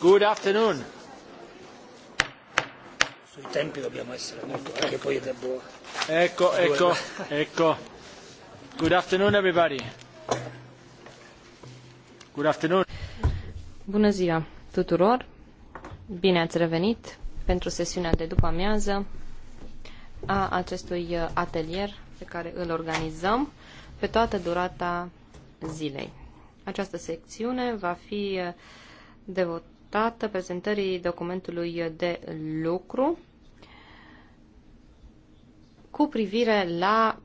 Good afternoon. Sui tempi dobbiamo essere molto, poi è da Ecco, ecco, ecco. Good afternoon everybody. Good afternoon. Bună ziua tuturor. Bine ați revenit pentru sesiunea de după amiază a acestui atelier pe care îl organizăm pe toată durata zilei. Această secțiune va fi devot, adoptată prezentării documentului de lucru cu privire la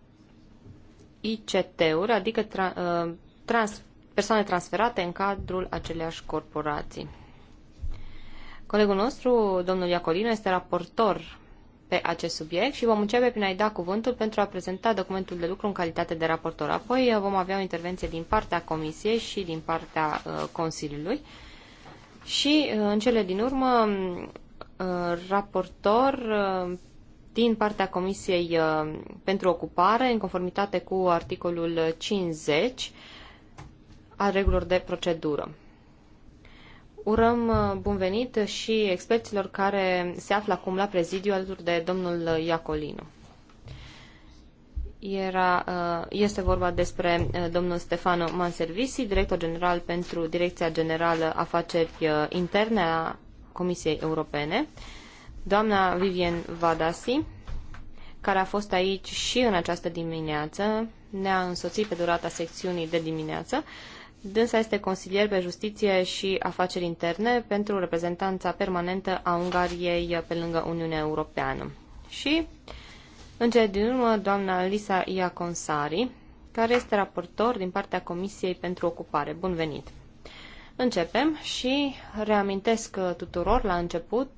ICT-uri, adică tra, uh, trans, persoane transferate în cadrul aceleași corporații. Colegul nostru, domnul Iacolino, este raportor pe acest subiect și vom începe prin a-i da cuvântul pentru a prezenta documentul de lucru în calitate de raportor. Apoi uh, vom avea o intervenție din partea Comisiei și din partea uh, Consiliului și uh, în cele din urmă, uh, raportor uh, din partea Comisiei pentru Ocupare, în conformitate cu articolul 50 al regulilor de procedură. Urăm bun venit și experților care se află acum la prezidiu alături de domnul Iacolino. Era, uh, este vorba despre uh, domnul Stefano Manservisi, director general pentru Direcția Generală Afaceri uh, Interne a Comisiei Europene, doamna Vivien Vadasi, care a fost aici și în această dimineață, ne-a însoțit pe durata secțiunii de dimineață. Dânsa este consilier pe justiție și afaceri interne pentru reprezentanța permanentă a Ungariei pe lângă Uniunea Europeană. Și uh, în cele din urmă, doamna Lisa Iaconsari, care este raportor din partea Comisiei pentru Ocupare. Bun venit! Începem și reamintesc tuturor la început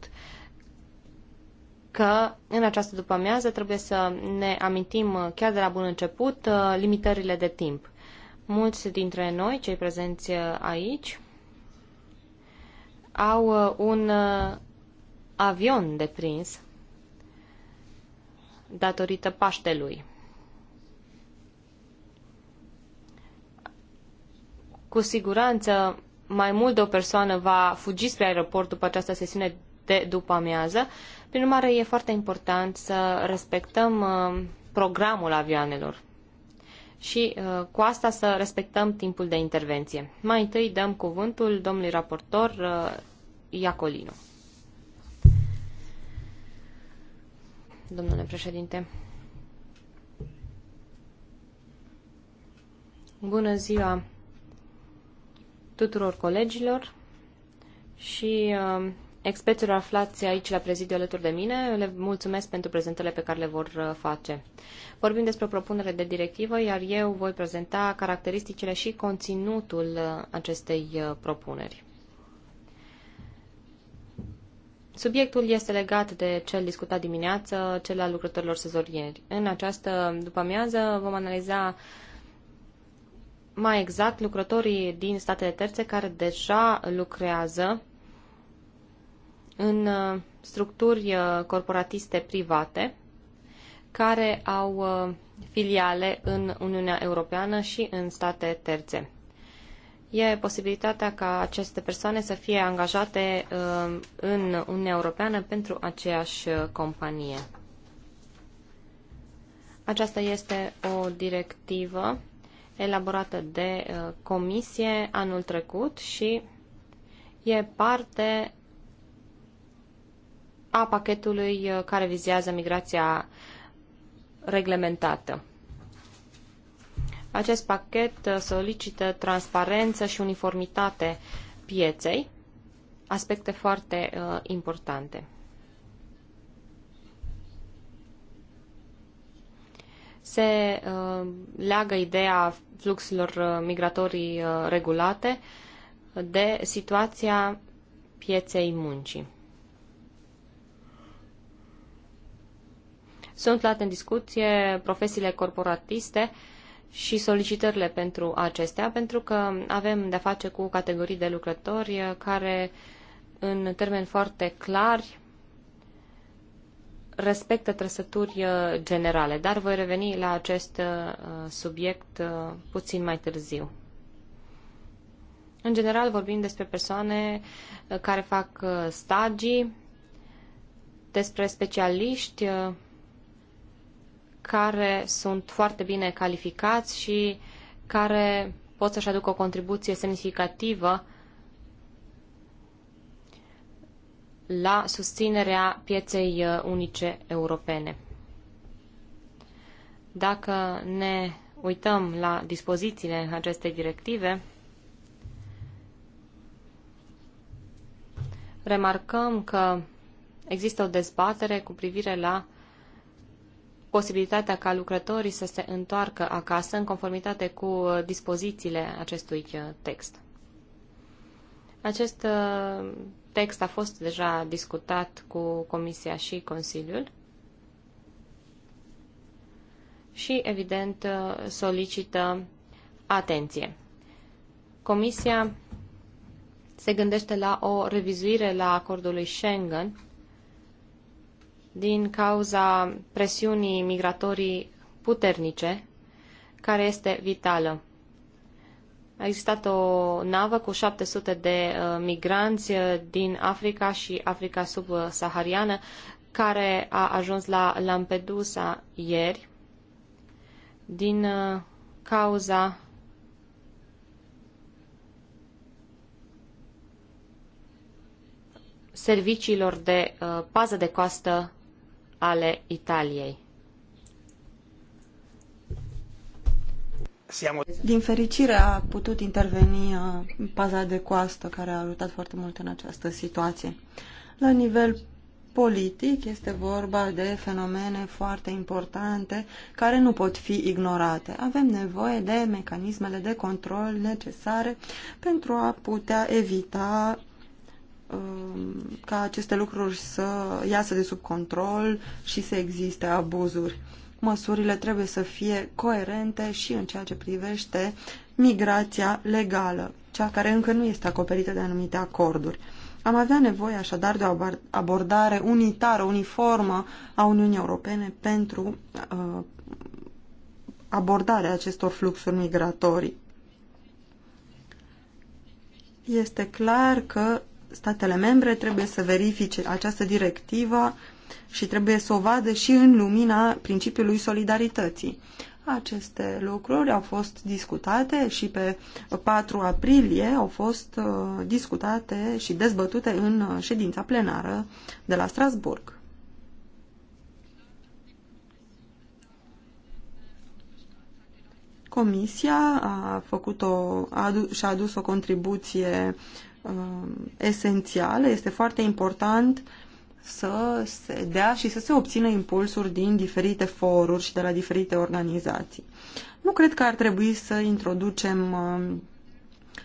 că în această după-amiază trebuie să ne amintim chiar de la bun început limitările de timp. Mulți dintre noi, cei prezenți aici, au un avion de prins datorită Paștelui. Cu siguranță, mai mult de o persoană va fugi spre aeroport după această sesiune de după amiază. Prin urmare, e foarte important să respectăm uh, programul avioanelor și uh, cu asta să respectăm timpul de intervenție. Mai întâi dăm cuvântul domnului raportor uh, Iacolino. domnule președinte. Bună ziua tuturor colegilor și uh, experților aflați aici la prezidiu alături de mine. Le mulțumesc pentru prezentele pe care le vor uh, face. Vorbim despre o propunere de directivă, iar eu voi prezenta caracteristicile și conținutul uh, acestei uh, propuneri. Subiectul este legat de cel discutat dimineață, cel al lucrătorilor sezorieri. În această după-amiază vom analiza mai exact lucrătorii din statele terțe care deja lucrează în uh, structuri uh, corporatiste private care au uh, filiale în Uniunea Europeană și în state terțe e posibilitatea ca aceste persoane să fie angajate uh, în Uniunea Europeană pentru aceeași uh, companie. Aceasta este o directivă elaborată de uh, comisie anul trecut și e parte a pachetului care vizează migrația reglementată. Acest pachet uh, solicită transparență și uniformitate pieței, aspecte foarte uh, importante. Se uh, leagă ideea fluxurilor uh, migratorii uh, regulate de situația pieței muncii. Sunt luate în discuție profesiile corporatiste uh, și solicitările pentru acestea, pentru că avem de-a face cu categorii de lucrători eh, care, în termeni foarte clari, respectă trăsături eh, generale, dar voi reveni la acest eh, subiect puțin mai târziu. În general vorbim despre persoane care fac stagii, despre specialiști care sunt foarte bine calificați și care pot să-și aducă o contribuție semnificativă la susținerea pieței uh, unice europene. Dacă ne uităm la dispozițiile acestei directive, remarcăm că există o dezbatere cu privire la posibilitatea ca lucrătorii să se întoarcă acasă în conformitate cu uh, dispozițiile acestui uh, text. Acest uh, text a fost deja discutat cu Comisia și Consiliul și, evident, solicită atenție. Comisia se gândește la o revizuire la acordului Schengen din cauza presiunii migratorii puternice, care este vitală. A existat o navă cu 700 de uh, migranți uh, din Africa și Africa subsahariană care a ajuns la Lampedusa ieri din uh, cauza serviciilor de uh, pază de coastă ale Italiei. Din fericire a putut interveni paza de coastă care a ajutat foarte mult în această situație. La nivel politic este vorba de fenomene foarte importante care nu pot fi ignorate. Avem nevoie de mecanismele de control necesare pentru a putea evita Um, ca aceste lucruri să iasă de sub control și să existe abuzuri. Măsurile trebuie să fie coerente și în ceea ce privește migrația legală, cea care încă nu este acoperită de anumite acorduri. Am avea nevoie așadar de o abordare unitară, uniformă a Uniunii Europene pentru uh, abordarea acestor fluxuri migratorii. Este clar că statele membre trebuie să verifice această directivă și trebuie să o vadă și în lumina principiului solidarității. Aceste lucruri au fost discutate și pe 4 aprilie au fost uh, discutate și dezbătute în ședința plenară de la Strasburg. Comisia a făcut o, a adus, și-a adus o contribuție Uh, esențială, este foarte important să se dea și să se obțină impulsuri din diferite foruri și de la diferite organizații. Nu cred că ar trebui să introducem uh,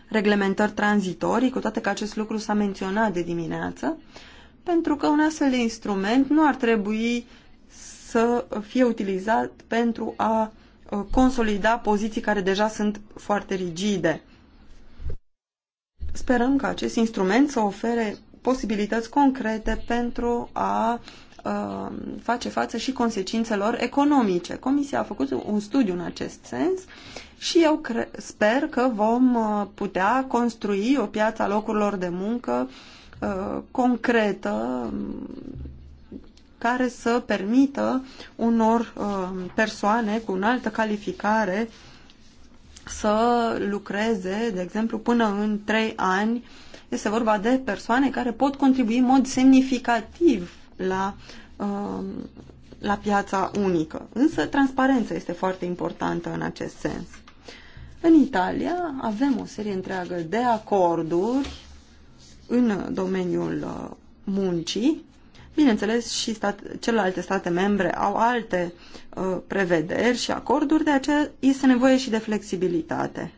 reglementări tranzitorii, cu toate că acest lucru s-a menționat de dimineață, pentru că un astfel de instrument nu ar trebui să fie utilizat pentru a uh, consolida poziții care deja sunt foarte rigide. Sperăm ca acest instrument să ofere posibilități concrete pentru a face față și consecințelor economice. Comisia a făcut un studiu în acest sens și eu sper că vom putea construi o piață a locurilor de muncă uh, concretă care să permită unor persoane cu înaltă calificare să lucreze, de exemplu, până în 3 ani. Este vorba de persoane care pot contribui în mod semnificativ la, um, la piața unică. Însă transparența este foarte importantă în acest sens. În Italia avem o serie întreagă de acorduri în domeniul uh, muncii Bineînțeles, și stat, celelalte state membre au alte uh, prevederi și acorduri, de aceea este nevoie și de flexibilitate.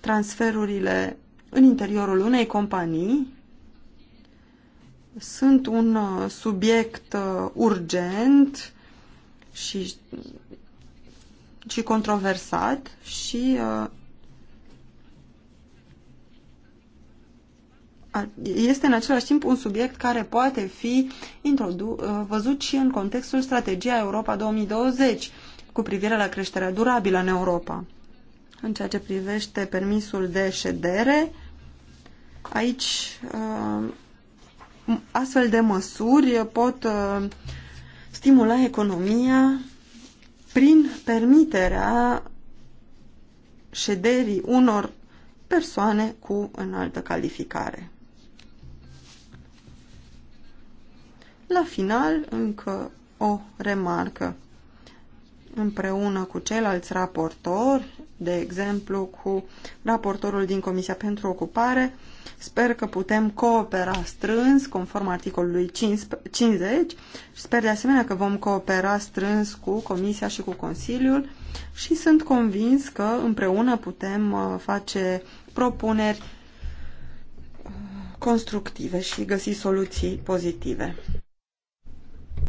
Transferurile în interiorul unei companii sunt un uh, subiect uh, urgent și, și controversat și uh, este în același timp un subiect care poate fi uh, văzut și în contextul strategia Europa 2020 cu privire la creșterea durabilă în Europa. În ceea ce privește permisul de ședere, aici uh, astfel de măsuri pot uh, stimula economia prin permiterea șederii unor persoane cu înaltă calificare. La final, încă o remarcă. Împreună cu ceilalți raportori, de exemplu cu raportorul din Comisia pentru Ocupare, sper că putem coopera strâns conform articolului 50 și sper de asemenea că vom coopera strâns cu Comisia și cu Consiliul și sunt convins că împreună putem uh, face propuneri uh, constructive și găsi soluții pozitive.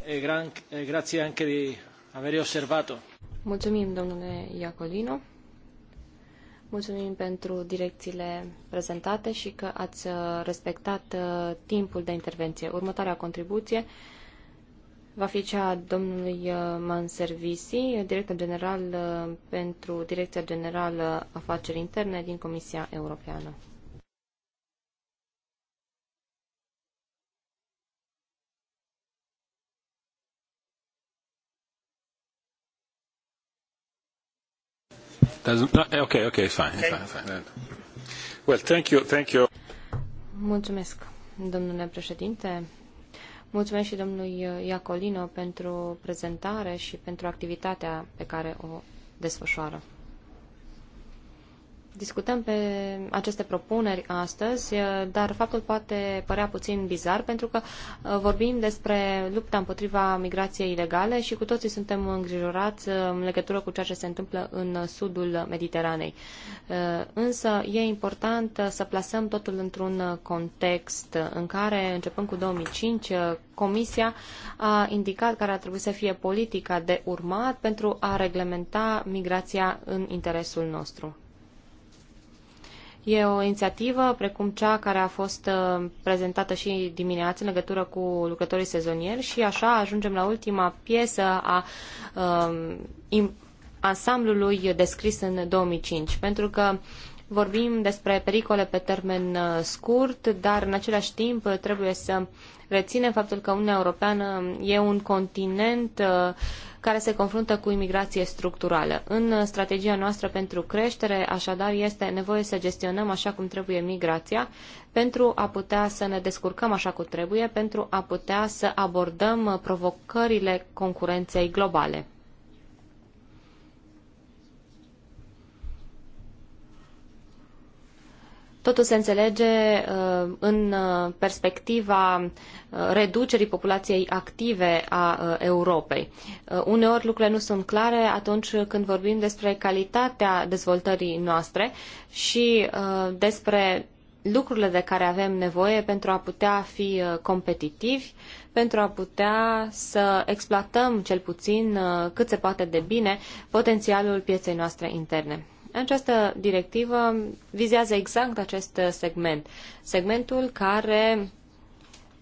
Eh, eh, Mulțumim, domnule Iacolino. Mulțumim pentru direcțiile prezentate și că ați eh, respectat timpul de intervenție. Următoarea contribuție va fi cea a domnului Manservisi, director general pentru Direcția Generală Afaceri Interne din Comisia Europeană. Doesn't, no, eh, okay, okay, fine, it's fine, fine. Well, thank you, thank you. Mulțumesc, domnule președinte. Mulțumesc și domnului Iacolino pentru prezentare și pentru activitatea pe care o desfășoară. Discutăm pe aceste propuneri astăzi, eh, dar faptul poate părea puțin bizar pentru că eh, vorbim despre lupta împotriva migrației ilegale și cu toții suntem îngrijorați eh, în legătură cu ceea ce se întâmplă în sudul Mediteranei. Însă e important să plasăm totul într-un context în care, începând cu 2005, Comisia a indicat care ar trebui să fie politica de urmat pentru a reglementa migrația în interesul nostru. E o inițiativă precum cea care a fost uh, prezentată și dimineață în legătură cu lucrătorii sezonieri și așa ajungem la ultima piesă a um, ansamblului descris în 2005, pentru că vorbim despre pericole pe termen uh, scurt, dar în același timp trebuie să reținem faptul că Uniunea Europeană e un continent uh, care se confruntă cu imigrație structurală. În uh, strategia noastră pentru creștere, așadar, este nevoie să gestionăm așa cum trebuie migrația pentru a putea să ne descurcăm așa cum trebuie, pentru a putea să abordăm provocările concurenței globale. Totul se înțelege uh, în uh, perspectiva uh, reducerii populației active a Europei. Uneori lucrurile nu sunt clare atunci când vorbim despre calitatea dezvoltării noastre și despre lucrurile de care avem nevoie pentru a putea fi competitivi, pentru a putea să exploatăm cel puțin cât se poate de bine potențialul pieței noastre interne. Această directivă vizează exact acest segment, segmentul care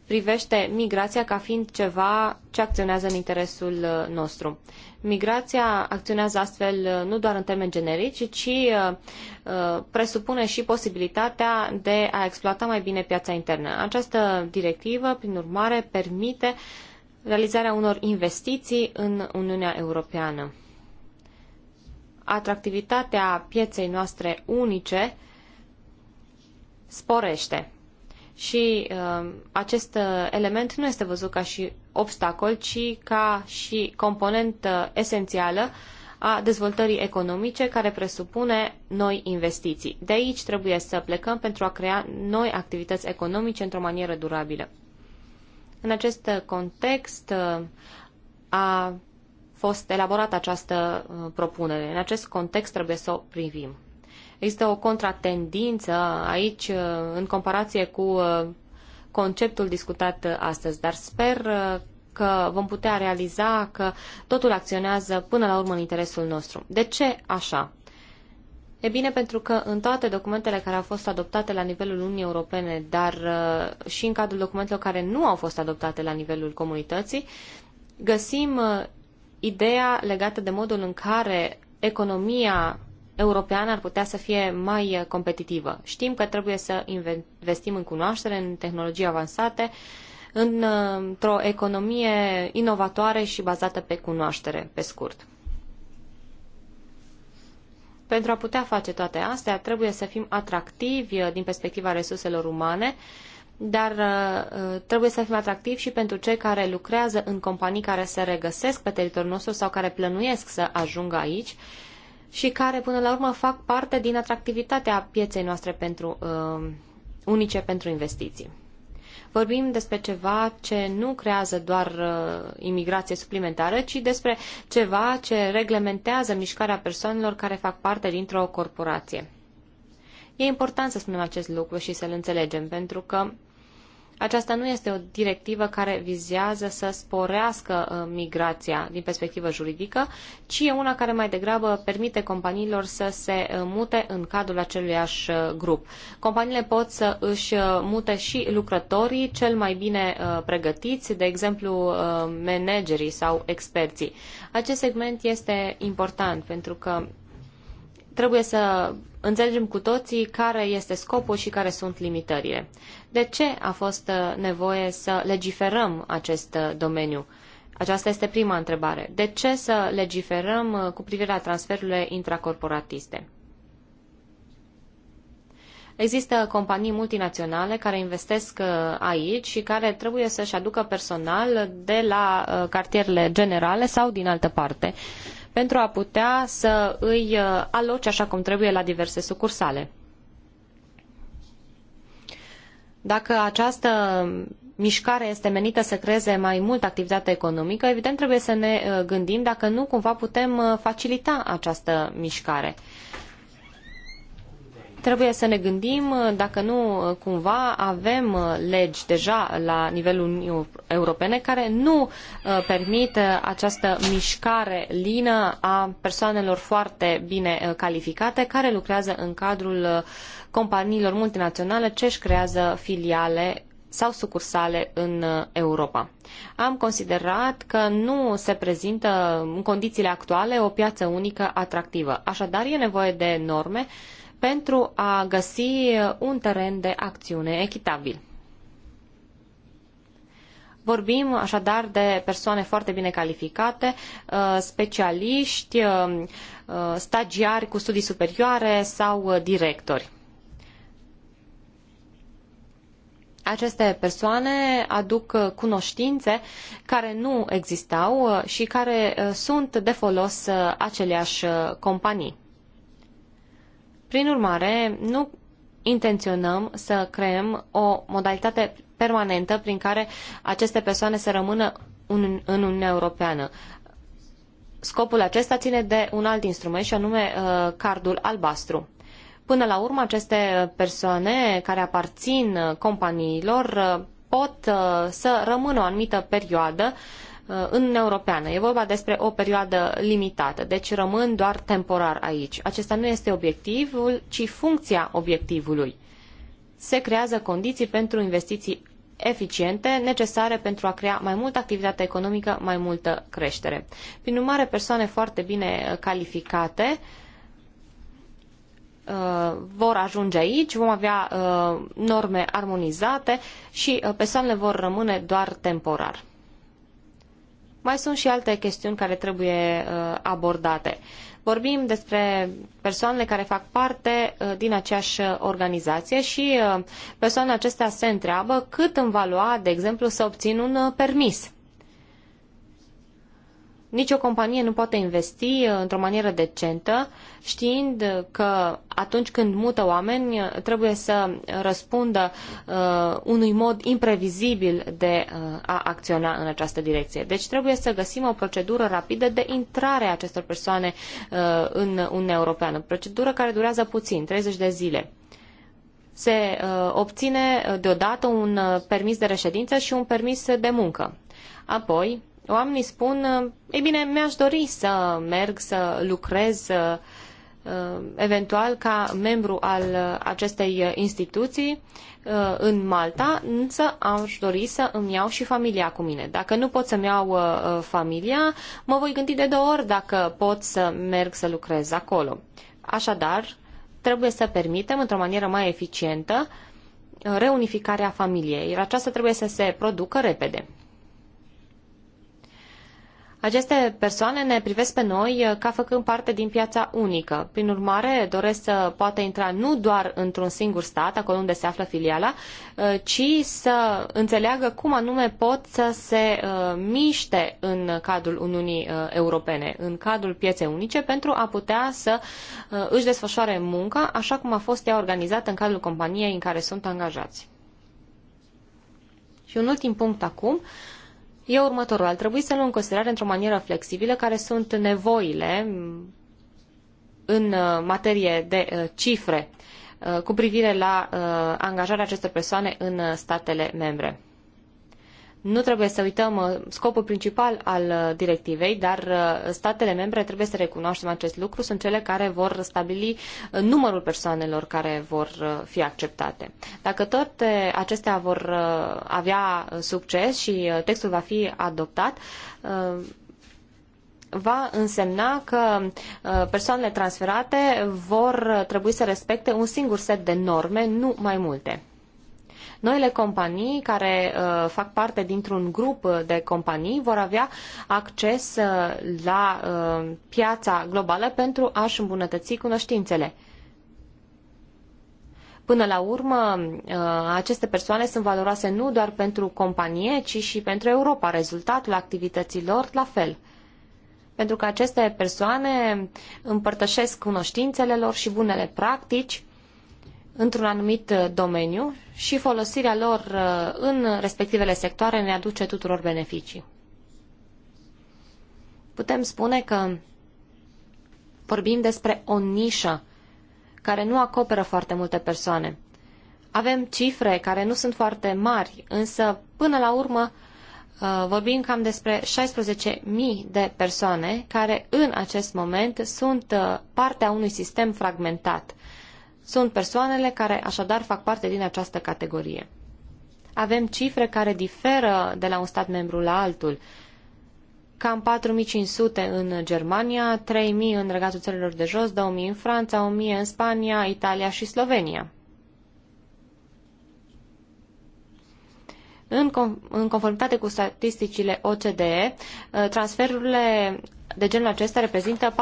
privește migrația ca fiind ceva ce acționează în interesul nostru. Migrația acționează astfel nu doar în termeni generici, ci uh, uh, presupune și posibilitatea de a exploata mai bine piața internă. Această directivă, prin urmare, permite realizarea unor investiții în Uniunea Europeană atractivitatea pieței noastre unice sporește. Și uh, acest uh, element nu este văzut ca și obstacol, ci ca și componentă esențială a dezvoltării economice care presupune noi investiții. De aici trebuie să plecăm pentru a crea noi activități economice într-o manieră durabilă. În acest context, uh, a fost elaborată această uh, propunere. În acest context trebuie să o privim. Există o contratendință aici uh, în comparație cu uh, conceptul discutat astăzi, dar sper că vom putea realiza că totul acționează până la urmă în interesul nostru. De ce așa? E bine, pentru că în toate documentele care au fost adoptate la nivelul Uniunii Europene, dar și în cadrul documentelor care nu au fost adoptate la nivelul comunității, găsim ideea legată de modul în care economia europeană ar putea să fie mai uh, competitivă. Știm că trebuie să investim în cunoaștere, în tehnologii avansate, uh, într-o economie inovatoare și bazată pe cunoaștere, pe scurt. Pentru a putea face toate astea, trebuie să fim atractivi uh, din perspectiva resurselor umane, uh, dar uh, uh, trebuie să fim atractivi și pentru cei care lucrează în companii care se regăsesc pe teritoriul nostru sau care plănuiesc să ajungă aici și care până la urmă fac parte din atractivitatea pieței noastre pentru, uh, unice pentru investiții. Vorbim despre ceva ce nu creează doar uh, imigrație suplimentară, ci despre ceva ce reglementează mișcarea persoanelor care fac parte dintr-o corporație. E important să spunem acest lucru și să-l înțelegem, pentru că aceasta nu este o directivă care vizează să sporească uh, migrația din perspectivă juridică, ci e una care mai degrabă permite companiilor să se uh, mute în cadrul aceluiași uh, grup. Companiile pot să își mute și lucrătorii cel mai bine pregătiți, de exemplu managerii sau experții. Acest segment este important pentru că trebuie să înțelegem cu toții care este scopul și care sunt limitările. De ce a fost uh, nevoie să legiferăm acest uh, domeniu? Aceasta este prima întrebare. De ce să legiferăm uh, cu privire la transferurile intracorporatiste? Există companii multinaționale care investesc aici și care trebuie să-și aducă personal de la cartierele generale sau din altă parte pentru a putea să îi aloce așa cum trebuie la diverse sucursale. Dacă această mișcare este menită să creeze mai mult activitate economică, evident trebuie să ne uh, gândim dacă nu cumva putem uh, facilita această mișcare. Trebuie să ne gândim uh, dacă nu cumva avem legi deja la nivelul Uniunii Europene care nu permit această mișcare lină a persoanelor foarte bine calificate care lucrează în cadrul uh, companiilor multinaționale ce își creează filiale sau sucursale în uh, Europa. Am considerat că nu se prezintă în condițiile actuale o piață unică atractivă. Așadar, e nevoie de norme pentru a găsi un teren de acțiune echitabil. Vorbim așadar de persoane foarte bine calificate, uh, specialiști, uh, stagiari cu studii superioare sau directori. Aceste persoane aduc uh, cunoștințe care nu existau uh, și care uh, sunt de folos aceleași companii. Prin urmare, nu intenționăm să creăm o modalitate permanentă prin care aceste persoane să rămână în Uniunea Europeană. Scopul acesta ține de un alt instrument și anume cardul albastru. Până la urmă, aceste persoane care aparțin companiilor pot uh, să rămână o anumită perioadă uh, în Uniunea Europeană. E vorba despre o perioadă limitată, deci rămân doar temporar aici. Acesta nu este obiectivul, ci funcția obiectivului. Se creează condiții pentru investiții eficiente, necesare pentru a crea mai multă activitate economică, mai multă creștere. Prin urmare, persoane foarte bine calificate uh, Uh, vor ajunge aici, vom avea uh, norme armonizate și uh, persoanele vor rămâne doar temporar. Mai sunt și alte chestiuni care trebuie abordate. Vorbim despre persoanele care fac parte din aceeași organizație și persoanele acestea se întreabă cât îmi va lua, de exemplu, să obțin un permis. Nici o companie nu poate investi într-o manieră decentă știind că atunci când mută oameni trebuie să răspundă uh, unui mod imprevizibil de uh, a acționa în această direcție. Deci trebuie să găsim o procedură rapidă de intrare a acestor persoane uh, în Uniunea Europeană, procedură care durează puțin, 30 de zile se uh, obține uh, deodată un uh, permis de reședință și un permis de muncă. Apoi, oamenii spun, uh, ei bine, mi-aș dori să merg să lucrez Uh, eventual ca membru al uh, acestei uh, instituții în Malta, însă aș dori să îmi iau și familia cu mine. Dacă nu pot să-mi iau familia, mă voi gândi de două ori dacă pot să merg să lucrez acolo. Așadar, trebuie să permitem, într-o manieră mai eficientă, reunificarea familiei, aceasta trebuie să se producă repede. Aceste persoane ne privesc pe noi uh, ca făcând parte din piața unică. Prin urmare, doresc să poată intra nu doar într-un singur stat, acolo unde se află filiala, uh, ci să înțeleagă cum anume pot să se uh, miște în cadrul Uniunii Europene, în cadrul pieței unice, pentru a putea să își desfășoare munca așa cum a fost ea organizată în cadrul companiei în care sunt angajați. Și un ultim punct acum, e următorul. Ar trebui să luăm în considerare într-o manieră flexibilă care sunt nevoile în uh, materie de uh, cifre uh, cu privire la angajarea acestor persoane în statele membre. Nu trebuie să uităm uh, scopul principal al uh, directivei, dar uh, statele membre trebuie să recunoaștem acest lucru, sunt cele care vor stabili numărul persoanelor care vor fi acceptate. Dacă toate acestea vor avea succes și textul va fi adoptat, va însemna că persoanele transferate vor trebui să respecte un singur set de norme, nu mai multe. Noile companii care uh, fac parte dintr-un grup de companii vor avea acces uh, la uh, piața globală pentru a-și îmbunătăți cunoștințele. Până la urmă, aceste persoane sunt valoroase nu doar pentru companie, ci și pentru Europa. Rezultatul activităților, la fel pentru că aceste persoane împărtășesc cunoștințele lor și bunele practici într-un anumit uh, domeniu și folosirea lor uh, în respectivele sectoare ne aduce tuturor beneficii. Putem spune că vorbim despre o nișă care nu acoperă foarte multe persoane. Avem cifre care nu sunt foarte mari, însă până la urmă uh, vorbim cam despre 16.000 de persoane care în acest moment sunt partea unui sistem fragmentat. Sunt persoanele care așadar fac parte din această categorie. Avem cifre care diferă de la un stat membru la altul. Cam 4500 în Germania, 3000 în regatul țărilor de jos, 2000 în Franța, 1000 în Spania, Italia și Slovenia. În, conformitate cu statisticile OCDE, ă, transferurile de genul acesta reprezintă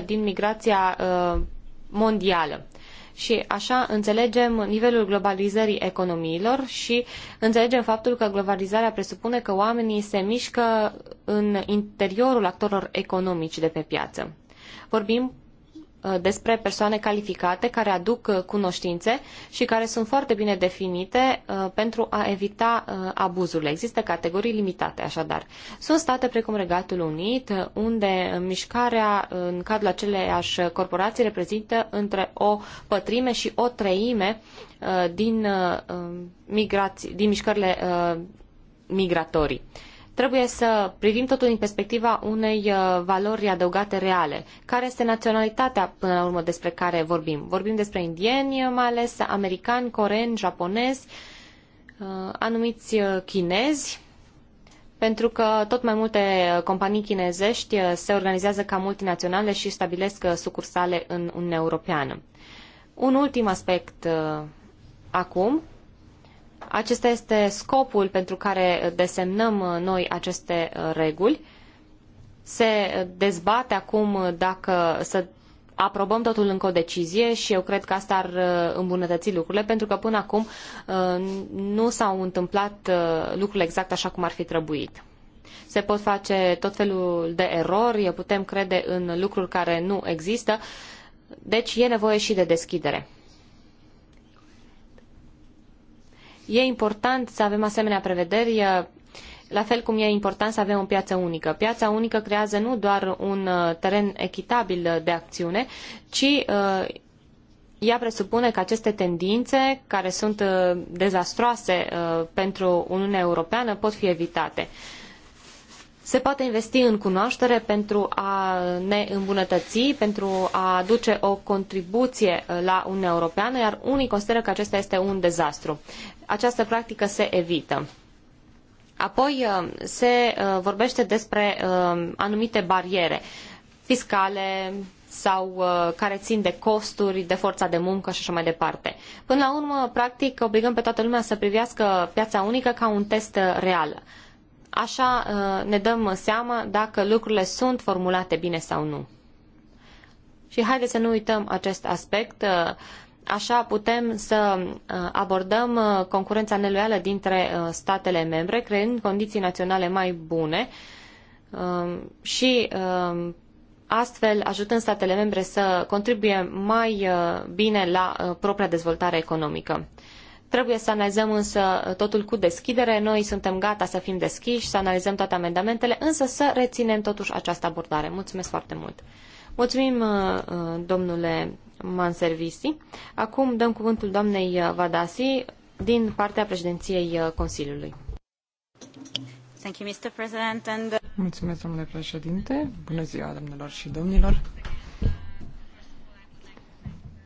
4% din migrația ă, mondială și așa înțelegem nivelul globalizării economiilor și înțelegem faptul că globalizarea presupune că oamenii se mișcă în interiorul actorilor economici de pe piață. Vorbim Uh, despre persoane calificate care aduc uh, cunoștințe și care sunt foarte bine definite uh, pentru a evita abuzurile. Există categorii limitate, așadar. Sunt state precum Regatul Unit, unde mișcarea în cadrul aceleiași corporații reprezintă între o pătrime și o treime din, migrații, din mișcările migratorii trebuie să privim totul din perspectiva unei uh, valori adăugate reale. Care este naționalitatea, până la urmă, despre care vorbim? Vorbim despre indieni, mai ales americani, coreeni, japonezi, uh, anumiți uh, chinezi, pentru că tot mai multe companii chinezești se organizează ca multinaționale și stabilesc sucursale în Uniunea Europeană. Un ultim aspect acum, acesta este scopul pentru care desemnăm uh, noi aceste uh, reguli. Se uh, dezbate acum dacă să aprobăm totul în decizie și eu cred că asta ar îmbunătăți lucrurile, pentru că până acum nu s-au întâmplat lucrurile exact așa cum ar fi trebuit. Se pot face tot felul de erori, putem crede în lucruri care nu există, deci e nevoie și de deschidere. E important să avem asemenea prevederi, la fel cum e important să avem o piață unică. Piața unică creează nu doar un uh, teren echitabil de acțiune, ci uh, ea presupune că aceste tendințe, care sunt uh, dezastroase pentru Uniunea Europeană, pot fi evitate. Se poate investi în cunoaștere pentru a ne îmbunătăți, pentru a aduce o contribuție uh, la Uniunea Europeană, iar unii consideră că acesta este un dezastru. Această practică se evită. Apoi uh, se uh, vorbește despre anumite bariere fiscale, sau care țin de costuri, de forța de muncă și așa mai departe. Până la urmă, practic, obligăm pe toată lumea să privească piața unică ca un test real. Așa uh, ne dăm seama dacă lucrurile sunt formulate bine sau nu. Și haideți să nu uităm acest aspect. Uh, așa putem să uh, abordăm concurența neloială dintre statele membre, creând condiții naționale mai bune um, și um, astfel ajutând statele membre să contribuie mai bine la propria dezvoltare economică. Trebuie să analizăm însă totul cu deschidere. Noi suntem gata să fim deschiși, să analizăm toate amendamentele, însă să reținem totuși această abordare. Mulțumesc foarte mult! Mulțumim, uh, uh, domnule Manservisi. Acum dăm cuvântul doamnei uh, Vadasi din partea președinției Consiliului. Mulțumesc, domnule președinte. Bună ziua, domnilor și domnilor.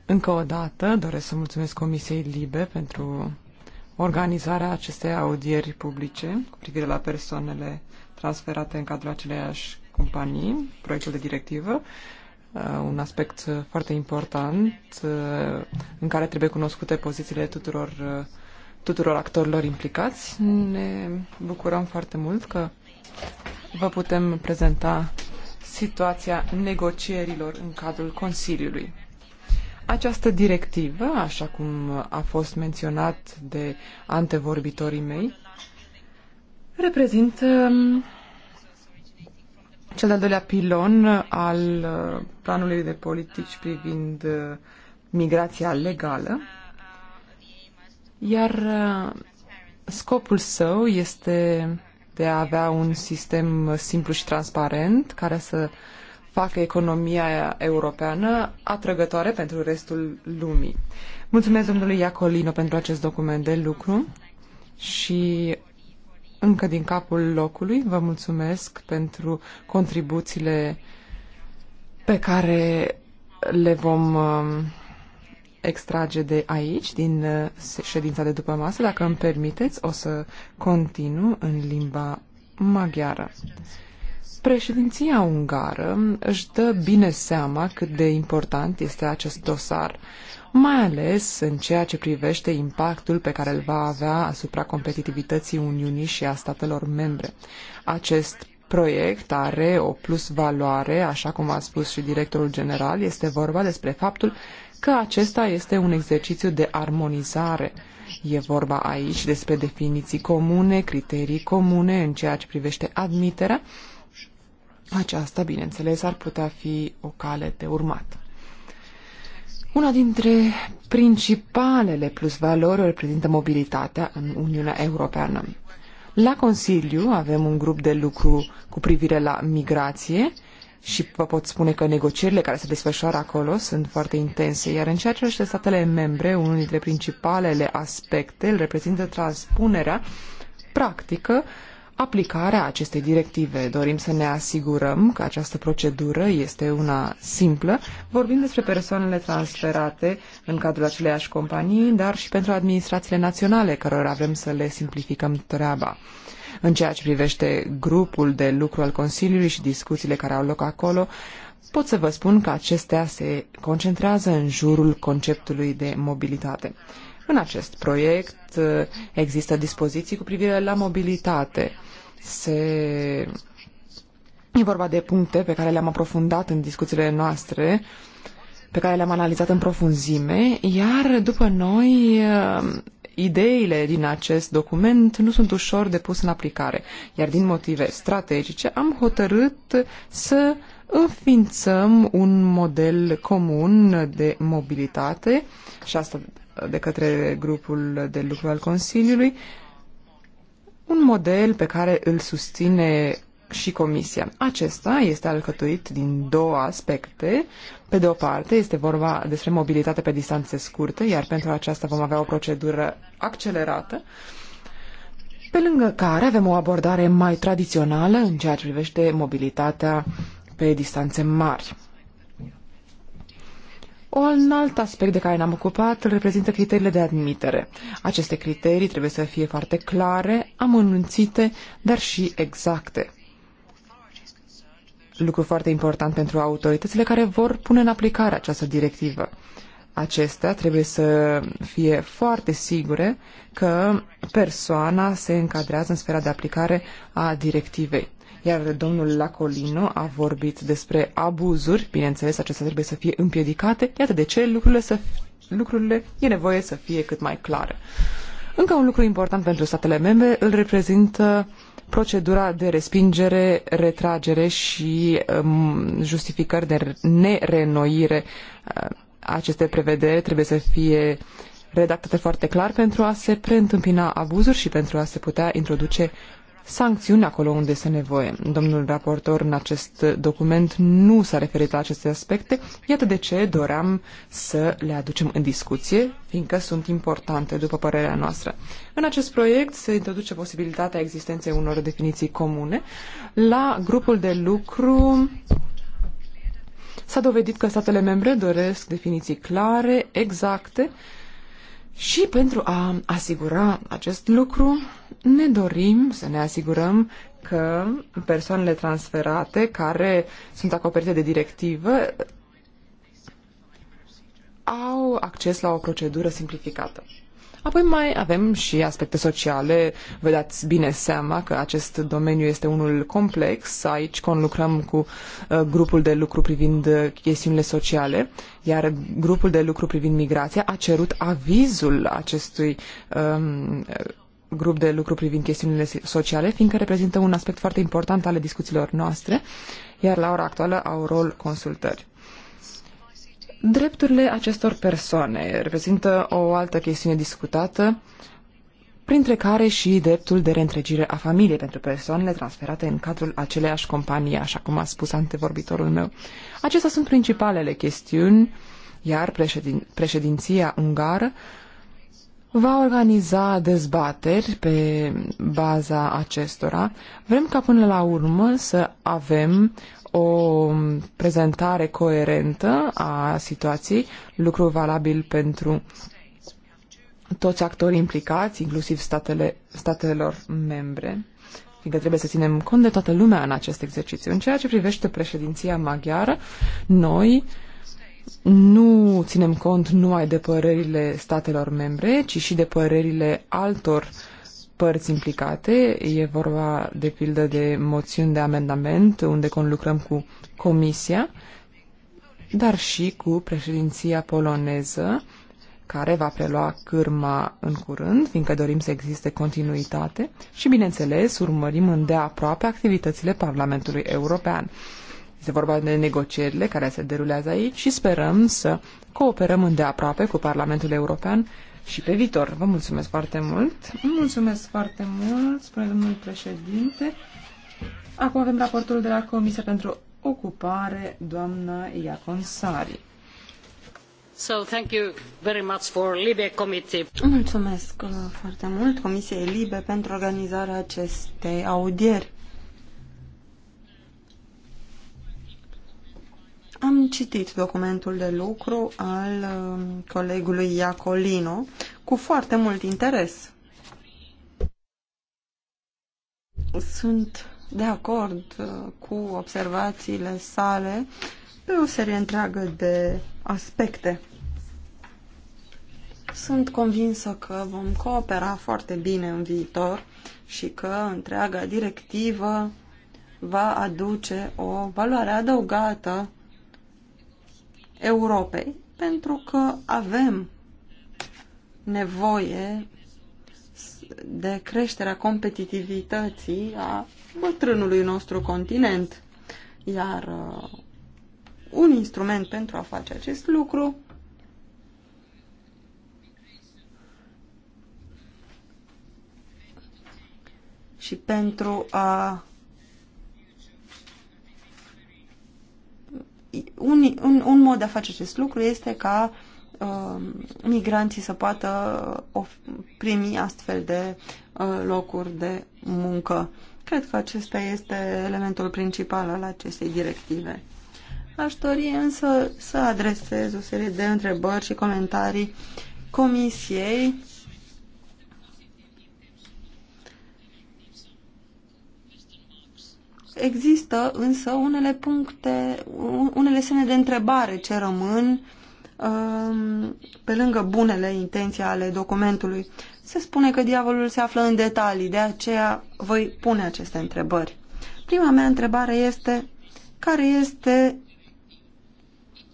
Încă o dată doresc să mulțumesc Comisiei Libe pentru organizarea acestei audieri publice cu privire la persoanele transferate în cadrul aceleiași companii, proiectul de directivă, uh, un aspect foarte important uh, în care trebuie cunoscute pozițiile tuturor, uh, tuturor actorilor implicați. Ne bucurăm foarte mult că vă putem prezenta situația negocierilor în cadrul Consiliului. Această directivă, așa cum a fost menționat de antevorbitorii mei, reprezintă um, cel de-al doilea pilon al uh, planului de politici privind uh, migrația legală, iar uh, scopul său este de a avea un sistem simplu și transparent care să facă economia europeană atrăgătoare pentru restul lumii. Mulțumesc domnului Iacolino pentru acest document de lucru și încă din capul locului vă mulțumesc pentru contribuțiile pe care le vom um, extrage de aici, din uh, ședința de după masă. Dacă îmi permiteți, o să continu în limba maghiară. Președinția ungară își dă bine seama cât de important este acest dosar, mai ales în ceea ce privește impactul pe care îl va avea asupra competitivității Uniunii și a statelor membre. Acest proiect are o plus valoare, așa cum a spus și directorul general, este vorba despre faptul că acesta este un exercițiu de armonizare. E vorba aici despre definiții comune, criterii comune în ceea ce privește admiterea aceasta, bineînțeles, ar putea fi o cale de urmat. Una dintre principalele plusvalori o reprezintă mobilitatea în Uniunea Europeană. La Consiliu avem un grup de lucru cu privire la migrație și vă pot spune că negocierile care se desfășoară acolo sunt foarte intense, iar în ceea ce privește statele membre, unul dintre principalele aspecte îl reprezintă transpunerea practică aplicarea acestei directive. Dorim să ne asigurăm că această procedură este una simplă. Vorbim despre persoanele transferate în cadrul aceleiași companii, dar și pentru administrațiile naționale, cărora vrem să le simplificăm treaba. În ceea ce privește grupul de lucru al Consiliului și discuțiile care au loc acolo, pot să vă spun că acestea se concentrează în jurul conceptului de mobilitate. În acest proiect uh, există dispoziții cu privire la mobilitate. Se... E vorba de puncte pe care le-am aprofundat în discuțiile noastre, pe care le-am analizat în profunzime, iar după noi uh, ideile din acest document nu sunt ușor de pus în aplicare, iar din motive strategice am hotărât să înființăm un model comun de mobilitate și asta de către grupul de lucru al Consiliului, un model pe care îl susține și Comisia. Acesta este alcătuit din două aspecte. Pe de o parte, este vorba despre mobilitate pe distanțe scurte, iar pentru aceasta vom avea o procedură accelerată, pe lângă care avem o abordare mai tradițională în ceea ce privește mobilitatea pe distanțe mari. Un alt aspect de care ne-am ocupat îl reprezintă criteriile de admitere. Aceste criterii trebuie să fie foarte clare, amănunțite, dar și exacte. Lucru foarte important pentru autoritățile care vor pune în aplicare această directivă. Acestea trebuie să fie foarte sigure că persoana se încadrează în sfera de aplicare a directivei iar domnul Lacolino a vorbit despre abuzuri, bineînțeles, acestea trebuie să fie împiedicate, iată de ce lucrurile, să, lucrurile e nevoie să fie cât mai clare. Încă un lucru important pentru statele membre îl reprezintă procedura de respingere, retragere și um, justificări de nerenoire. Uh, aceste prevederi trebuie să fie redactate foarte clar pentru a se preîntâmpina abuzuri și pentru a se putea introduce sancțiuni acolo unde este nevoie. Domnul raportor în acest document nu s-a referit la aceste aspecte, iată de ce doream să le aducem în discuție, fiindcă sunt importante, după părerea noastră. În acest proiect se introduce posibilitatea existenței unor definiții comune. La grupul de lucru s-a dovedit că statele membre doresc definiții clare, exacte, și pentru a asigura acest lucru, ne dorim să ne asigurăm că persoanele transferate care sunt acoperite de directivă au acces la o procedură simplificată. Apoi mai avem și aspecte sociale. Vă dați bine seama că acest domeniu este unul complex. Aici conlucrăm cu uh, grupul de lucru privind uh, chestiunile sociale, iar grupul de lucru privind migrația a cerut avizul acestui um, uh, grup de lucru privind chestiunile sociale, fiindcă reprezintă un aspect foarte important ale discuțiilor noastre, iar la ora actuală au rol consultări. Drepturile acestor persoane reprezintă o altă chestiune discutată, printre care și dreptul de reîntregire a familiei pentru persoanele transferate în cadrul aceleiași companii, așa cum a spus antevorbitorul meu. Acestea sunt principalele chestiuni, iar președin- președinția ungară va organiza dezbateri pe baza acestora. Vrem ca până la urmă să avem o prezentare coerentă a situației, lucru valabil pentru toți actorii implicați, inclusiv statele, statelor membre, fiindcă trebuie să ținem cont de toată lumea în acest exercițiu. În ceea ce privește președinția maghiară, noi nu ținem cont numai de părerile statelor membre, ci și de părerile altor uh, părți implicate. E vorba, de pildă, de moțiuni de amendament, unde conlucrăm cu Comisia, dar și cu președinția poloneză, care va prelua cârma în curând, fiindcă dorim să existe continuitate și, bineînțeles, urmărim îndeaproape activitățile Parlamentului European. Este vorba de negocierile care se derulează aici și sperăm să cooperăm îndeaproape cu Parlamentul European și pe viitor. Vă mulțumesc foarte mult. Mulțumesc foarte mult, spune domnul președinte. Acum avem raportul de la Comisia pentru Ocupare, doamna Iaconsari. So, thank you very much for Libe Committee. Mulțumesc uh, foarte mult Comisiei Libe pentru organizarea acestei audieri. Am citit documentul de lucru al um, colegului Iacolino cu foarte mult interes. Sunt de acord uh, cu observațiile sale pe o serie întreagă de aspecte. Sunt convinsă că vom coopera foarte bine în viitor și că întreaga directivă va aduce o valoare adăugată Europei, pentru că avem nevoie de creșterea competitivității a bătrânului nostru continent. Iar uh, un instrument pentru a face acest lucru și pentru a un, un, un mod de a face acest lucru este ca uh, migranții să poată uh, primi astfel de uh, locuri de muncă. Cred că acesta este elementul principal al acestei directive. Aș dori însă să adresez o serie de întrebări și comentarii Comisiei Există însă unele puncte, unele semne de întrebare ce rămân um, pe lângă bunele intenții ale documentului. Se spune că diavolul se află în detalii, de aceea voi pune aceste întrebări. Prima mea întrebare este care este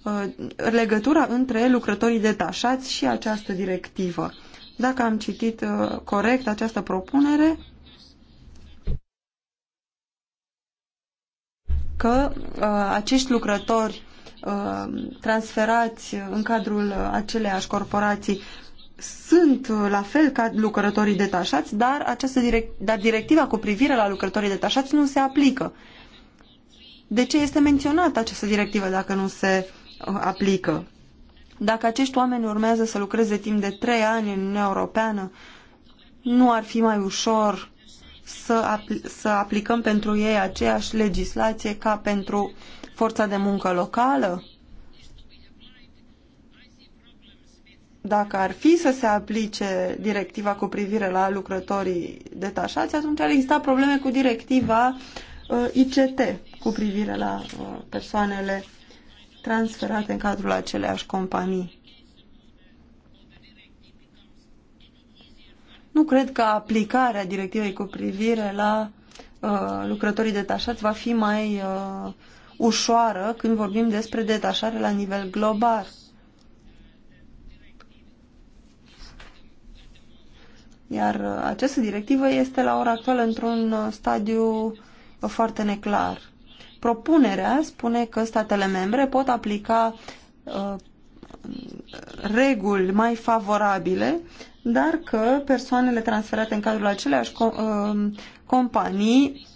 uh, legătura între lucrătorii detașați și această directivă. Dacă am citit uh, corect această propunere, că uh, acești lucrători uh, transferați în cadrul aceleași corporații sunt uh, la fel ca lucrătorii detașați, dar, această dar directiva cu privire la lucrătorii detașați nu se aplică. De ce este menționată această directivă dacă nu se uh, aplică? Dacă acești oameni urmează să lucreze timp de trei ani în Uniunea Europeană, nu ar fi mai ușor să, apl să aplicăm pentru ei aceeași legislație ca pentru forța de muncă locală? Dacă ar fi să se aplice directiva cu privire la lucrătorii detașați, atunci ar exista probleme cu directiva uh, ICT cu privire la uh, persoanele transferate în cadrul aceleași companii. Nu cred că aplicarea directivei cu privire la uh, lucrătorii detașați va fi mai uh, ușoară când vorbim despre detașare la nivel global. Iar uh, această directivă este la ora actuală într-un uh, stadiu uh, foarte neclar. Propunerea spune că statele membre pot aplica uh, reguli mai favorabile dar că persoanele transferate în cadrul aceleași uh, companii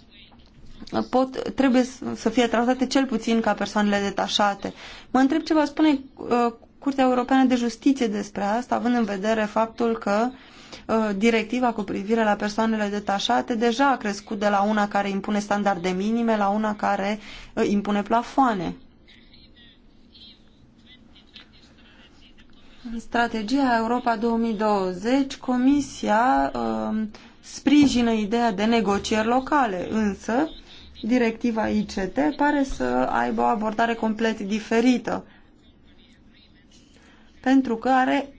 pot, trebuie să fie tratate cel puțin ca persoanele detașate. Mă întreb ce va spune uh, Curtea Europeană de Justiție despre asta, având în vedere faptul că uh, directiva cu privire la persoanele detașate deja a crescut de la una care impune standarde minime la una care impune plafoane. strategia Europa 2020, Comisia um, sprijină ideea de negocieri locale, însă directiva ICT pare să aibă o abordare complet diferită, pentru că are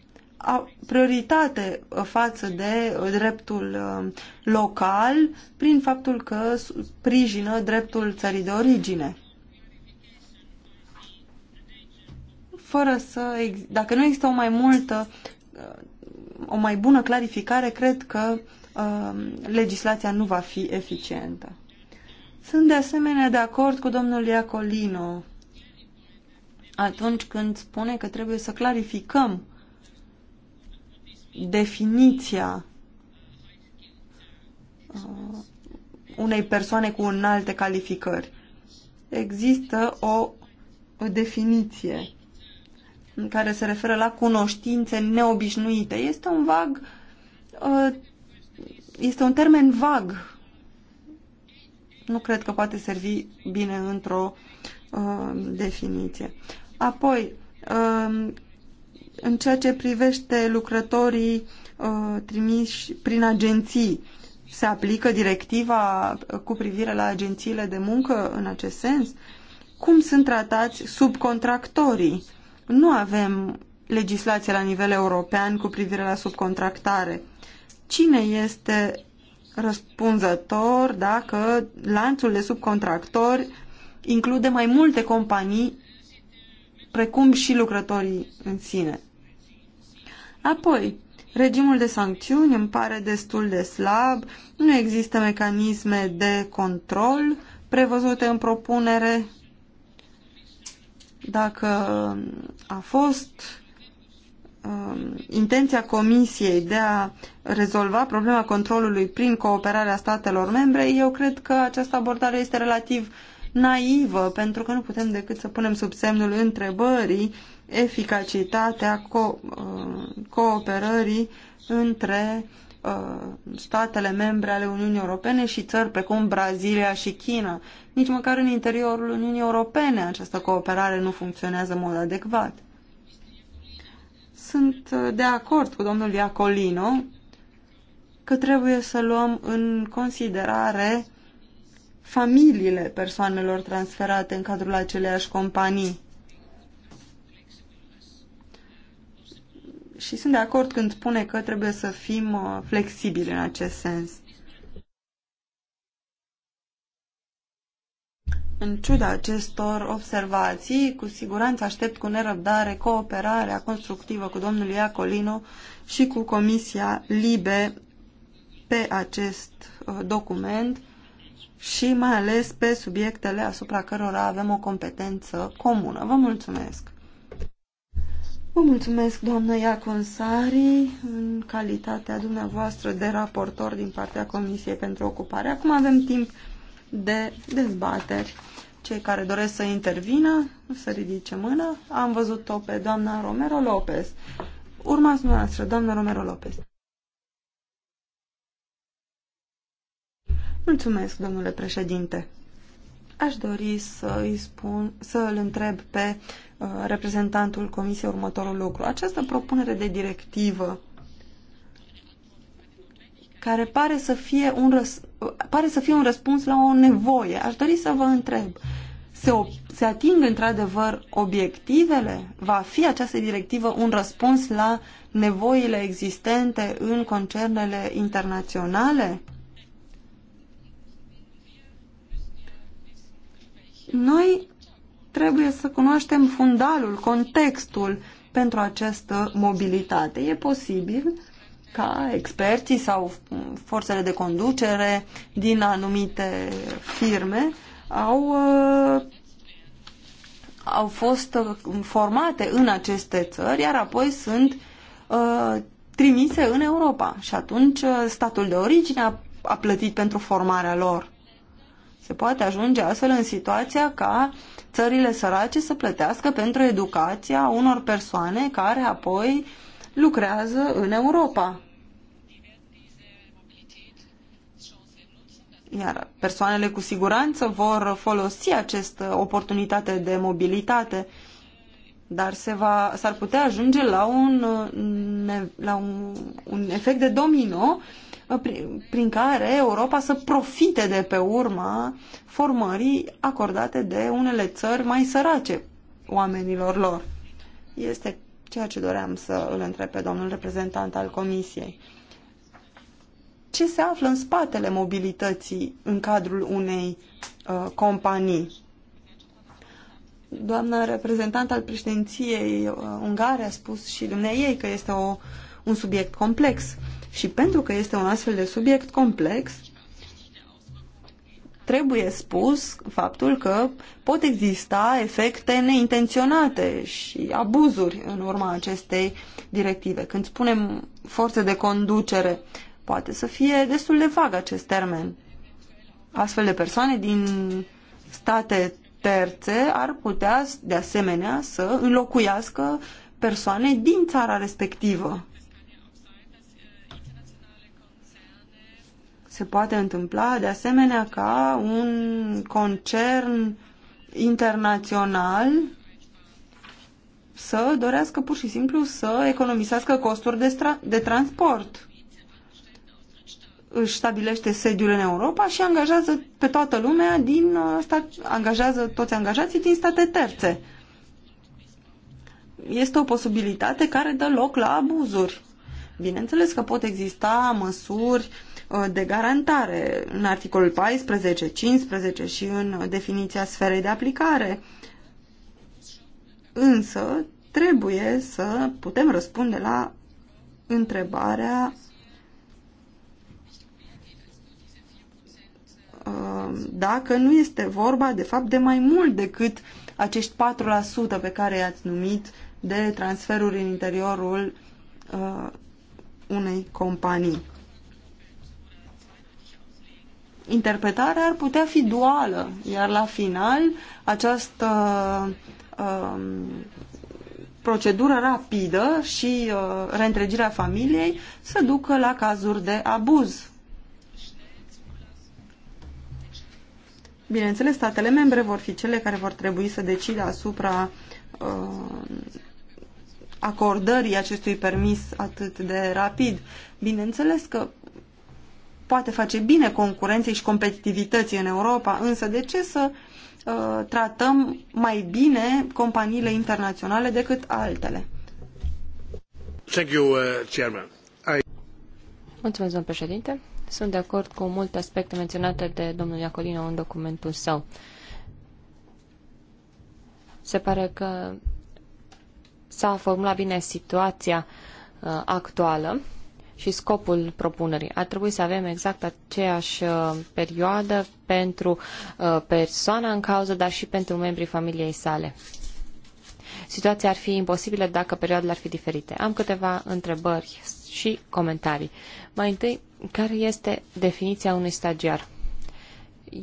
prioritate față de uh, dreptul um, local prin faptul că sprijină dreptul țării de origine. fără să, dacă nu există o mai multă, uh, o mai bună clarificare, cred că uh, legislația nu va fi eficientă. Sunt de asemenea de acord cu domnul Iacolino atunci când spune că trebuie să clarificăm definiția uh, unei persoane cu înalte calificări. Există o, o definiție care se referă la cunoștințe neobișnuite. Este un vag, uh, este un termen vag. Nu cred că poate servi bine într-o uh, definiție. Apoi, uh, în ceea ce privește lucrătorii trimiși prin agenții, se aplică directiva cu privire la agențiile de muncă în acest sens? Cum sunt tratați subcontractorii? Nu avem legislație la nivel european cu privire la subcontractare. Cine este răspunzător dacă lanțul de subcontractori include mai multe companii precum și lucrătorii în sine. Apoi, regimul de sancțiuni îmi pare destul de slab, nu există mecanisme de control prevăzute în propunere dacă um, a fost um, intenția Comisiei de a rezolva problema controlului prin cooperarea statelor membre, eu cred că această abordare este relativ naivă, pentru că nu putem decât să punem sub semnul întrebării eficacitatea co um, cooperării între Uh, statele membre ale Uniunii Europene și țări precum Brazilia și China. Nici măcar în interiorul Uniunii Europene această cooperare nu funcționează în mod adecvat. Sunt uh, de acord cu domnul Iacolino că trebuie să luăm în considerare familiile persoanelor transferate în cadrul aceleiași companii. și sunt de acord când spune că trebuie să fim uh, flexibili în acest sens. În ciuda acestor observații, cu siguranță aștept cu nerăbdare cooperarea constructivă cu domnul Iacolino și cu Comisia Libe pe acest uh, document și mai ales pe subiectele asupra cărora avem o competență comună. Vă mulțumesc! Vă mulțumesc, doamnă Iaconsari, în calitatea dumneavoastră de raportor din partea Comisiei pentru Ocupare. Acum avem timp de dezbateri. Cei care doresc să intervină, să ridice mână. Am văzut-o pe doamna Romero Lopez. Urmați noastră, doamna Romero Lopez. Mulțumesc, domnule președinte. Aș dori să îi spun, să îl întreb pe uh, reprezentantul Comisiei următorul lucru. Această propunere de directivă care pare să fie un, răs, uh, pare să fie un răspuns la o nevoie. Aș dori să vă întreb, se, se ating într-adevăr obiectivele? Va fi această directivă un răspuns la nevoile existente în concernele internaționale? Noi trebuie să cunoaștem fundalul, contextul pentru această mobilitate. E posibil ca experții sau forțele de conducere din anumite firme au, uh, au fost formate în aceste țări, iar apoi sunt uh, trimise în Europa. Și atunci uh, statul de origine a, a plătit pentru formarea lor. Se poate ajunge astfel în situația ca țările sărace să plătească pentru educația unor persoane care apoi lucrează în Europa. Iar persoanele cu siguranță vor folosi această oportunitate de mobilitate dar se va, s-ar putea ajunge la un, la un, un efect de domino uh, prin, prin care Europa să profite de pe urma formării acordate de unele țări mai sărace oamenilor lor. Este ceea ce doream să îl întreb pe domnul reprezentant al Comisiei. Ce se află în spatele mobilității în cadrul unei uh, companii? Doamna reprezentant al președinției uh, ungare a spus și dumneai că este o, un subiect complex. Și pentru că este un astfel de subiect complex, trebuie spus faptul că pot exista efecte neintenționate și abuzuri în urma acestei directive. Când spunem forțe de conducere, poate să fie destul de vag acest termen. Astfel de persoane din state terțe ar putea, de asemenea, să înlocuiască persoane din țara respectivă. Se poate întâmpla, de asemenea, ca un concern internațional să dorească pur și simplu să economisească costuri de, de transport își stabilește sediul în Europa și angajează pe toată lumea din uh, angajează toți angajații din state terțe. Este o posibilitate care dă loc la abuzuri. Bineînțeles că pot exista măsuri uh, de garantare în articolul 14, 15 și în definiția sferei de aplicare. Însă trebuie să putem răspunde la întrebarea Um, dacă nu este vorba, de fapt, de mai mult decât acești 4% pe care i-ați numit de transferuri în interiorul uh, unei companii. Interpretarea ar putea fi duală, iar la final această uh, procedură rapidă și uh, reîntregirea familiei să ducă la cazuri de abuz Bineînțeles, statele membre vor fi cele care vor trebui să decidă asupra uh, acordării acestui permis atât de rapid. Bineînțeles că poate face bine concurenței și competitivității în Europa, însă de ce să uh, tratăm mai bine companiile internaționale decât altele? Thank you, uh, Chairman. I... Mulțumesc, domnul președinte. Sunt de acord cu multe aspecte menționate de domnul Iacolino în documentul său. Se pare că s-a formulat bine situația uh, actuală și scopul propunerii. Ar trebui să avem exact aceeași uh, perioadă pentru uh, persoana în cauză, dar și pentru membrii familiei sale. Situația ar fi imposibilă dacă perioadele ar fi diferite. Am câteva întrebări și comentarii. Mai întâi, care este definiția unui stagiar?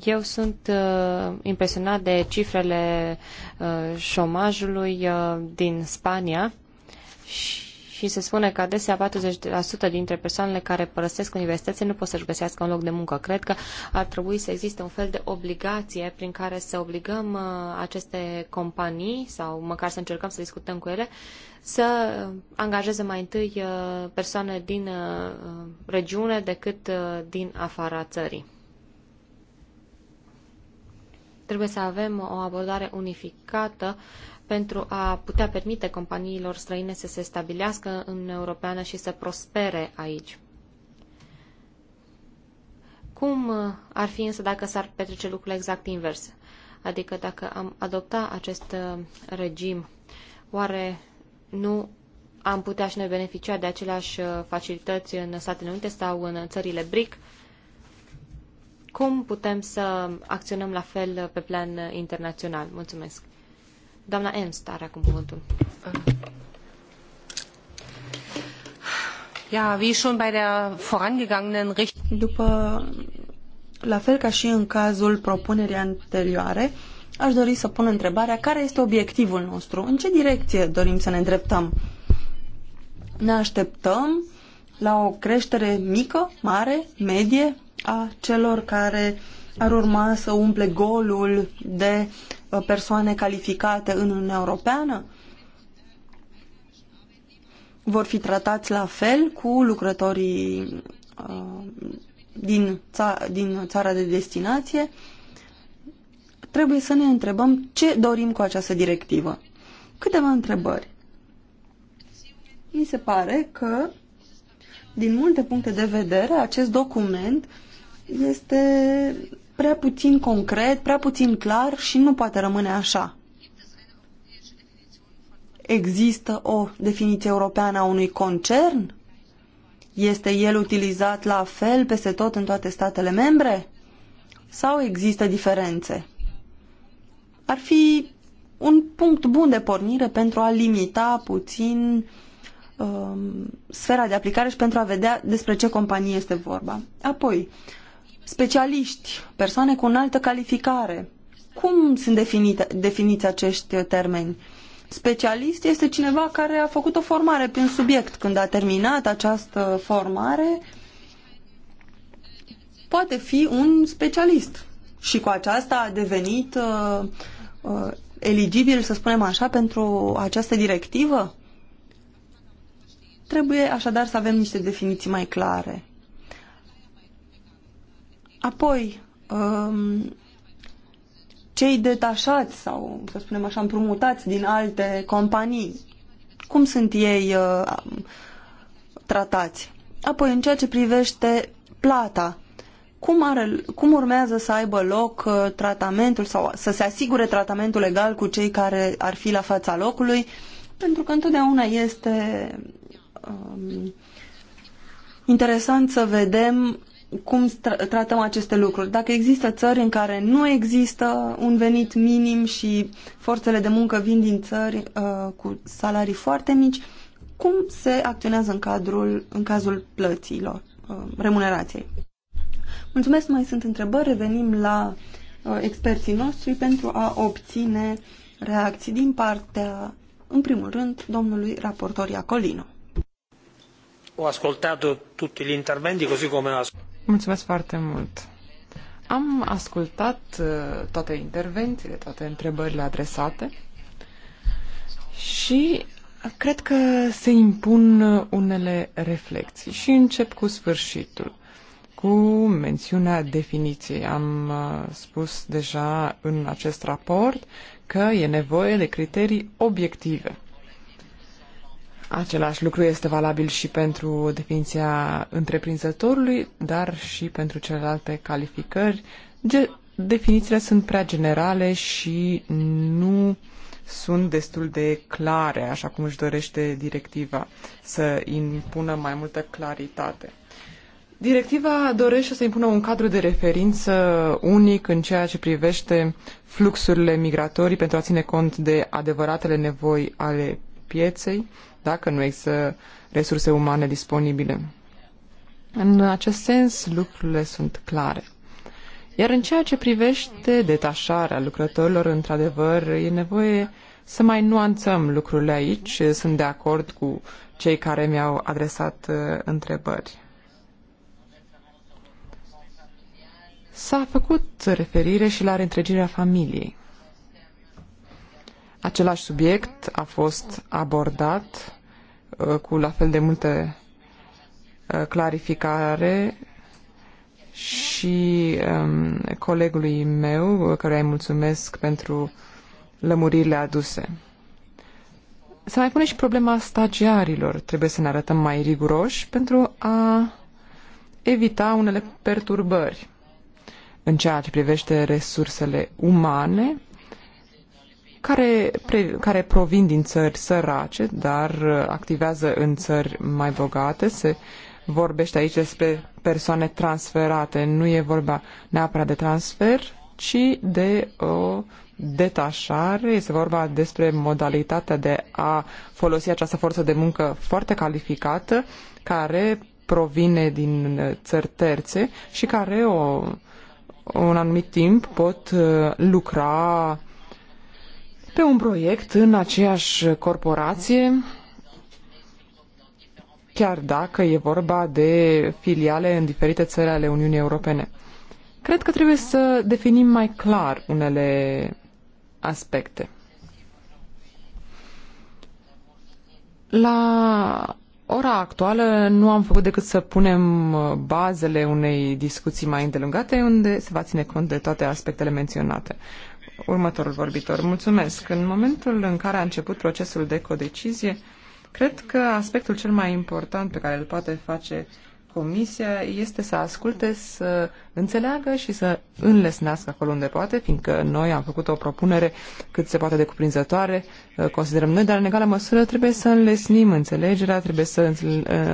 Eu sunt uh, impresionat de cifrele uh, șomajului uh, din Spania și și se spune că adesea 40% dintre persoanele care părăsesc universitățile nu pot să-și găsească un loc de muncă. Cred că ar trebui să existe un fel de obligație prin care să obligăm uh, aceste companii sau măcar să încercăm să discutăm cu ele să angajeze mai întâi uh, persoane din uh, regiune decât din afara țării trebuie să avem o abordare unificată pentru a putea permite companiilor străine să se stabilească în Uniunea Europeană și să prospere aici. Cum uh, ar fi însă dacă s-ar petrece lucrurile exact invers? Adică dacă am adopta acest uh, regim, oare nu am putea și noi beneficia de aceleași uh, facilități în Statele Unite sau în țările BRIC? Cum putem să acționăm la fel pe plan internațional? Mulțumesc! Doamna Ernst are acum cuvântul. Ja, wie schon bei der vorangegangenen După, la fel ca și în cazul propunerii anterioare, aș dori să pun întrebarea care este obiectivul nostru, în ce direcție dorim să ne îndreptăm. Ne așteptăm la o creștere mică, mare, medie a celor care ar urma să umple golul de Uh, persoane calificate în Uniunea Europeană? Vor fi tratați la fel cu lucrătorii uh, din, ța- din țara de destinație? Trebuie să ne întrebăm ce dorim cu această directivă. Câteva întrebări. Mi se pare că, din multe puncte de vedere, acest document este prea puțin concret, prea puțin clar și nu poate rămâne așa. Există o definiție europeană a unui concern? Este el utilizat la fel peste tot în toate statele membre? Sau există diferențe? Ar fi un punct bun de pornire pentru a limita puțin uh, sfera de aplicare și pentru a vedea despre ce companie este vorba. Apoi, uh, specialiști, persoane cu înaltă calificare. Cum sunt definite, definiți acești termeni? Specialist este cineva care a făcut o formare pe un subiect. Când a terminat această formare, poate fi un specialist. Și cu aceasta a devenit uh, uh, eligibil, să spunem așa, pentru această directivă? Trebuie așadar să avem niște definiții mai clare. Apoi, um, cei detașați sau, să spunem așa, împrumutați din alte companii, cum sunt ei uh, tratați? Apoi, în ceea ce privește plata, cum, are, cum urmează să aibă loc uh, tratamentul sau să se asigure tratamentul legal cu cei care ar fi la fața locului? Pentru că întotdeauna este um, interesant să vedem cum tra tratăm aceste lucruri. Dacă există țări în care nu există un venit minim și forțele de muncă vin din țări uh, cu salarii foarte mici, cum se acționează în, cadrul, în cazul plăților, uh, remunerației? Mulțumesc, mai sunt întrebări, revenim la uh, experții noștri pentru a obține reacții din partea, în primul rând, domnului raportor Iacolino ho ascoltato tutti gli interventi così come ho ascoltato Mulțumesc foarte mult. Am ascultat uh, toate intervențiile, toate întrebările adresate și cred că se impun uh, unele reflexii și încep cu sfârșitul cu mențiunea definiției. Am uh, spus deja în acest raport că e nevoie de criterii obiective. Același lucru este valabil și pentru definiția întreprinzătorului, dar și pentru celelalte calificări. Ge- definițiile sunt prea generale și nu sunt destul de clare, așa cum își dorește directiva să impună mai multă claritate. Directiva dorește să impună un cadru de referință unic în ceea ce privește fluxurile migratorii pentru a ține cont de adevăratele nevoi ale pieței dacă nu există resurse umane disponibile. În acest sens, lucrurile sunt clare. Iar în ceea ce privește detașarea lucrătorilor, într-adevăr, e nevoie să mai nuanțăm lucrurile aici. Sunt de acord cu cei care mi-au adresat uh, întrebări. S-a făcut referire și la reîntregirea familiei. Același subiect a fost abordat uh, cu la fel de multe uh, clarificare și um, colegului meu, uh, căruia îi mulțumesc pentru lămuririle aduse. Să mai pune și problema stagiarilor. Trebuie să ne arătăm mai riguroși pentru a evita unele perturbări. În ceea ce privește resursele umane, care, pre, care provin din țări sărace, dar uh, activează în țări mai bogate. Se vorbește aici despre persoane transferate. Nu e vorba neapărat de transfer, ci de o detașare. Este vorba despre modalitatea de a folosi această forță de muncă foarte calificată care provine din uh, țări terțe și care o, un anumit timp pot uh, lucra pe un proiect în aceeași corporație, chiar dacă e vorba de filiale în diferite țări ale Uniunii Europene. Cred că trebuie să definim mai clar unele aspecte. La ora actuală nu am făcut decât să punem bazele unei discuții mai îndelungate unde se va ține cont de toate aspectele menționate următorul vorbitor. Mulțumesc. În momentul în care a început procesul de codecizie, cred că aspectul cel mai important pe care îl poate face Comisia este să asculte, să înțeleagă și să înlesnească acolo unde poate, fiindcă noi am făcut o propunere cât se poate de cuprinzătoare, considerăm noi, dar în egală măsură trebuie să înlesnim înțelegerea, trebuie să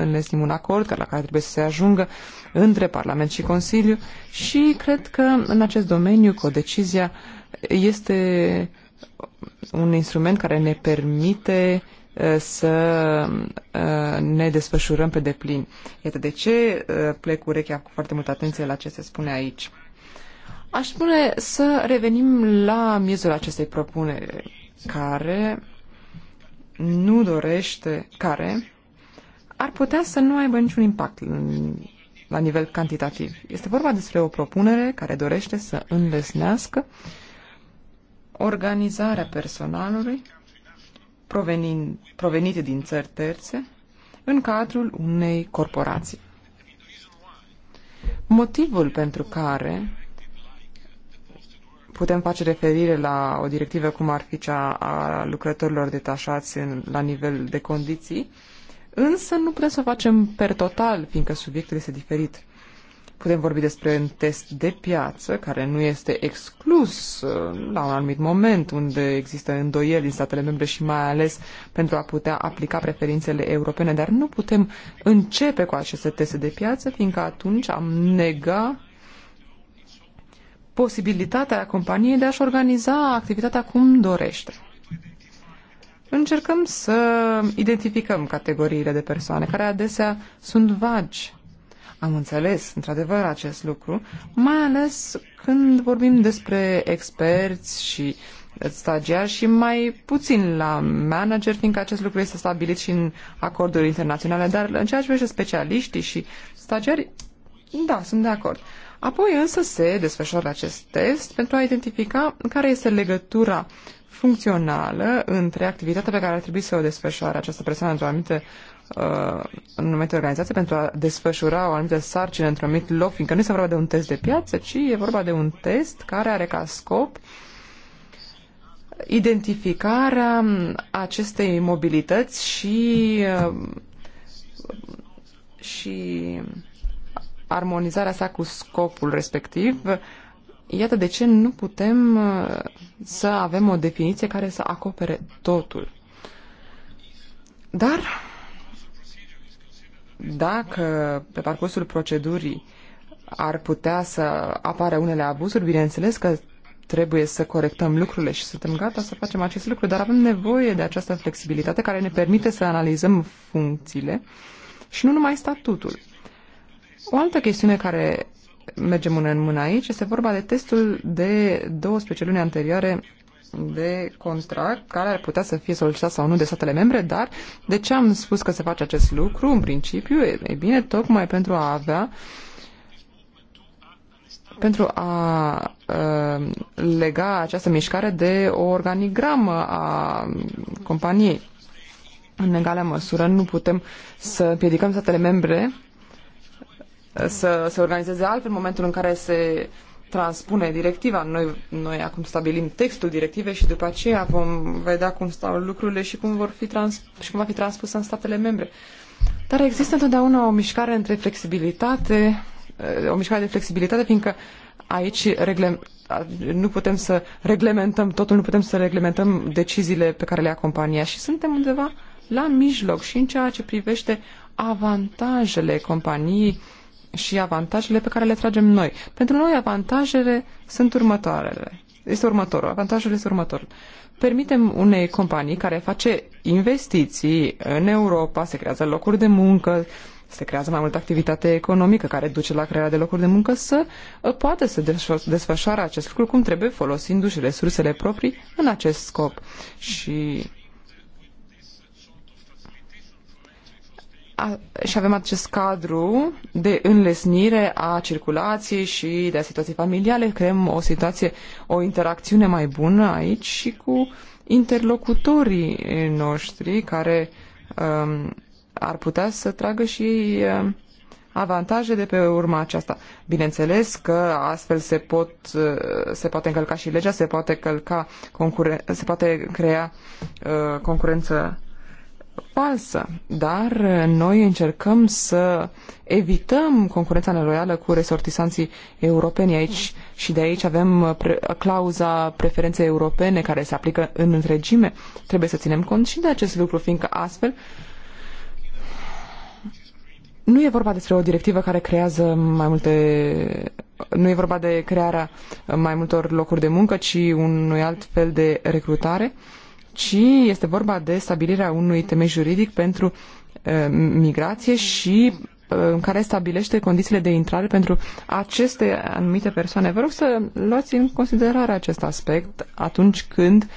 înlesnim un acord la care trebuie să se ajungă între Parlament și Consiliu și cred că în acest domeniu, cu decizia este un instrument care ne permite uh, să uh, ne desfășurăm pe deplin. Iată de ce uh, plec urechea cu foarte multă atenție la ce se spune aici. Aș spune să revenim la miezul acestei propuneri, care nu dorește, care ar putea să nu aibă niciun impact la nivel cantitativ. Este vorba despre o propunere care dorește să înlesnească uh, organizarea personalului provenind, provenite din țări terțe în cadrul unei corporații. Motivul pentru care putem face referire la o directivă cum ar fi cea a lucrătorilor detașați în, la nivel de condiții, însă nu putem să o facem per total, fiindcă subiectul este diferit. Putem vorbi despre un test de piață care nu este exclus uh, la un anumit moment unde există îndoieli în statele membre și mai ales pentru a putea aplica preferințele europene, dar nu putem începe cu aceste teste de piață fiindcă atunci am nega posibilitatea companiei de a-și organiza activitatea cum dorește. Încercăm să identificăm categoriile de persoane care adesea sunt vagi am înțeles, într-adevăr, acest lucru, mai ales când vorbim despre experți și stagiari și mai puțin la manager, fiindcă acest lucru este stabilit și în acorduri internaționale, dar în ceea ce vește specialiștii și stagiari, da, sunt de acord. Apoi însă se desfășoară acest test pentru a identifica care este legătura funcțională între activitatea pe care ar trebui să o desfășoare această persoană într-o anumită Uh, în anumite organizații pentru a desfășura o anumită sarcină într-un anumit loc, fiindcă nu este vorba de un test de piață, ci e vorba de un test care are ca scop identificarea acestei mobilități și, uh, și armonizarea sa cu scopul respectiv. Iată de ce nu putem uh, să avem o definiție care să acopere totul. Dar dacă pe parcursul procedurii ar putea să apare unele abuzuri, bineînțeles că trebuie să corectăm lucrurile și suntem gata să facem acest lucru, dar avem nevoie de această flexibilitate care ne permite să analizăm funcțiile și nu numai statutul. O altă chestiune care merge mână în mână aici este vorba de testul de 12 luni anterioare de contract care ar putea să fie solicitat sau nu de statele membre, dar de ce am spus că se face acest lucru în principiu? E, e bine, tocmai pentru a avea pentru a, uh, lega această mișcare de o organigramă a companiei. În egală măsură nu putem să împiedicăm statele membre să se organizeze altfel în momentul în care se uh, transpune directiva. Noi, noi acum stabilim textul directivei și după aceea vom vedea cum stau lucrurile și cum, vor fi trans, și cum va fi transpusă în statele membre. Dar există întotdeauna o mișcare între flexibilitate, eh, o mișcare de flexibilitate, fiindcă aici regle, nu putem să reglementăm totul, nu putem să reglementăm deciziile pe care le ia compania și suntem undeva la mijloc și în ceea ce privește avantajele companiei și avantajele pe care le tragem noi. Pentru noi avantajele sunt următoarele. Este următorul. Avantajele sunt următorul. Permitem unei companii care face investiții în Europa, se creează locuri de muncă, se creează mai multă activitate economică care duce la crearea de locuri de muncă să poată să desfășoare acest lucru cum trebuie folosindu-și resursele proprii în acest scop. Și A, și avem acest cadru de înlesnire a circulației și de a situației familiale. Creăm o situație, o interacțiune mai bună aici și cu interlocutorii noștri care um, ar putea să tragă și ei um, avantaje de pe urma aceasta. Bineînțeles că astfel se, pot, uh, se poate încălca și legea, se poate, călca concure- se poate crea uh, concurență falsă, dar noi încercăm să evităm concurența neloială cu resortisanții europeni aici și de aici avem pre- clauza preferenței europene care se aplică în întregime. Trebuie să ținem cont și de acest lucru, fiindcă astfel nu e vorba despre o directivă care creează mai multe nu e vorba de crearea mai multor locuri de muncă, ci unui alt fel de recrutare. Uh, ci este vorba de stabilirea unui temei juridic pentru eh, migrație și eh, în care stabilește condițiile de intrare pentru aceste anumite persoane. Vă rog să luați în considerare acest aspect atunci când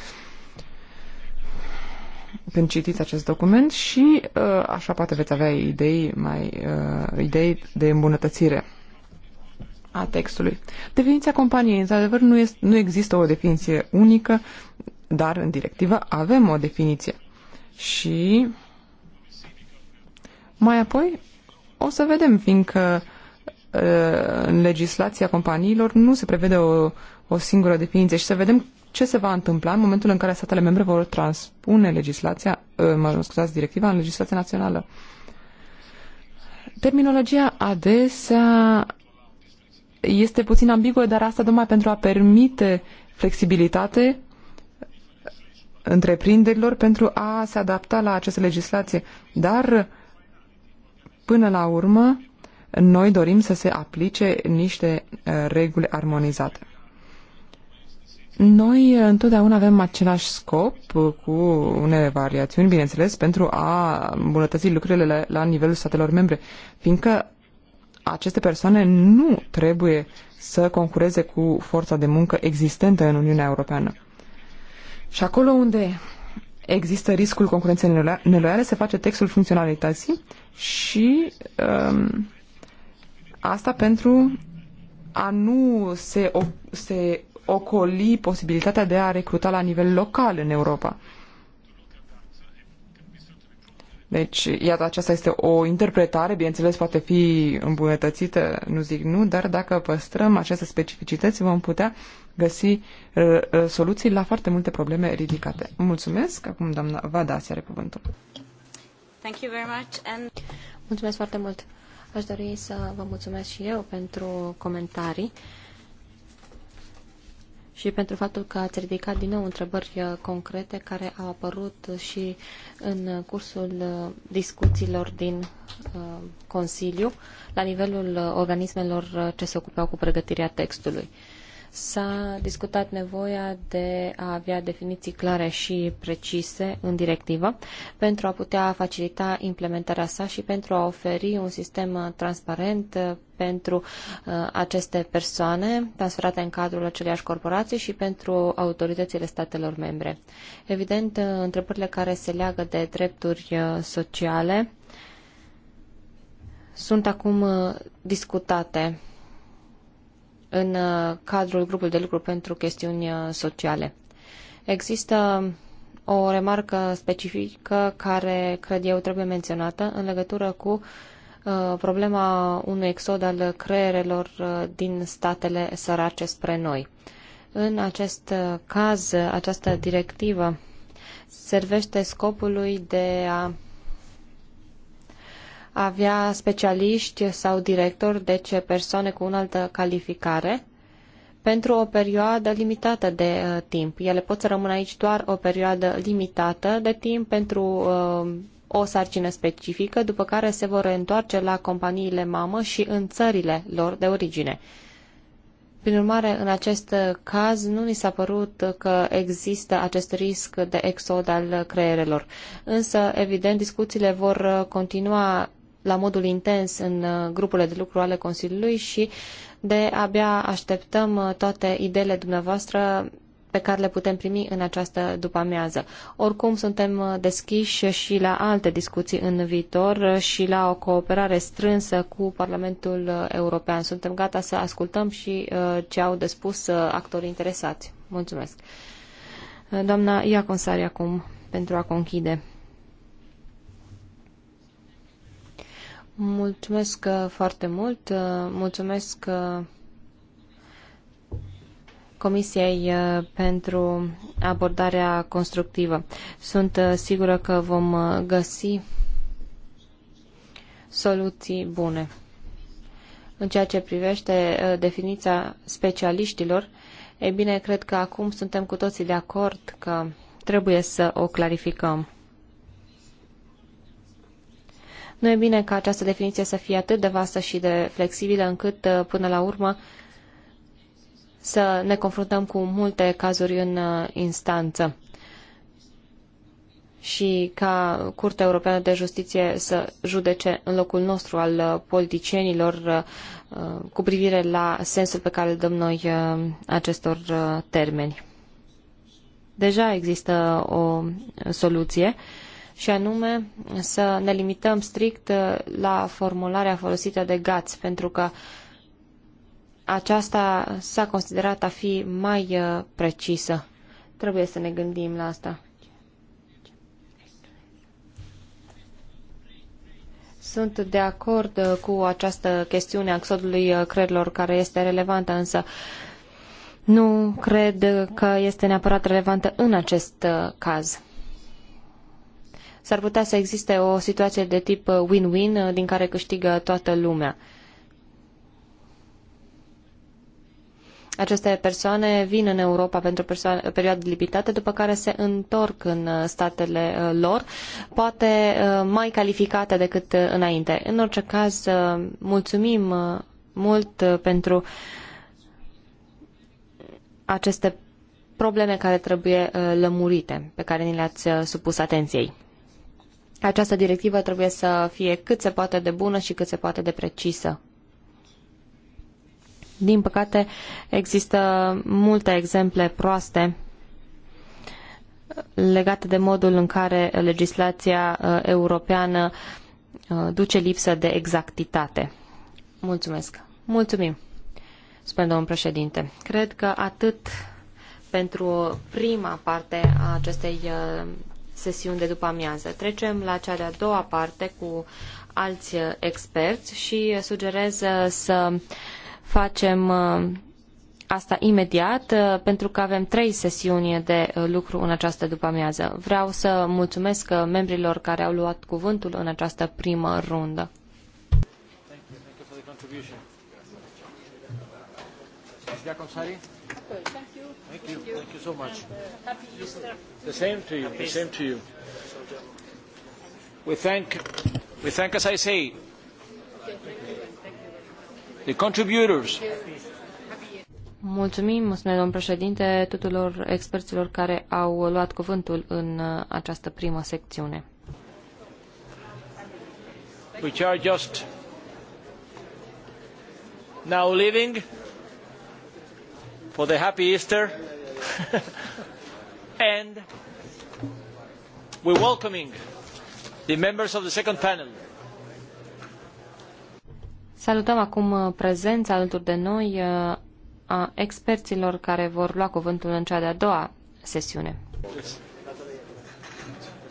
când citiți acest document și eh, așa poate veți avea idei mai idei de îmbunătățire a textului. Definiția companiei, într-adevăr, nu, nu există o definiție unică, dar în directivă avem o definiție. Și mai apoi o să vedem, fiindcă uh, în legislația companiilor nu se prevede o, o singură definiție și să vedem ce se va întâmpla în momentul în care statele membre vor transpune legislația, uh, mă scuzați, directiva în legislația națională. Terminologia adesea este puțin ambiguă, dar asta numai pentru a permite flexibilitate întreprinderilor pentru a se adapta la această legislație. Dar, până la urmă, noi dorim să se aplice niște uh, reguli armonizate. Noi uh, întotdeauna avem același scop uh, cu unele variațiuni, bineînțeles, pentru a îmbunătăți lucrurile la, la nivelul statelor membre, fiindcă aceste persoane nu trebuie să concureze cu forța de muncă existentă în Uniunea Europeană. Și acolo unde există riscul concurenței neloiale, se face textul funcționalității și um, asta pentru a nu se, o, se ocoli posibilitatea de a recruta la nivel local în Europa. Deci, iată, aceasta este o interpretare, bineînțeles, poate fi îmbunătățită, nu zic nu, dar dacă păstrăm aceste specificități, vom putea uh, găsi uh, uh, soluții la foarte multe probleme ridicate. Mulțumesc. Acum doamna Vadas are cuvântul. Thank you very much and... Mulțumesc foarte mult. Aș dori să vă mulțumesc și eu pentru comentarii și pentru faptul că ați ridicat din nou întrebări uh, concrete care au apărut și în cursul discuțiilor din Consiliu la nivelul organismelor ce se ocupeau cu pregătirea textului s-a discutat nevoia de a avea definiții clare și precise în directivă pentru a putea facilita implementarea sa și pentru a oferi un sistem transparent pentru uh, aceste persoane transferate în cadrul aceleiași corporații și pentru autoritățile statelor membre. Evident, uh, întrebările care se leagă de drepturi uh, sociale sunt acum discutate în uh, cadrul grupului de lucru pentru chestiuni uh, sociale. Există o remarcă specifică care, cred eu, trebuie menționată în legătură cu uh, problema unui exod al creierelor din statele sărace spre noi. În acest caz, această directivă servește scopului de a avea specialiști sau directori, deci persoane cu înaltă calificare, pentru o perioadă limitată de uh, timp. Ele pot să rămână aici doar o perioadă limitată de timp pentru uh, o sarcină specifică, după care se vor întoarce la companiile mamă și în țările lor de origine. Prin urmare, în acest caz, nu ni s-a părut că există acest risc de exod al creierelor. Însă, evident, discuțiile vor uh, continua la modul intens în uh, grupurile de lucru ale Consiliului și de abia așteptăm uh, toate ideile dumneavoastră pe care le putem primi în această după-amiază. Oricum, suntem uh, deschiși și la alte discuții în viitor și la o cooperare strânsă cu Parlamentul European. Suntem gata să ascultăm și ce au de spus actorii interesați. Mulțumesc. Doamna Iaconsari acum pentru a conchide. Mulțumesc uh, foarte mult. Uh, mulțumesc uh, Comisiei pentru abordarea constructivă. Sunt sigură că vom găsi soluții bune. În ceea ce privește definiția specialiștilor, e bine, cred că acum suntem cu toții de acord că trebuie să o clarificăm. Nu e bine ca această definiție să fie atât de vastă și de flexibilă încât, uh, până la urmă, să ne confruntăm cu multe cazuri în uh, instanță și ca Curtea Europeană de Justiție să judece în locul nostru al uh, politicienilor cu privire la sensul pe care îl dăm noi acestor termeni. Deja există o soluție și anume să ne limităm strict uh, la formularea folosită de GATS, pentru că aceasta s-a considerat a fi mai uh, precisă. Trebuie să ne gândim la asta. Sunt de acord uh, cu această chestiune a exodului creierilor care este relevantă, însă nu cred că este neapărat relevantă în acest caz s-ar putea să existe o situație de tip uh, win-win uh, din care câștigă toată lumea. Aceste persoane vin în Europa pentru o uh, perioadă limitată, după care se întorc în statele lor, poate mai calificate decât înainte. În orice caz, mulțumim mult pentru aceste probleme care trebuie lămurite, pe care ni le-ați supus atenției. Această directivă trebuie să fie cât se poate de bună și cât se poate de precisă. Din păcate, există multe exemple proaste legate de modul în care legislația uh, europeană uh, duce lipsă de exactitate. Mulțumesc. Mulțumim, spune domnul președinte. Cred că atât pentru prima parte a acestei uh, sesiuni de după amiază. Trecem la cea de-a doua parte cu alți uh, experți și sugerez uh, să facem uh, asta imediat, pentru că avem trei sesiuni de lucru în această după-amiază. Vreau să mulțumesc membrilor care au luat cuvântul în această primă rundă. Thank Thank you. Thank you so much. Uh, Happy Easter. The same to you. The same to you. We thank, we thank, as I say, the contributors. Mulțumim, mulțumim, domn președinte, tuturor experților care au luat cuvântul în uh, această primă secțiune. Which are just now leaving for the happy Easter. and we're welcoming the members of the second panel. Salutăm acum uh, prezența alături de noi uh, a experților care vor lua cuvântul în cea de-a doua sesiune. Good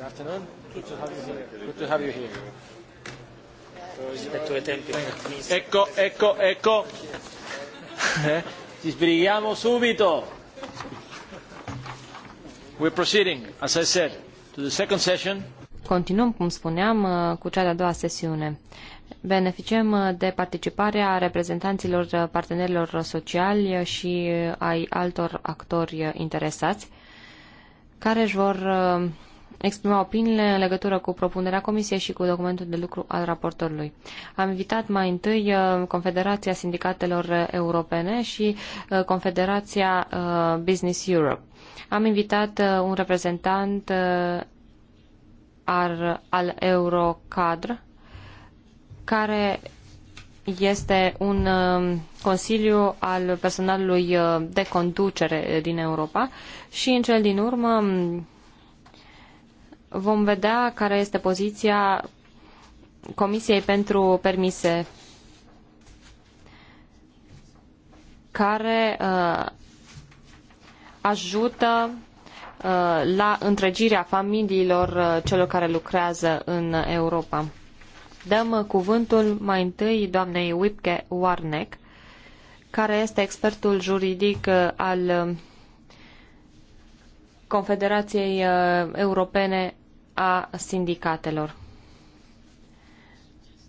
afternoon. Good to have you here. Good to have you here. Ecco, ecco, ecco. Eh? Ci sbrighiamo subito. We're proceeding, as I said, to the second session. Continuăm, cum spuneam, uh, cu cea de-a doua sesiune. Beneficiem uh, de participarea reprezentanților uh, partenerilor sociali și ai altor actori interesați care își vor exprima opiniile în legătură cu propunerea comisiei și cu documentul de lucru al raportorului. Am invitat mai întâi uh, Confederația Sindicatelor Europene și uh, Confederația uh, Business Europe. Am invitat un reprezentant al Eurocadr, care este un um, consiliu al personalului de conducere din Europa și în cel din urmă um, Vom vedea care este poziția Comisiei pentru Permise, care uh, ajută uh, la întregirea familiilor uh, celor care lucrează în Europa. Dăm uh, cuvântul mai întâi doamnei Wipke Warneck, care este expertul juridic uh, al uh, Confederației Europene a sindicatelor.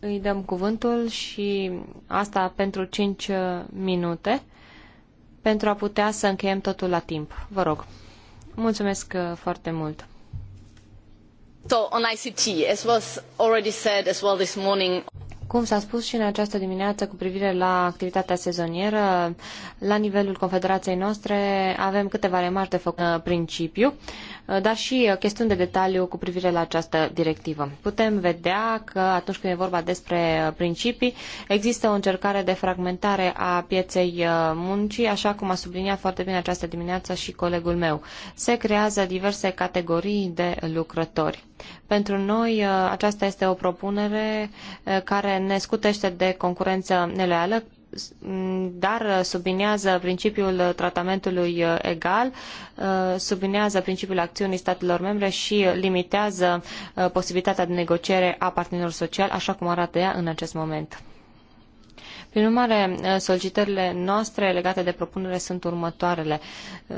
Îi dăm cuvântul și asta pentru 5 uh, minute pentru a putea să încheiem totul la timp. Vă rog. Mulțumesc uh, foarte mult. So, on ICT, as was already said as well this morning, cum s-a spus și în această dimineață cu privire la activitatea sezonieră, la nivelul confederației noastre avem câteva remarci de făcut în principiu. Uh, Uh, dar și uh, chestiuni de detaliu cu privire la această directivă. Putem vedea că atunci când e vorba despre uh, principii, există o încercare de fragmentare a pieței muncii, așa cum a subliniat foarte bine această dimineață și colegul meu. Se creează diverse categorii de lucrători. Pentru noi aceasta este o propunere care ne scutește de concurență neleală, dar subliniază principiul tratamentului uh, egal, uh, subliniază principiul acțiunii statelor membre și limitează uh, posibilitatea de negociere a partenerilor sociali, așa cum arată ea în acest moment. Prin urmare, solicitările noastre legate de propunere sunt următoarele.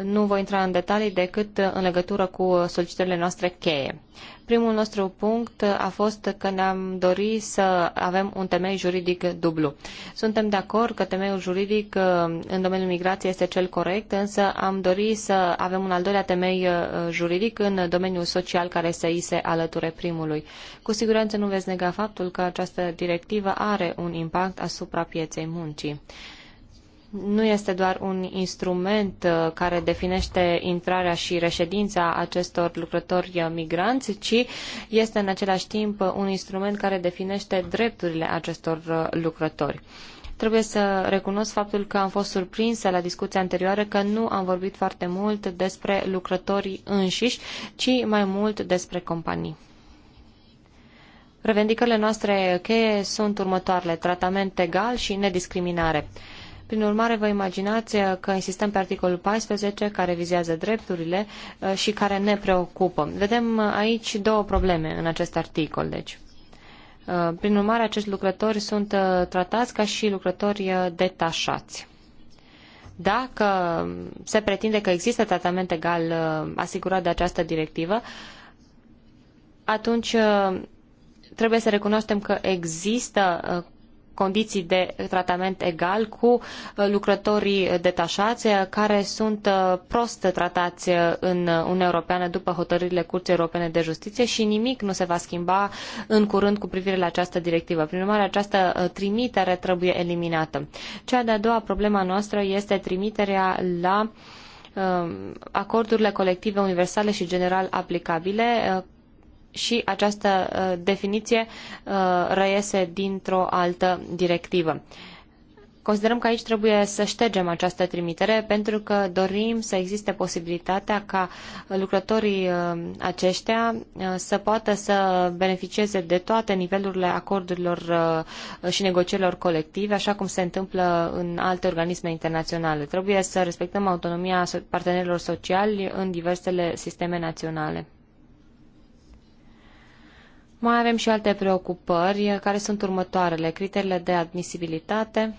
Nu voi intra în detalii decât în legătură cu solicitările noastre cheie. Primul nostru punct a fost că ne-am dorit să avem un temei juridic dublu. Suntem de acord că temeiul juridic uh, în domeniul migrației este cel corect, însă am dorit să avem un al doilea temei uh, juridic în domeniul social care să îi se alăture primului. Cu siguranță nu veți nega faptul că această directivă are un impact asupra pieței muncii nu este doar un instrument uh, care definește intrarea și reședința acestor lucrători uh, migranți, ci este în același timp un instrument care definește drepturile acestor uh, lucrători. Trebuie să recunosc faptul că am fost surprinsă la discuția anterioară că nu am vorbit foarte mult despre lucrătorii înșiși, ci mai mult despre companii. Revendicările noastre cheie sunt următoarele, tratament egal și nediscriminare. Prin urmare, vă imaginați uh, că insistăm pe articolul 14, care vizează drepturile uh, și care ne preocupă. Vedem uh, aici două probleme în acest articol, deci. Prin urmare, acești lucrători sunt tratați ca și lucrători detașați dacă se pretinde că există tratament egal asigurat de această directivă, atunci trebuie să recunoaștem că există condiții de tratament egal cu uh, lucrătorii detașați uh, care sunt uh, prost tratați în Uniunea Europeană după hotărârile Curții Europene de Justiție și nimic nu se va schimba în curând cu privire la această directivă. Prin urmare, această trimitere trebuie eliminată. Cea de-a doua problema noastră este trimiterea la acordurile colective universale și general aplicabile și această uh, definiție uh, reiese dintr-o altă directivă. Considerăm că aici trebuie să ștergem această trimitere pentru că dorim să existe posibilitatea ca lucrătorii uh, aceștia să poată să beneficieze de toate nivelurile acordurilor și negocierilor colective, așa cum se întâmplă în alte organisme internaționale. Trebuie să respectăm autonomia partenerilor sociali în diversele sisteme naționale. Mai avem și alte preocupări, care sunt următoarele. Criteriile de admisibilitate,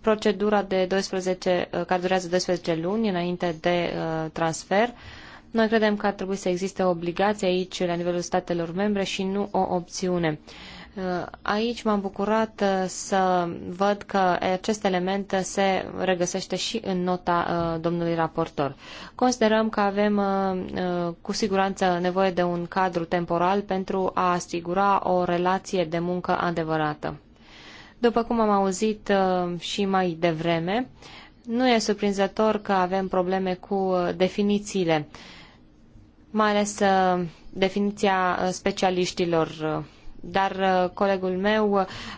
procedura de 12, care durează 12 luni înainte de uh, transfer. Noi credem că ar trebui să existe o obligație aici la nivelul statelor membre și nu o opțiune. Uh, Uh, aici m-am bucurat uh, să văd că acest element uh, se regăsește și în nota domnului raportor. Considerăm că avem cu siguranță nevoie de un cadru temporal pentru a asigura o relație de muncă adevărată. După cum am auzit și mai devreme, nu e surprinzător că avem probleme cu definițiile, mai ales definiția specialiștilor dar uh, colegul meu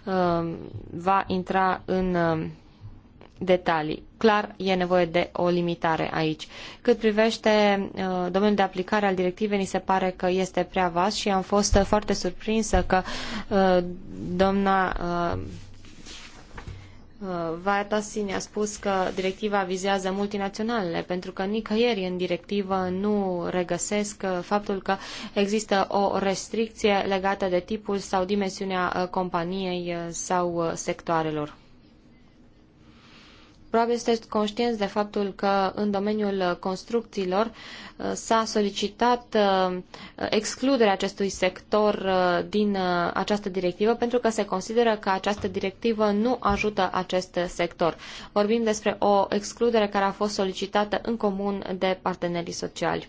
uh, va intra în uh, detalii. Clar, e nevoie de o limitare aici. Cât privește domeniul de aplicare al directivei, ni se pare că este prea vast și am fost foarte surprinsă că doamna Uh, Vatasin a spus că directiva vizează multinaționalele, pentru că nicăieri în directivă nu regăsesc uh, faptul că există o restricție legată de tipul sau dimensiunea uh, companiei sau sectoarelor. Probabil sunteți conștienți de faptul că în domeniul construcțiilor uh, s-a solicitat uh, excluderea acestui sector uh, din această directivă pentru că se consideră că această directivă nu ajută acest sector. Vorbim despre o excludere care a fost solicitată în comun de partenerii sociali.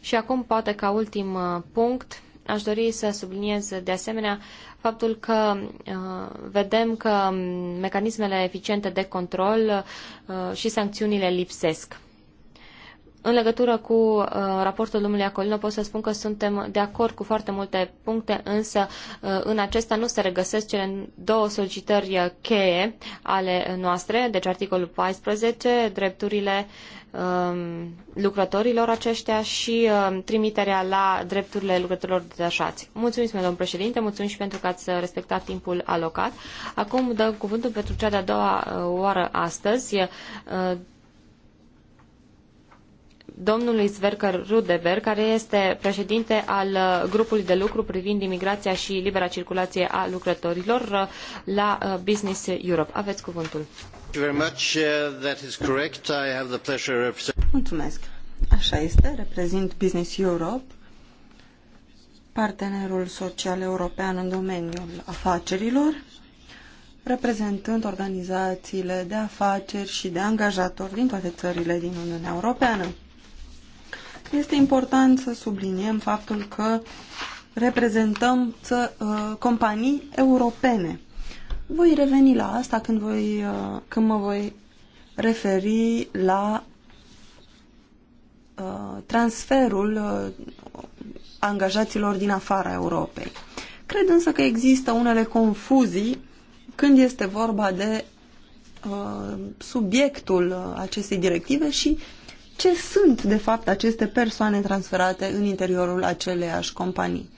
Și acum, poate ca ultim punct, aș dori să subliniez de asemenea uh, faptul că uh, vedem că mecanismele eficiente de control uh, și sancțiunile lipsesc. În legătură cu uh, raportul domnului Acolino pot să spun că suntem de acord cu foarte multe puncte, însă uh, în acesta nu se regăsesc cele două solicitări cheie ale noastre, deci articolul 14, drepturile um, lucrătorilor aceștia și um, trimiterea la drepturile lucrătorilor detașați. Mulțumim, domnul președinte, mulțumim și pentru că ați respectat timpul alocat. Acum dăm cuvântul pentru cea de-a doua uh, oară astăzi uh, domnului Sverker Rudeberg, care este președinte al uh, grupului de lucru privind imigrația și libera circulație a lucrătorilor uh, la uh, Business Europe. Aveți cuvântul. Mulțumesc. Așa este, reprezint Business Europe, partenerul social european în domeniul afacerilor, reprezentând organizațiile de afaceri și de angajatori din toate țările din Uniunea Europeană. Este important să subliniem faptul că reprezentăm ță, uh, companii europene. Voi reveni la asta când, voi, uh, când mă voi referi la uh, transferul uh, angajaților din afara Europei. Cred însă că există unele confuzii când este vorba de uh, subiectul uh, acestei directive și ce sunt, de fapt, aceste persoane transferate în interiorul aceleiași companii.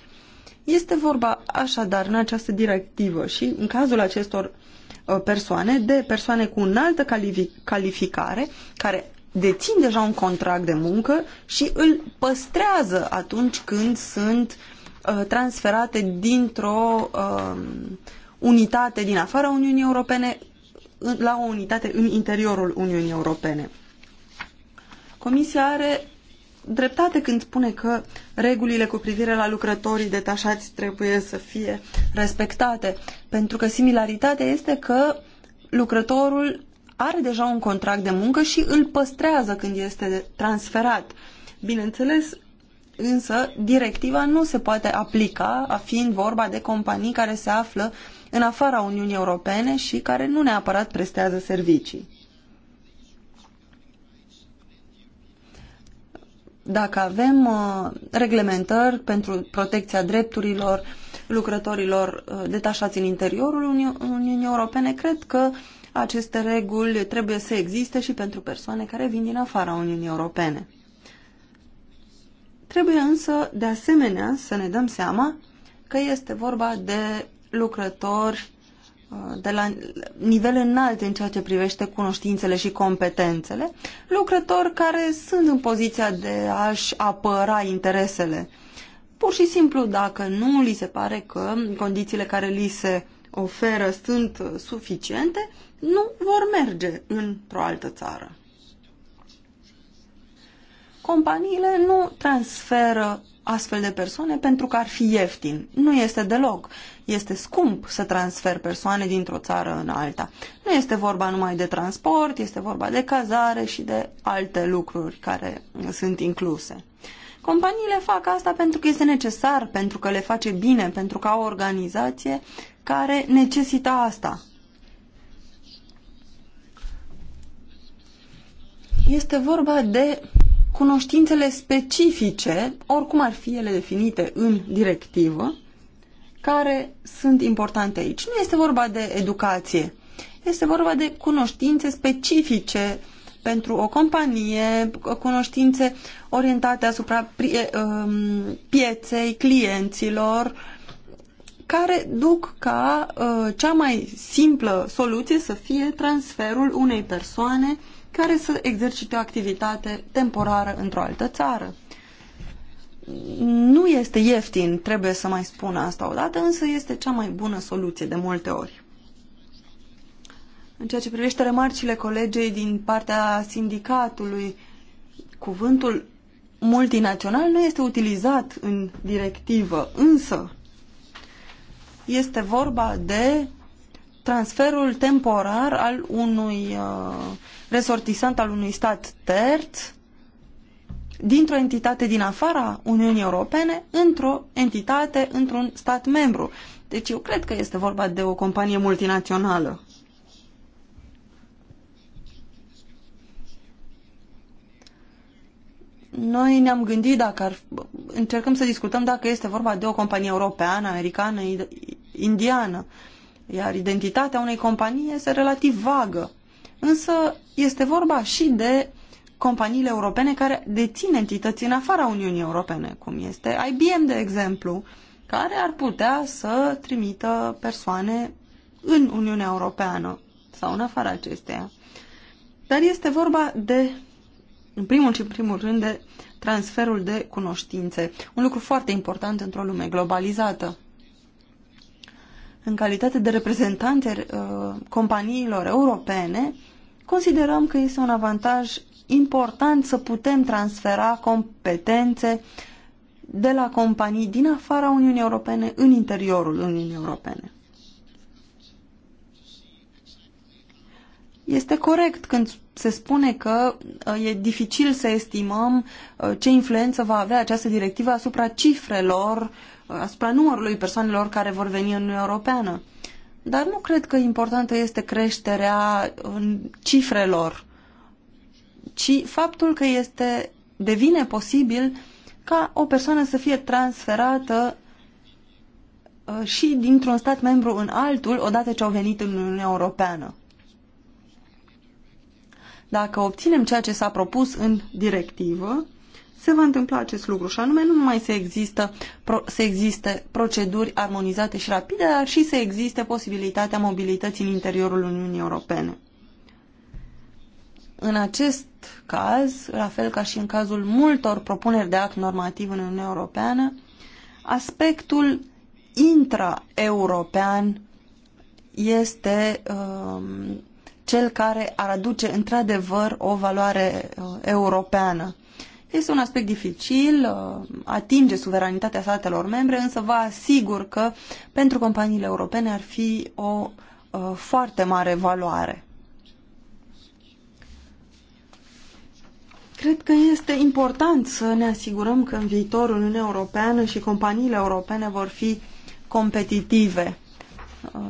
Este vorba așadar în această directivă și în cazul acestor uh, persoane, de persoane cu înaltă calificare, care dețin deja un contract de muncă și îl păstrează atunci când sunt uh, transferate dintr-o um, unitate din afara Uniunii Europene la o unitate în interiorul Uniunii Europene. Comisia are dreptate când spune că regulile cu privire la lucrătorii detașați trebuie să fie respectate, pentru că similaritatea este că lucrătorul are deja un contract de muncă și îl păstrează când este transferat. Bineînțeles, însă, directiva nu se poate aplica, a fiind vorba de companii care se află în afara Uniunii Europene și care nu neapărat prestează servicii. dacă avem uh, reglementări pentru protecția drepturilor lucrătorilor uh, detașați în interiorul Uniunii Europene, cred că aceste reguli trebuie să existe și pentru persoane care vin din afara Uniunii Europene. Trebuie însă, de asemenea, să ne dăm seama că este vorba de lucrători de la nivel înalt în ceea ce privește cunoștințele și competențele, lucrători care sunt în poziția de a-și apăra interesele. Pur și simplu, dacă nu li se pare că condițiile care li se oferă sunt suficiente, nu vor merge într-o altă țară. Companiile nu transferă astfel de persoane pentru că ar fi ieftin. Nu este deloc. Este scump să transfer persoane dintr-o țară în alta. Nu este vorba numai de transport, este vorba de cazare și de alte lucruri care sunt incluse. Companiile fac asta pentru că este necesar, pentru că le face bine, pentru că au o organizație care necesită asta. Este vorba de cunoștințele specifice, oricum ar fi ele definite în directivă, care sunt importante aici. Nu este vorba de educație, este vorba de cunoștințe specifice pentru o companie, cunoștințe orientate asupra eh, um, pieței, clienților, care duc ca eh, cea mai simplă soluție să fie transferul unei persoane care să exercite o activitate temporară într-o altă țară. Nu este ieftin, trebuie să mai spun asta odată, însă este cea mai bună soluție de multe ori. În ceea ce privește remarcile colegei din partea sindicatului, cuvântul multinațional nu este utilizat în directivă, însă este vorba de transferul temporar al unui uh, resortisant al unui stat terț dintr-o entitate din afara Uniunii Europene într-o entitate, într-un stat membru. Deci eu cred că este vorba de o companie multinațională. Noi ne-am gândit dacă ar, încercăm să discutăm dacă este vorba de o companie europeană, americană, indiană, iar identitatea unei companii este relativ vagă însă este vorba și de companiile europene care dețin entități în afara Uniunii Europene, cum este IBM, de exemplu, care ar putea să trimită persoane în Uniunea Europeană sau în afara acesteia. Dar este vorba de, în primul și în primul rând, de transferul de cunoștințe, un lucru foarte important într-o lume globalizată. În calitate de reprezentanți uh, companiilor europene, uh, considerăm că este un avantaj important să putem transfera competențe de la companii din afara Uniunii Europene în interiorul Uniunii Europene. Este corect când se spune că uh, e dificil să estimăm uh, ce influență va avea această directivă asupra cifrelor, uh, asupra numărului persoanelor care vor veni în Uniunea Europeană. Dar nu cred că importantă este creșterea în cifrelor, ci faptul că este, devine posibil ca o persoană să fie transferată uh, și dintr-un stat membru în altul odată ce au venit în Uniunea Europeană. Dacă obținem ceea ce s-a propus în directivă, se va întâmpla acest lucru și anume nu numai să, există, pro, să existe proceduri armonizate și rapide, dar și să existe posibilitatea mobilității în interiorul Uniunii Europene. În acest caz, la fel ca și în cazul multor propuneri de act normativ în Uniunea Europeană, aspectul intra-european este um, cel care ar aduce într-adevăr o valoare uh, europeană. Este un aspect dificil, uh, atinge suveranitatea statelor membre, însă vă asigur că pentru companiile europene ar fi o uh, foarte mare valoare. Cred că este important să ne asigurăm că în viitorul Uniunea Europeană și companiile europene vor fi competitive. Uh,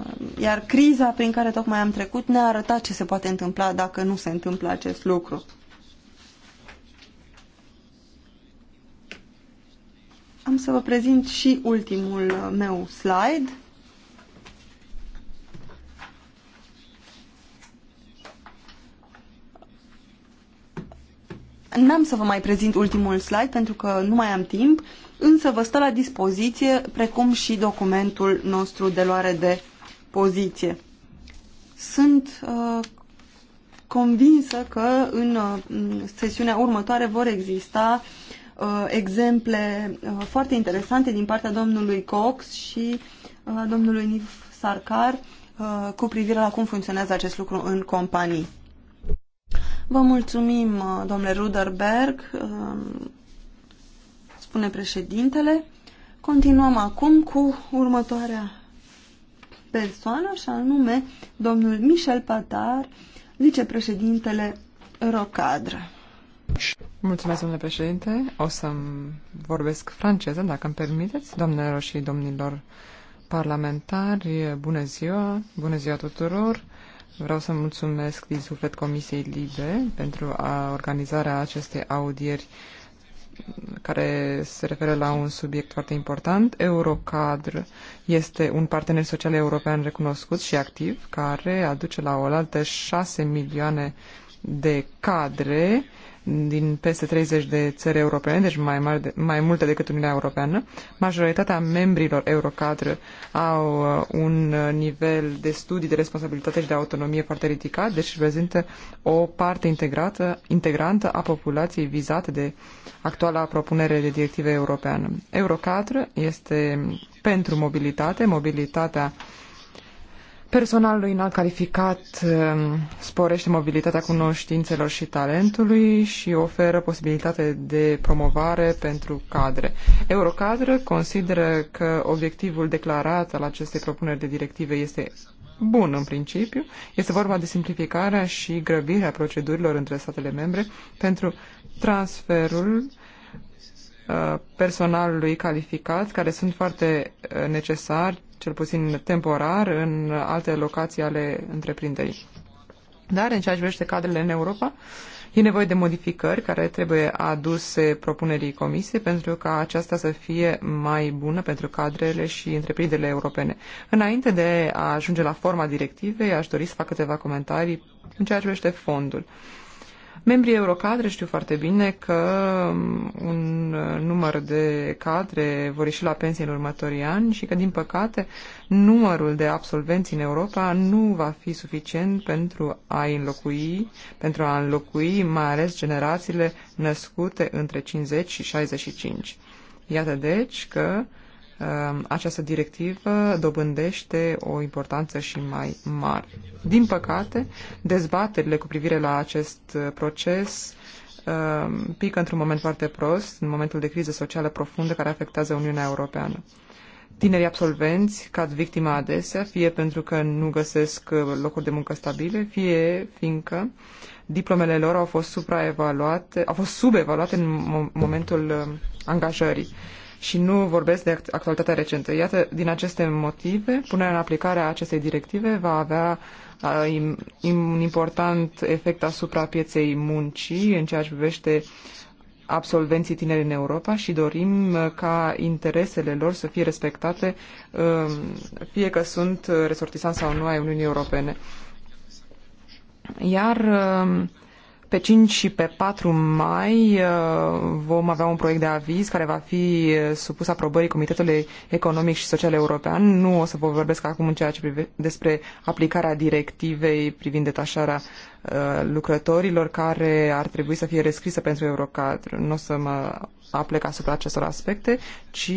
iar criza prin care tocmai am trecut ne-a arătat ce se poate întâmpla dacă nu se întâmplă acest lucru. Am să vă prezint și ultimul uh, meu slide. N-am să vă mai prezint ultimul slide pentru că nu mai am timp, însă vă stă la dispoziție precum și documentul nostru de luare de poziție. Sunt uh, convinsă că în uh, sesiunea următoare vor exista Uh, exemple uh, foarte interesante din partea domnului Cox și uh, domnului Niv Sarkar cu privire la cum funcționează acest lucru în companii. Vă mulțumim, domnule Ruderberg, spune președintele. Continuăm acum cu următoarea persoană, și anume domnul Michel Patar, vicepreședintele Rocadră. Mulțumesc, domnule președinte. O să vorbesc franceză, dacă îmi permiteți, doamnelor și domnilor parlamentari. Bună ziua, bună ziua tuturor. Vreau să mulțumesc din suflet Comisiei Libe pentru a organizarea acestei audieri care se referă la un subiect foarte important. Eurocadr este un partener social european recunoscut și activ care aduce la oaltă 6 milioane de cadre din peste 30 de țări europene, deci mai, mari de, mai multe decât Uniunea Europeană. Majoritatea membrilor Eurocadre au uh, un uh, nivel de studii, de responsabilitate și de autonomie foarte ridicat, deci reprezintă o parte integrată, integrantă a populației vizate de actuala propunere de directive europeană. Eurocadre este pentru mobilitate, mobilitatea uh, Personalul înalt calificat um, sporește mobilitatea cunoștințelor și talentului și oferă posibilitate de promovare pentru cadre. Eurocadre consideră că obiectivul declarat al acestei propuneri de directive este bun în principiu. Este vorba de simplificarea și grăbirea procedurilor între statele membre pentru transferul Uh, personalului calificat, care sunt foarte uh, necesari, cel puțin temporar, în alte locații ale întreprinderii. Dar în ceea ce privește cadrele în Europa, e nevoie de modificări care trebuie aduse propunerii comisiei pentru ca aceasta să fie mai bună pentru cadrele și întreprinderile europene. Înainte de a ajunge la forma directivei, aș dori să fac câteva comentarii în ceea ce privește fondul. Uh, Membrii Eurocadre știu foarte bine că mm, un uh, număr de cadre vor ieși la pensie în următorii ani și că, din păcate, numărul de absolvenți în Europa nu va fi suficient pentru a înlocui, pentru a înlocui mai ales generațiile născute între 50 și 65. Iată deci că Ehm, această directivă dobândește o importanță și mai mare. Din păcate, dezbaterile cu privire la acest proces ehm, pică într-un moment foarte prost, în momentul de criză socială profundă care afectează Uniunea Europeană. Tinerii absolvenți cad victima adesea, fie pentru că nu găsesc uh, locuri de muncă stabile, fie fiindcă diplomele lor au fost supraevaluate, au fost subevaluate în momentul uh, angajării și nu vorbesc de actualitatea recentă. Iată, din aceste motive, punerea în aplicare a acestei directive va avea un important efect asupra pieței muncii în ceea ce privește absolvenții tineri în Europa și dorim uh, ca interesele lor să fie respectate, um, fie că sunt uh, resortisan sau nu ai Uniunii Europene. Iar um, pe 5 și pe 4 mai uh, vom avea un proiect de aviz care va fi uh, supus aprobării Comitetului Economic și Social European. Nu o să vă vorbesc acum în ceea ce prive despre aplicarea directivei privind detașarea uh, lucrătorilor care ar trebui să fie rescrisă pentru Eurocadru. Nu o să mă a plec asupra acestor aspecte, ci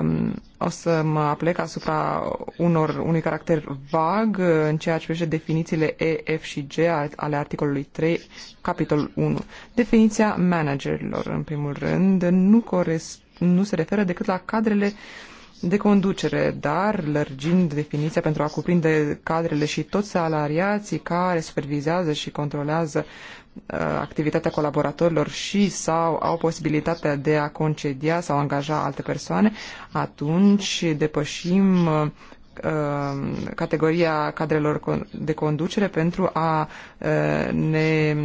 um, o să mă aplec asupra unor, unui caracter vag uh, în ceea ce privește definițiile E, F și G ale articolului 3, capitol 1. Definiția managerilor, în primul rând, nu, nu se referă decât la cadrele de conducere, dar lărgind definiția pentru a cuprinde cadrele și toți salariații care supervizează și controlează Uh, activitatea colaboratorilor și sau au posibilitatea de a concedia sau angaja alte persoane, atunci depășim uh, uh, categoria cadrelor de conducere pentru a ne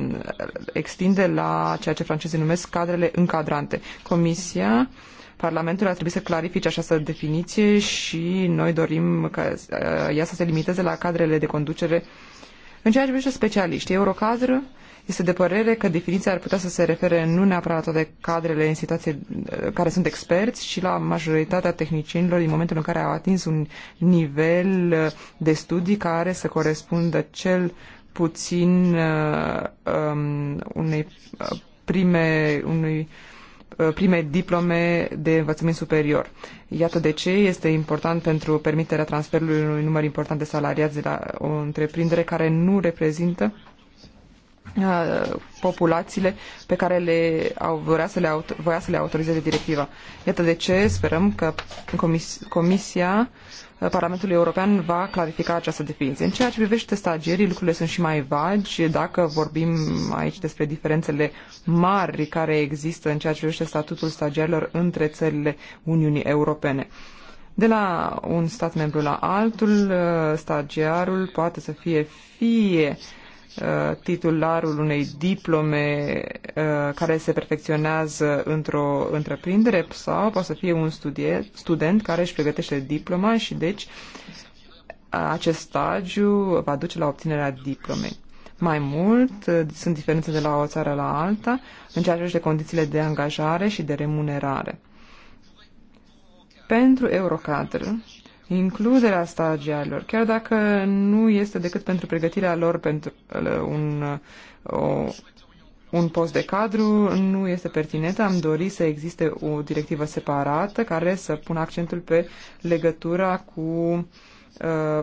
extinde la ceea ce francezii numesc cadrele încadrante. Comisia Parlamentul ar trebui să clarifice această definiție și noi dorim ca ea să se limiteze la cadrele de conducere. În ceea ce privește specialiștii, Eurocadr este de părere că definiția ar putea să se refere nu neapărat la toate cadrele în situație uh, care sunt experți, ci la majoritatea tehnicienilor din momentul în care au atins un nivel uh, de studii care să corespundă cel puțin uh, um, unei prime, unui prime diplome de învățământ superior. Iată de ce este important pentru permiterea transferului unui număr important de salariați de la o întreprindere care nu reprezintă Uh, populațiile pe care le au, voia, să le auto, voia să le autorizeze directiva. Iată de ce sperăm că comis, Comisia uh, Parlamentului European va clarifica această definiție. În ceea ce privește stagierii, lucrurile sunt și mai vagi. Dacă vorbim aici despre diferențele mari care există în ceea ce privește statutul stagiarilor între țările Uniunii Europene. De la un stat membru la altul, uh, stagiarul poate să fie fie uh, Uh, titularul unei diplome uh, care se perfecționează într-o întreprindere sau poate să fie un studie, student care își pregătește diploma și deci acest stagiu va duce la obținerea diplomei. Mai mult, uh, sunt diferențe de la o țară la alta în ceea ce privește condițiile de angajare și de remunerare. Pentru Eurocadr, includerea stagiarilor, chiar dacă nu este decât pentru pregătirea lor pentru uh, un, uh, o, un post de cadru, nu este pertinent. Am dorit să existe o directivă separată care să pună accentul pe legătura cu uh,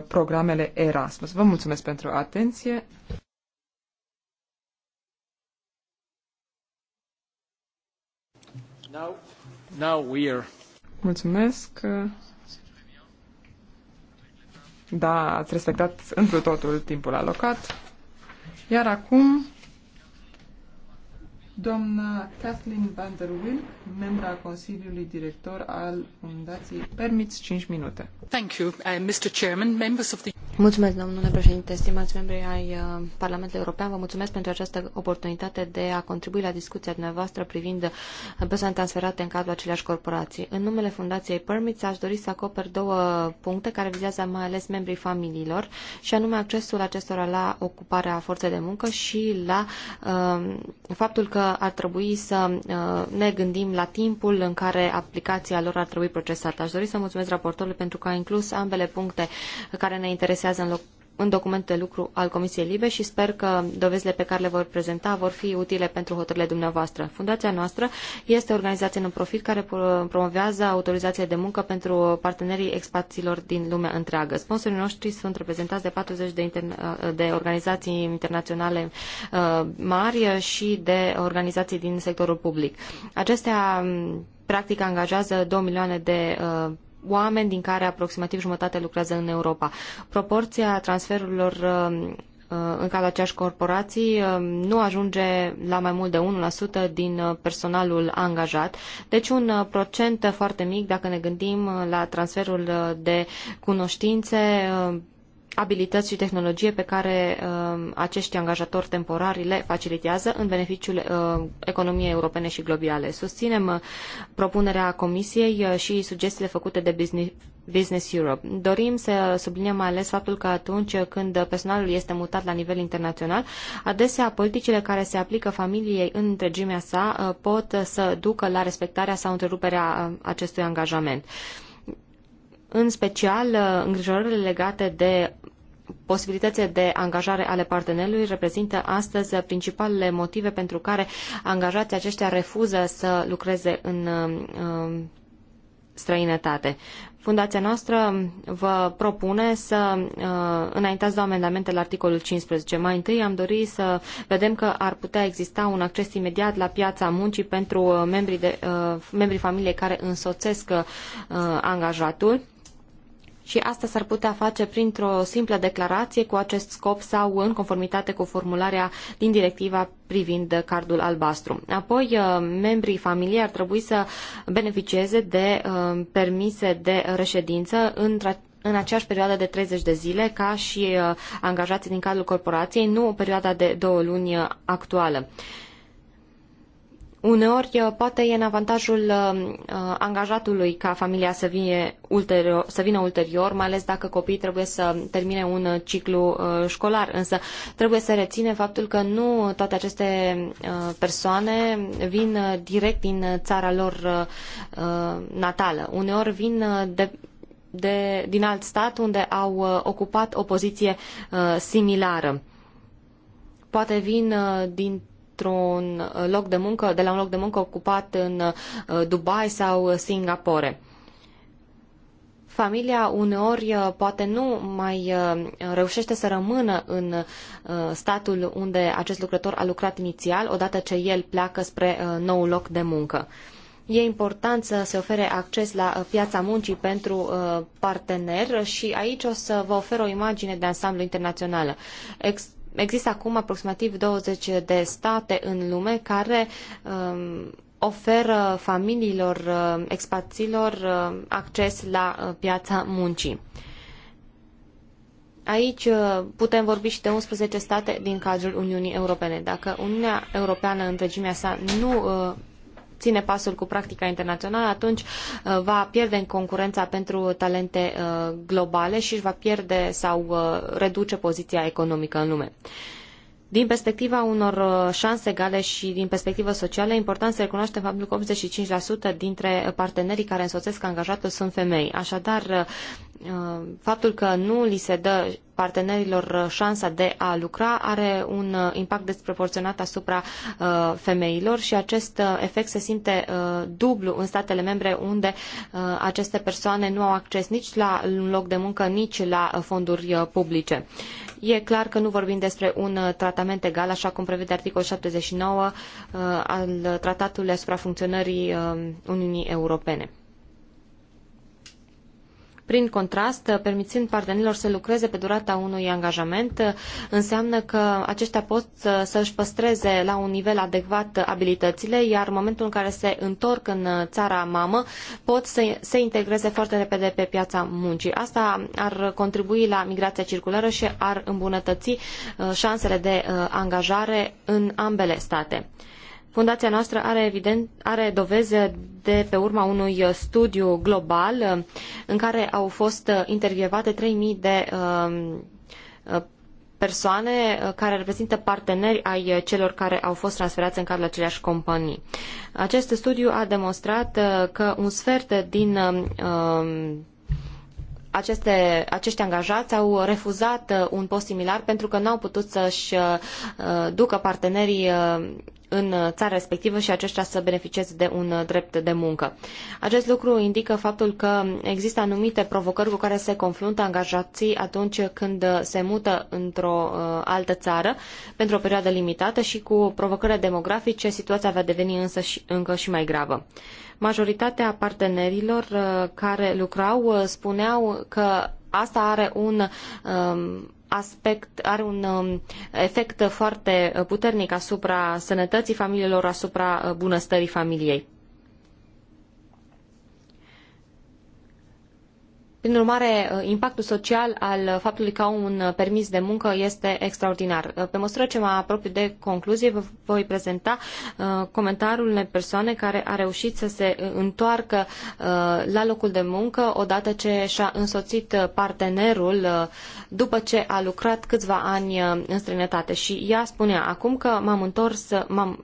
programele Erasmus. Vă mulțumesc pentru atenție. Now, now we are. Mulțumesc. Da, ați respectat întru totul timpul alocat. Iar acum Doamna Kathleen van der Wilk, membra Consiliului Director al Fundației Permiți 5 minute. Thank you, uh, Mr. Chairman, members of the... Mulțumesc, domnule președinte, stimați membri ai uh, Parlamentului European. Vă mulțumesc pentru această oportunitate de a contribui la discuția dumneavoastră privind uh, persoane transferate în cadrul aceleași corporații. În numele Fundației Permits aș dori să acoper două puncte care vizează mai ales membrii familiilor și anume accesul acestora la ocuparea forței de muncă și la uh, faptul că ar trebui să uh, ne gândim la timpul în care aplicația lor ar trebui procesată. Aș dori să mulțumesc raportorului pentru că a inclus ambele puncte care ne interesează în loc în document de lucru al Comisiei Libe și sper că dovezile pe care le vor prezenta vor fi utile pentru hotările dumneavoastră. Fundația noastră este o organizație non-profit care promovează autorizația de muncă pentru partenerii expaților din lumea întreagă. Sponsorii noștri sunt reprezentați de 40 de, interna- de organizații internaționale uh, mari și de organizații din sectorul public. Acestea practic angajează 2 milioane de uh, oameni, din care aproximativ jumătate lucrează în Europa. Proporția transferurilor um, uh, în cadrul aceeași corporații um, nu ajunge la mai mult de 1% din uh, personalul angajat. Deci un uh, procent foarte mic dacă ne gândim la transferul de cunoștințe abilități și tehnologie pe care uh, acești angajatori temporari le facilitează în beneficiul uh, economiei europene și globale. Susținem uh, propunerea Comisiei uh, și sugestiile făcute de business, business, Europe. Dorim să subliniem mai ales faptul că atunci când personalul este mutat la nivel internațional, adesea politicile care se aplică familiei în întregimea sa uh, pot să ducă la respectarea sau întreruperea uh, acestui angajament. Uh, în special uh, îngrijorările legate de posibilitățile de angajare ale partenerului reprezintă astăzi principalele motive pentru care angajații aceștia refuză să lucreze în um, um, străinătate. Fundația noastră vă propune să uh, înaintați două amendamente la articolul 15. Mai întâi am dorit să vedem că ar putea exista un acces imediat la piața muncii pentru uh, membrii, de, uh, membrii familiei care însoțesc uh, angajatul și asta s-ar putea face printr-o simplă declarație cu acest scop sau în conformitate cu formularea din directiva privind cardul albastru. Apoi, uh, membrii familiei ar trebui să beneficieze de uh, permise de reședință într în aceeași perioadă de 30 de zile ca și uh, angajații din cadrul corporației, nu o perioadă de două luni actuală. Uneori uh, poate e în avantajul uh, uh, angajatului ca familia să, vie ulterior, să vină ulterior, mai ales dacă copiii trebuie să termine un ciclu școlar. Însă trebuie să reține faptul că nu toate aceste persoane vin direct din țara lor natală. Uneori vin de de, din alt stat unde au ocupat o poziție uh, similară. Poate vin uh, din dintr un loc de muncă, de la un loc de muncă ocupat în uh, Dubai sau Singapore familia uneori uh, poate nu mai uh, reușește să rămână în statul unde acest lucrător a lucrat inițial, odată ce el pleacă spre nou loc de muncă. E important să se ofere acces la piața muncii pentru partener și aici o să vă ofer o imagine de ansamblu internațională. Există acum aproximativ 20 de state în lume care um, oferă familiilor um, expaților um, acces la uh, piața muncii. Aici uh, putem vorbi și de 11 state din cadrul Uniunii Europene. Dacă Uniunea Europeană în întregimea sa nu uh, ține pasul cu practica internațională, atunci uh, va pierde în concurența pentru talente uh, globale și își va pierde sau uh, reduce poziția economică în lume. Din perspectiva unor șanse egale și din perspectivă socială, e important să recunoaștem faptul că 85% dintre partenerii care însoțesc angajatul sunt femei. Așadar, faptul că nu li se dă partenerilor uh, șansa de a lucra are un uh, impact disproporționat asupra uh, femeilor și acest efect se simte dublu în statele membre unde aceste persoane nu au acces nici la un loc de muncă, nici la fonduri publice. E clar că nu vorbim despre un tratament egal, așa cum prevede articolul 79 al Tratatului asupra funcționării Uniunii Europene. Prin contrast, permițând partenerilor să lucreze pe durata unui angajament, înseamnă că aceștia pot să își păstreze la un nivel adecvat abilitățile, iar în momentul în care se întorc în țara mamă, pot să se integreze foarte repede pe piața muncii. Asta ar contribui la migrația circulară și ar îmbunătăți uh, șansele de uh, angajare în ambele state. Fundația noastră are, evident, are dovezi de pe urma unui uh, studiu global uh, în care au fost uh, intervievate 3000 de um, persoane care reprezintă parteneri ai celor care au fost transferați în cadrul aceleași companii. Acest studiu a demonstrat că un sfert din um, um, aceste, acești angajați au refuzat un post similar pentru că nu au putut să-și ducă partenerii în țara respectivă și aceștia să beneficieze de un uh, drept de muncă. Acest lucru indică faptul că există anumite provocări cu care se confruntă angajații atunci când se mută într-o uh, altă țară pentru o perioadă limitată și cu provocările demografice situația va deveni însă și, încă și mai gravă majoritatea partenerilor uh, care lucrau spuneau că asta are un um, aspect, are un um, efect foarte puternic asupra sănătății familiilor, asupra uh, bunăstării familiei. Prin urmare, uh, impactul social al faptului că au un uh, permis de muncă este extraordinar. Uh, pe măsură ce mă apropiu de concluzie, vă voi prezenta comentariul unei persoane care a reușit să se întoarcă la locul de muncă odată ce și-a însoțit partenerul după ce a lucrat câțiva ani în străinătate. Și ea spunea, acum că m-am întors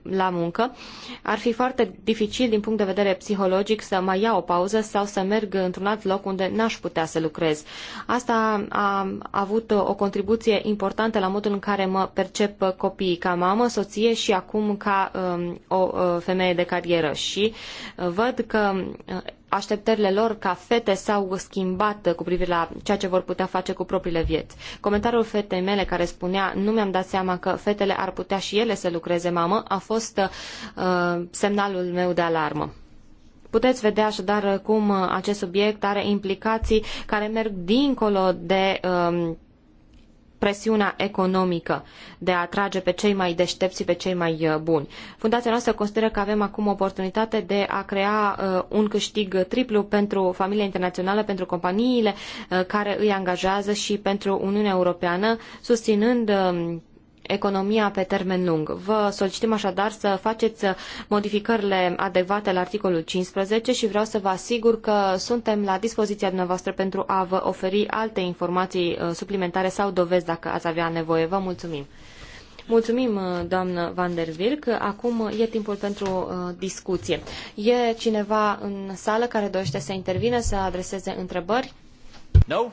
la muncă, ar fi foarte dificil din punct de vedere psihologic să mai iau o pauză sau să merg într-un alt loc unde n-aș putea să lucrez. Asta a avut o contribuție importantă la modul în care mă percep copiii ca mamă, soție și acum ca um, o femeie de carieră. Și uh, văd că uh, așteptările lor ca fete s-au schimbat cu privire la ceea ce vor putea face cu propriile vieți. Comentariul fetei mele care spunea nu mi-am dat seama că fetele ar putea și ele să lucreze mamă a fost uh, semnalul meu de alarmă. Puteți vedea așadar cum uh, acest subiect are implicații care merg dincolo de um, presiunea economică de a atrage pe cei mai deștepți și pe cei mai uh, buni. Fundația noastră consideră că avem acum oportunitate de a crea uh, un câștig triplu pentru familia internațională, pentru companiile care îi angajează și pentru Uniunea Europeană, susținând um, economia pe termen lung. Vă solicităm așadar să faceți modificările adecvate la articolul 15 și vreau să vă asigur că suntem la dispoziția dumneavoastră pentru a vă oferi alte informații uh, suplimentare sau dovezi dacă ați avea nevoie. Vă mulțumim! Mulțumim, uh, doamnă Van der Wilk. Acum e timpul pentru uh, discuție. E cineva în sală care dorește să intervine, să adreseze întrebări? No?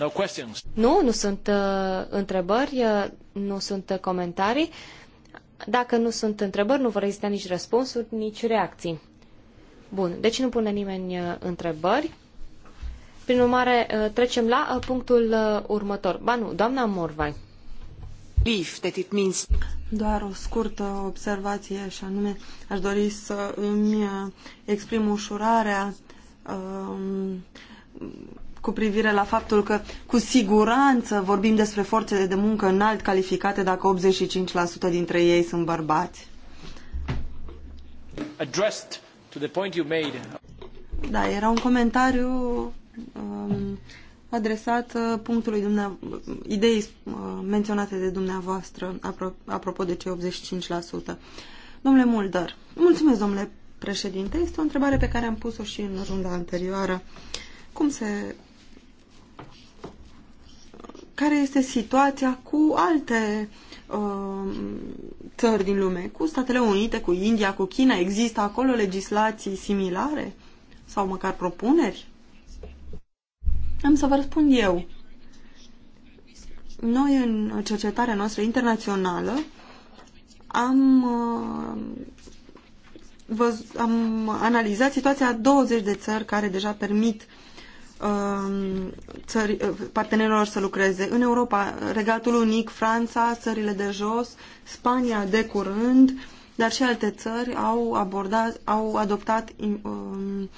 No questions. Nu, nu sunt uh, întrebări, uh, nu sunt uh, comentarii. Dacă nu sunt întrebări, nu vor exista nici răspunsuri, nici reacții. Bun, deci nu pune nimeni întrebări. Prin urmare, trecem la punctul următor. Ba nu, doamna Morvai. Doar o scurtă observație și anume aș dori să îmi exprim ușurarea um, cu privire la faptul că cu siguranță vorbim despre forțe de muncă înalt calificate dacă 85% dintre ei sunt bărbați. Addressed to the point you made. Da, era un comentariu um, adresat uh, punctului dumneavoastră, idei uh, menționate de dumneavoastră apro apropo de cei 85%. Domnule Mulder, mulțumesc, domnule președinte. Este o întrebare pe care am pus-o și în runda anterioară. Cum se care este situația cu alte uh, țări din lume, cu Statele Unite, cu India, cu China. Există acolo legislații similare sau măcar propuneri? Am să vă răspund eu. Noi, în cercetarea noastră internațională, am, uh, vă, am analizat situația 20 de țări care deja permit uh, Um, țări, uh, partenerilor să lucreze. În Europa, Regatul Unic, Franța, țările de jos, Spania de curând, dar și alte țări au, abordat, au adoptat um,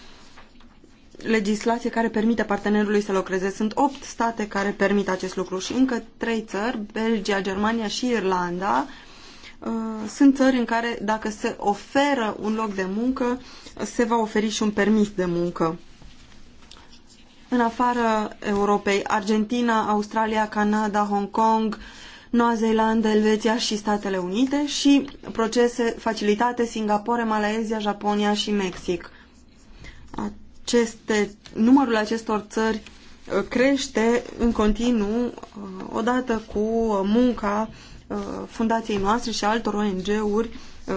legislație care permite partenerului să lucreze. Sunt opt state care permit acest lucru și încă trei țări, Belgia, Germania și Irlanda, uh, sunt țări în care dacă se oferă un loc de muncă, se va oferi și un permis de muncă în afara Europei, Argentina, Australia, Canada, Hong Kong, Noua Zeelandă, Elveția și Statele Unite și procese facilitate Singapore, Malaezia, Japonia și Mexic. Aceste, numărul acestor țări uh, crește în continuu uh, odată cu munca uh, fundației noastre și altor ONG-uri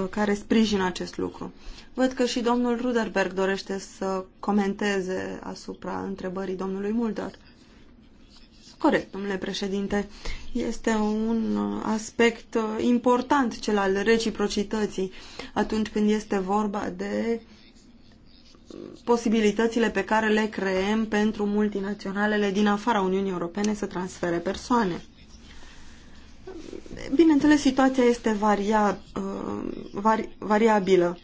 care sprijină acest lucru. Văd că și domnul Ruderberg dorește să comenteze asupra întrebării domnului Mulder. Corect, domnule președinte. Este un aspect uh, important cel al reciprocității atunci când este vorba de posibilitățile pe care le creăm pentru multinaționalele din afara Uniunii Europene să transfere persoane. Bineînțeles, situația este varia, uh, vari, variabilă.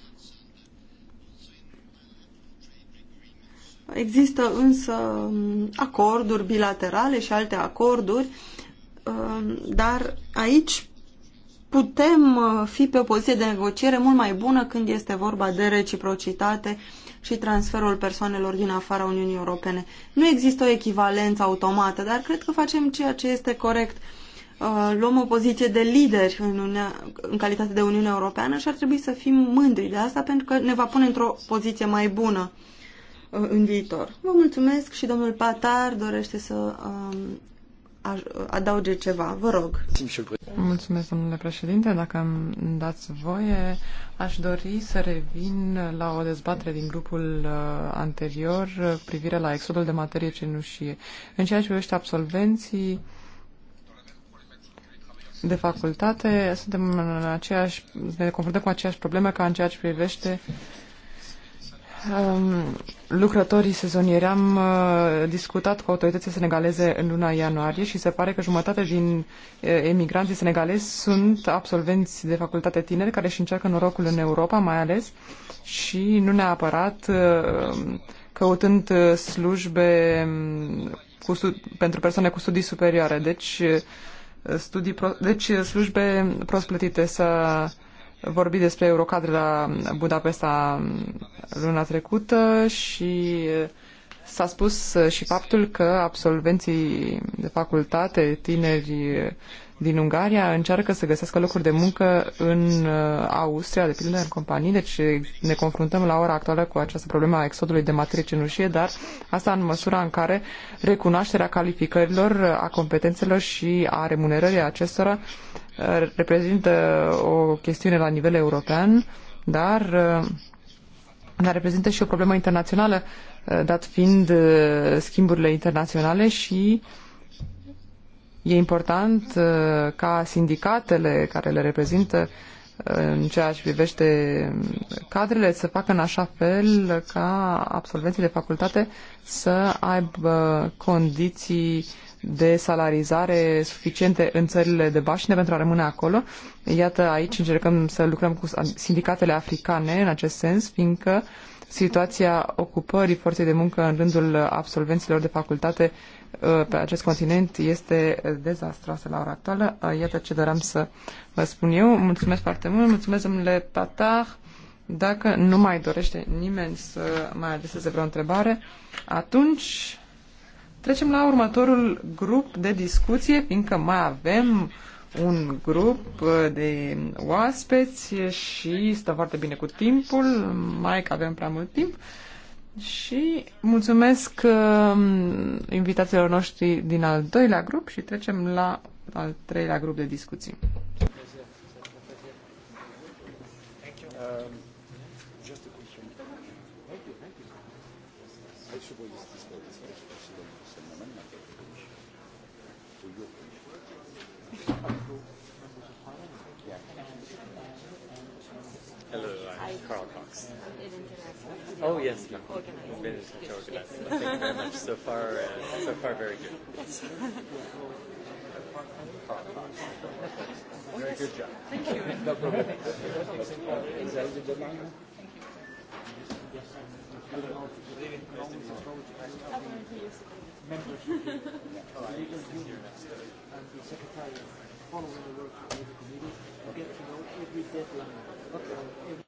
Există însă um, acorduri bilaterale și alte acorduri, um, dar aici putem uh, fi pe o poziție de negociere mult mai bună când este vorba de reciprocitate și transferul persoanelor din afara Uniunii Europene. Nu există o echivalență automată, dar cred că facem ceea ce este corect. Uh, luăm o poziție de lideri în, Uniunea, în calitate de Uniune Europeană și ar trebui să fim mândri de asta pentru că ne va pune într-o poziție mai bună. Uh, în viitor. Vă mulțumesc și domnul Patar dorește să um, adauge ceva. Vă rog. Mulțumesc, domnule președinte. Dacă îmi dați voie, aș dori să revin la o dezbatere din grupul uh, anterior uh, privire la exodul de materie cenușie. În ceea ce privește absolvenții, de facultate, suntem în aceeași, ne confruntăm cu aceeași problemă ca în ceea ce privește uh, Um, lucrătorii sezonieri. Am uh, discutat cu autoritățile senegaleze în luna ianuarie și se pare că jumătate din uh, emigranții senegalezi sunt absolvenți de facultate tineri care își încearcă norocul în Europa, mai ales, și nu neapărat uh, căutând slujbe um, cu pentru persoane cu studii superioare. Deci, studii pro- deci slujbe prost plătite să vorbit despre Eurocadre la Budapesta luna trecută și s-a spus și faptul că absolvenții de facultate, tineri din Ungaria, încearcă să găsească locuri de muncă în Austria, de pildă în companii, deci ne confruntăm la ora actuală cu această problemă a exodului de materie cenușie, dar asta în măsura în care recunoașterea calificărilor, a competențelor și a remunerării acestora Eh, reprezintă o chestiune la nivel european, dar, eh, dar reprezintă și o problemă internațională, eh, dat fiind schimburile internaționale și e important ca sindicatele care le reprezintă în ceea ce privește cadrele, să facă în așa fel ca absolvenții de facultate să aibă condiții de salarizare suficiente în țările de baștină pentru a rămâne acolo. Iată, aici încercăm să lucrăm cu sindicatele africane în acest sens, fiindcă situația ocupării forței de muncă în rândul absolvenților de facultate uh, pe acest continent este dezastroasă la ora actuală. Uh, iată ce doream să vă spun eu. Mulțumesc foarte mult, mulțumesc domnule Tatar. Dacă nu mai dorește nimeni să mai adreseze vreo întrebare, atunci Trecem la următorul grup de discuție, fiindcă mai avem un grup uh, de oaspeți și stă foarte bine cu timpul, mai că avem prea mult timp. Și mulțumesc um, invitațiilor noștri din al doilea grup și trecem la al treilea grup de discuții. Oh yes, organized. Been organized. Thank you very much. So far, uh, so far, very good. Yes. Very good job. Thank you. No problem. secretary following the work of the committee get to know every deadline. Okay.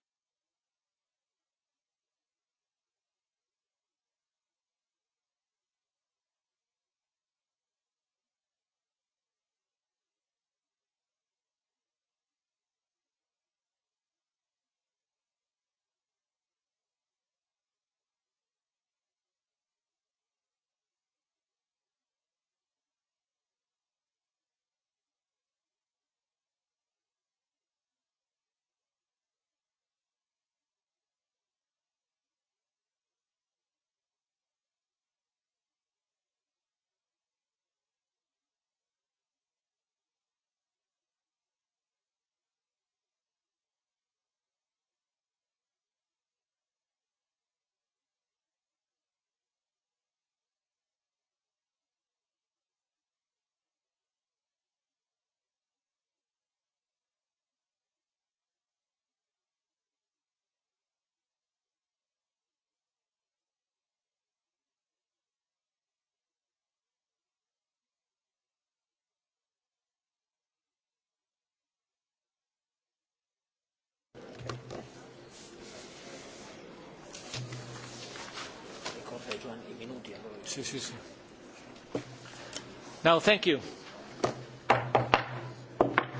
Sí, sí, sí. Now, thank you.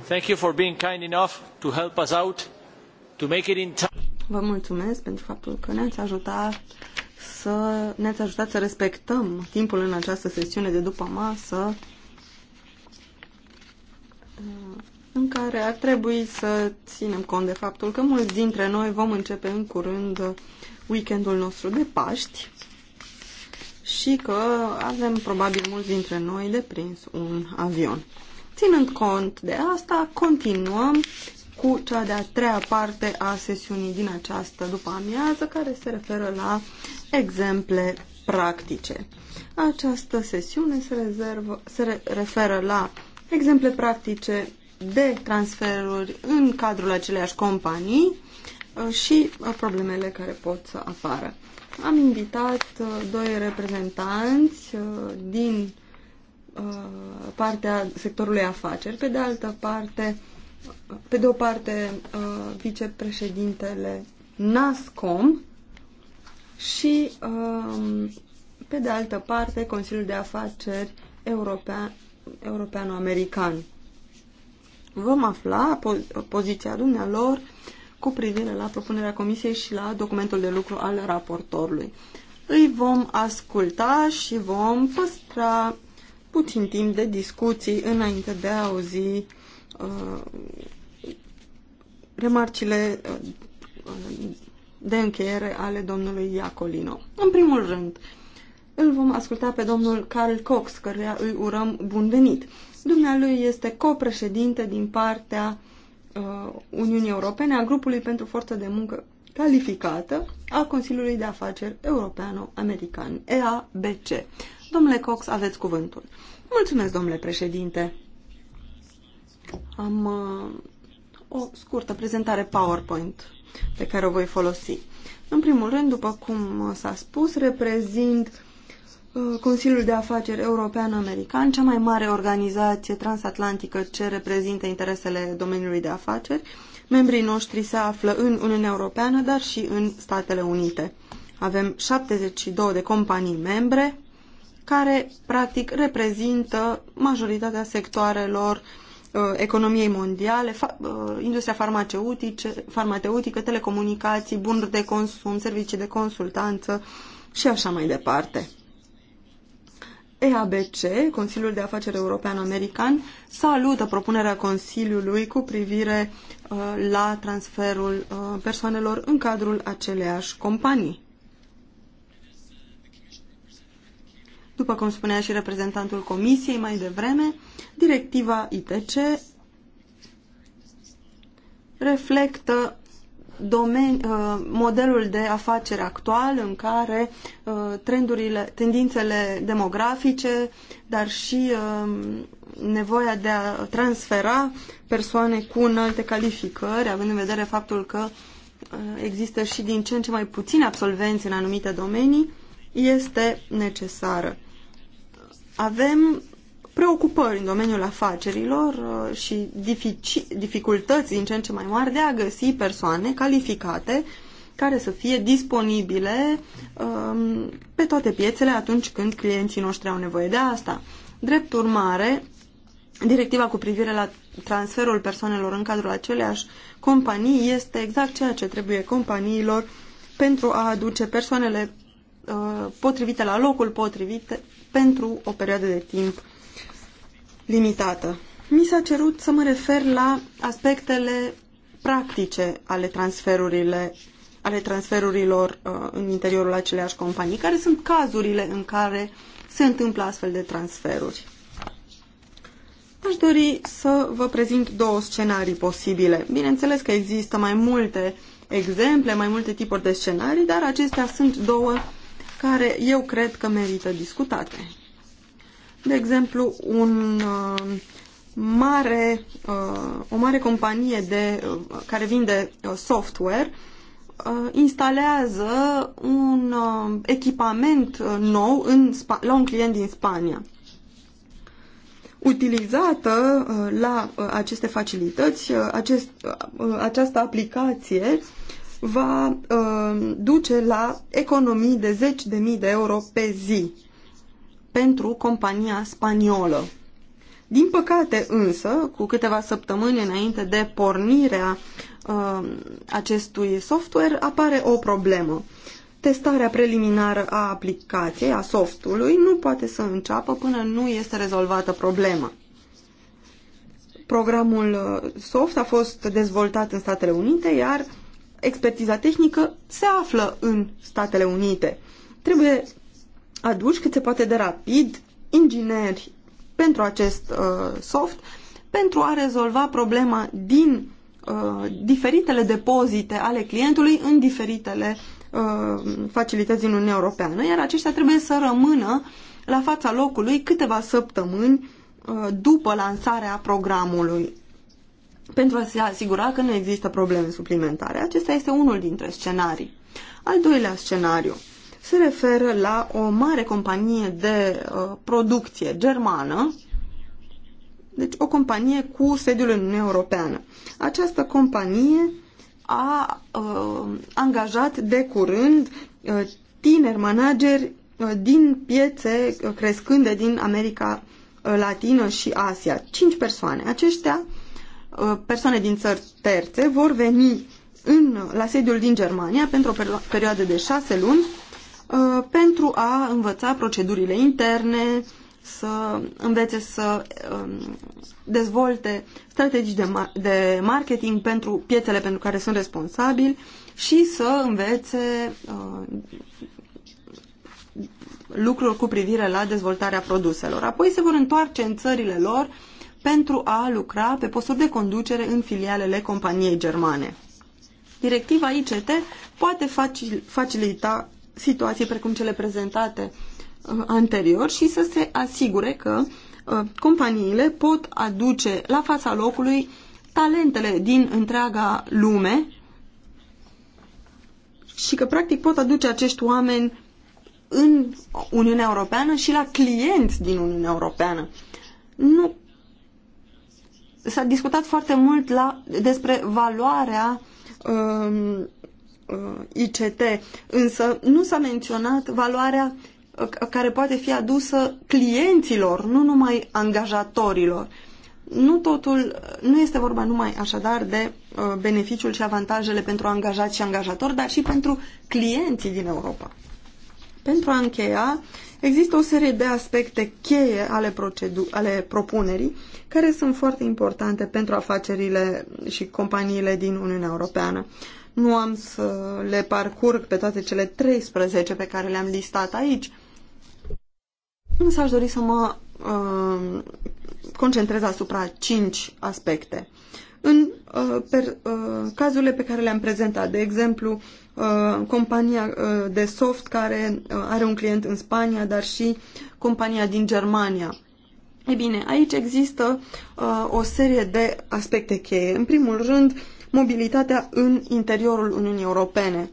Thank you for being kind enough to help us out to make it in time. Vă mulțumesc pentru faptul că ne-ați ajutat să ne-ați ajutat să respectăm timpul în această sesiune de după masă în care ar trebui să ținem cont de faptul că mulți dintre noi vom începe în curând weekendul nostru de Paști și că avem probabil mulți dintre noi de prins un avion. Ținând cont de asta, continuăm cu cea de-a treia parte a sesiunii din această după-amiază, care se referă la exemple practice. Această sesiune se, rezervă, se re referă la exemple practice de transferuri în cadrul aceleiași companii uh, și uh, problemele care pot să apară am invitat uh, doi reprezentanți uh, din uh, partea sectorului afaceri, pe de altă parte, pe de o parte vicepreședintele NASCOM și um, pe de altă parte Consiliul de Afaceri European, american Vom afla poziția dumnealor cu privire la propunerea comisiei și la documentul de lucru al raportorului. Îi vom asculta și vom păstra puțin timp de discuții înainte de a auzi uh, remarcile uh, de încheiere ale domnului Iacolino. În primul rând, îl vom asculta pe domnul Carl Cox, căruia îi urăm bun venit. Dumnealui este copreședinte din partea Uh, Uniunii Europene a grupului pentru forță de muncă calificată a Consiliului de Afaceri Europeano-American, EABC. Domnule Cox, aveți cuvântul. Mulțumesc, domnule președinte. Am uh, o scurtă prezentare PowerPoint pe care o voi folosi. În primul rând, după cum s-a spus, reprezint Uh, Consiliul de Afaceri European-American, cea mai mare organizație transatlantică ce reprezintă interesele domeniului de afaceri. Membrii noștri se află în Uniunea Europeană, dar și în Statele Unite. Avem 72 de companii membre care, practic, reprezintă majoritatea sectoarelor uh, economiei mondiale, fa uh, industria farmaceutice, farmaceutică, telecomunicații, bunuri de consum, servicii de consultanță și așa mai departe. EABC, Consiliul de Afaceri European-American, salută propunerea Consiliului cu privire uh, la transferul uh, persoanelor în cadrul aceleiași companii. După cum spunea și reprezentantul Comisiei mai devreme, directiva ITC reflectă domen, uh, modelul de afacere actual în care uh, trendurile, tendințele demografice, dar și um, nevoia de a transfera persoane cu înalte calificări, având în vedere faptul că uh, există și din ce în ce mai puțini absolvenți în anumite domenii, este necesară. Avem preocupări în domeniul afacerilor uh, și dificultăți din ce în ce mai mari de a găsi persoane calificate care să fie disponibile um, pe toate piețele atunci când clienții noștri au nevoie de asta. Drept urmare, directiva cu privire la transferul persoanelor în cadrul aceleași companii este exact ceea ce trebuie companiilor pentru a aduce persoanele uh, potrivite la locul potrivit pentru o perioadă de timp limitată. Mi s-a cerut să mă refer la aspectele practice ale transferurile ale transferurilor uh, în interiorul aceleași companii, care sunt cazurile în care se întâmplă astfel de transferuri. Aș dori să vă prezint două scenarii posibile. Bineînțeles că există mai multe exemple, mai multe tipuri de scenarii, dar acestea sunt două care eu cred că merită discutate. De exemplu, un uh, mare, uh, o mare companie de, uh, care vinde software instalează un echipament nou în, la un client din Spania. Utilizată la aceste facilități, acest, această aplicație va duce la economii de 10.000 de euro pe zi pentru compania spaniolă. Din păcate însă, cu câteva săptămâni înainte de pornirea uh, acestui software, apare o problemă. Testarea preliminară a aplicației, a softului, nu poate să înceapă până nu este rezolvată problema. Programul uh, soft a fost dezvoltat în Statele Unite, iar expertiza tehnică se află în Statele Unite. Trebuie aduci cât se poate de rapid ingineri pentru acest uh, soft pentru a rezolva problema din uh, diferitele depozite ale clientului în diferitele uh, facilități din Uniunea Europeană, iar aceștia trebuie să rămână la fața locului câteva săptămâni uh, după lansarea programului pentru a se asigura că nu există probleme suplimentare. Acesta este unul dintre scenarii. Al doilea scenariu. Uh, se referă la o mare companie de uh, producție germană, deci o companie cu sediul în Uniunea Europeană. Această companie a uh, angajat de curând uh, tineri manageri uh, din piețe uh, crescânde din America uh, Latină și Asia. Cinci persoane. Aceștia, uh, persoane din țări terțe, vor veni în, la sediul din Germania pentru o perioadă de șase luni Uh, pentru a învăța procedurile interne, să învețe să um, dezvolte strategii de, marketing pentru piețele pentru care sunt responsabili și să învețe uh, lucruri cu privire la dezvoltarea produselor. Apoi se vor întoarce în țările lor pentru a lucra pe posturi de conducere în filialele companiei germane. Directiva ICT poate facilita situații precum cele prezentate uh, anterior și să se asigure că uh, companiile pot aduce la fața locului talentele din întreaga lume și că practic pot aduce acești oameni în Uniunea Europeană și la clienți din Uniunea Europeană. Nu s-a discutat foarte mult la, despre valoarea uh, Uh, ICT, însă nu s-a menționat valoarea uh, care poate fi adusă clienților, nu numai angajatorilor. Nu totul, uh, nu este vorba numai așadar de beneficiul și avantajele pentru angajați și angajatori, dar și pentru clienții din Europa. Pentru a încheia, există o serie de aspecte cheie ale, procedu- ale propunerii care sunt foarte importante pentru afacerile și companiile din Uniunea Europeană. Uh, nu am să le parcurg pe toate cele 13 pe care le-am listat aici, însă aș dori să mă uh, concentrez asupra 5 aspecte. În uh, per, uh, cazurile pe care le-am prezentat, de exemplu, uh, compania uh, de soft care uh, are un client în Spania, dar și compania din Germania. E bine, aici există uh, o serie de aspecte cheie. În primul rând, uh, mobilitatea în interiorul Uniunii Europene.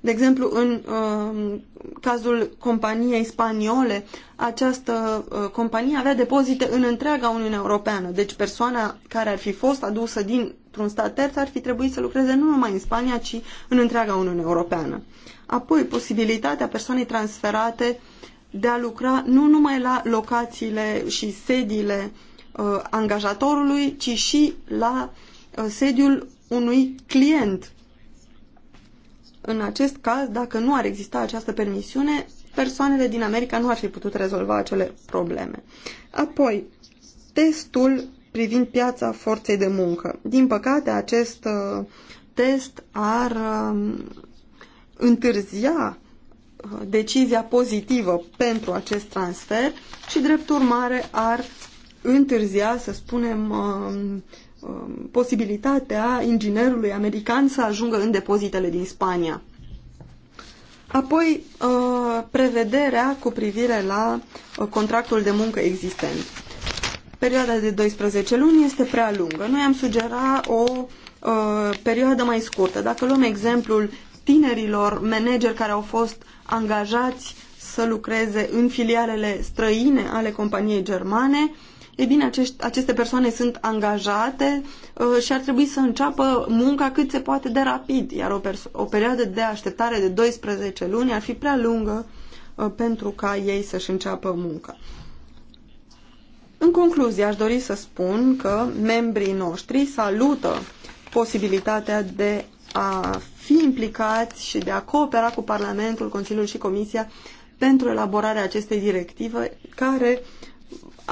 De exemplu, în uh, cazul companiei spaniole, această uh, companie avea depozite în întreaga Uniune Europeană. Deci persoana care ar fi fost adusă dintr-un stat terț ar fi trebuit să lucreze nu numai în Spania, ci în întreaga Uniune Europeană. Apoi, posibilitatea persoanei transferate de a lucra nu numai la locațiile și sediile uh, angajatorului, ci și la uh, sediul unui client. În acest caz, dacă nu ar exista această permisiune, persoanele din America nu ar fi putut rezolva acele probleme. Apoi, testul privind piața forței de muncă. Din păcate, acest uh, test ar um, întârzia uh, decizia pozitivă pentru acest transfer și, drept urmare, ar întârzia, să spunem, um, Um, posibilitatea inginerului american să ajungă în depozitele din Spania. Apoi, uh, prevederea cu privire la uh, contractul de muncă existent. Perioada de 12 luni este prea lungă. Noi am sugera o uh, perioadă mai scurtă. Dacă luăm exemplul tinerilor manageri care au fost angajați să lucreze în filialele străine ale companiei germane, e bine, acești, aceste persoane sunt angajate uh, și ar trebui să înceapă munca cât se poate de rapid, iar o, o perioadă de așteptare de 12 luni ar fi prea lungă uh, pentru ca ei să-și înceapă munca. În concluzie, aș dori să spun că membrii noștri salută posibilitatea de a fi implicați și de a coopera cu Parlamentul, Consiliul și Comisia pentru elaborarea acestei directive care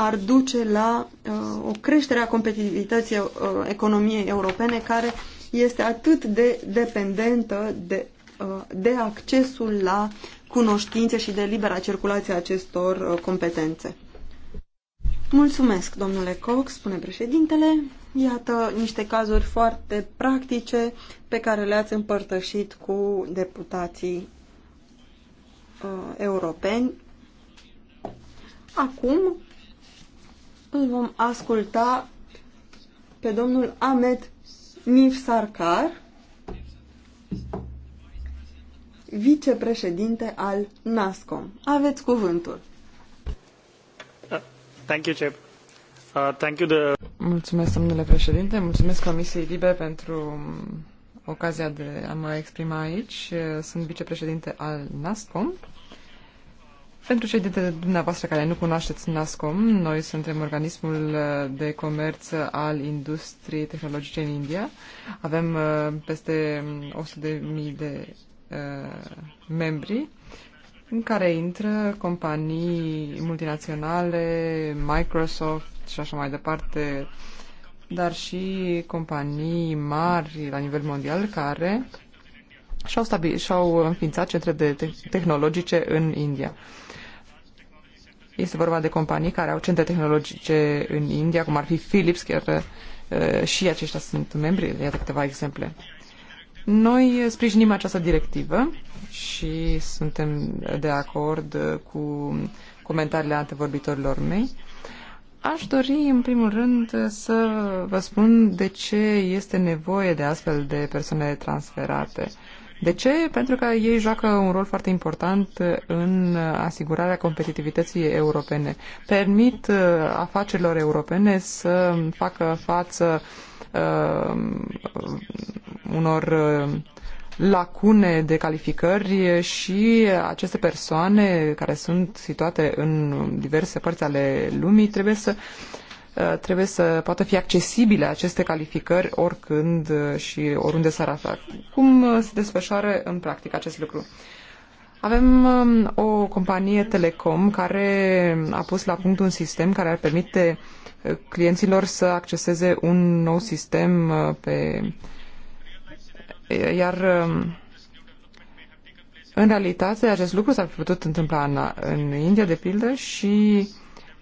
ar duce la uh, o creștere a competitivității uh, economiei europene care este atât de dependentă de, uh, de accesul la cunoștințe și de libera circulație a acestor uh, competențe. Mulțumesc, domnule Cox, spune președintele. Iată niște cazuri foarte practice pe care le-ați împărtășit cu deputații uh, europeni. Acum îl vom asculta pe domnul Ahmed Nif Sarkar, vicepreședinte al NASCOM. Aveți cuvântul. Thank you, Chip. Uh, thank you the... Mulțumesc, domnule președinte, mulțumesc Comisiei Libe pentru um, ocazia de a mă exprima aici. Uh, sunt vicepreședinte al NASCOM pentru cei dintre dumneavoastră care nu cunoașteți NASCOM, noi suntem organismul uh, de comerț al industriei tehnologice în India. Avem uh, peste 100.000 um, de uh, membri în care intră companii multinaționale, Microsoft și așa mai departe, dar și companii mari la nivel mondial care și-au, stabil, și-au înființat centre de te- tehnologice în India. Uh, este vorba de companii care au centre tehnologice în India, cum ar fi Philips, chiar uh, și aceștia sunt membri, iată câteva exemple. Noi sprijinim această directivă și suntem de acord uh, cu comentariile antevorbitorilor mei. Aș dori, în primul rând, uh, să vă spun de ce este nevoie de astfel de persoane transferate. De ce? Pentru că ei joacă un rol foarte important în asigurarea competitivității europene. Permit uh, afacerilor europene să facă față uh, unor uh, lacune de calificări și aceste persoane care sunt situate în diverse părți ale lumii trebuie să uh, Uh, trebuie să poată fi accesibile aceste calificări oricând uh, și oriunde s-ar afla. Cum uh, se desfășoară în practică acest lucru? Avem um, o companie telecom care a pus la punct un sistem care ar permite clienților să acceseze un nou sistem pe iar um, în realitate acest lucru s-ar fi putut întâmpla în, în India de pildă și uh,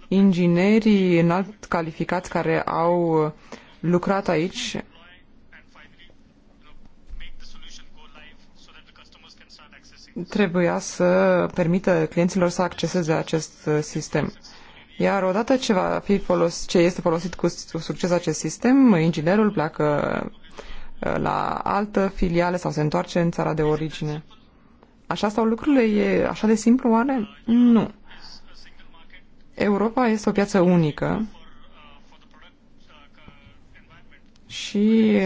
inginerii înalt calificați care au lucrat aici trebuia să permită clienților să acceseze acest sistem. Iar odată ce, va fi folos, ce este folosit cu succes acest sistem, inginerul pleacă uh, la altă filială sau se întoarce în țara de origine. Așa stau lucrurile? E așa de simplu oare? Nu. Europa este o piață unică și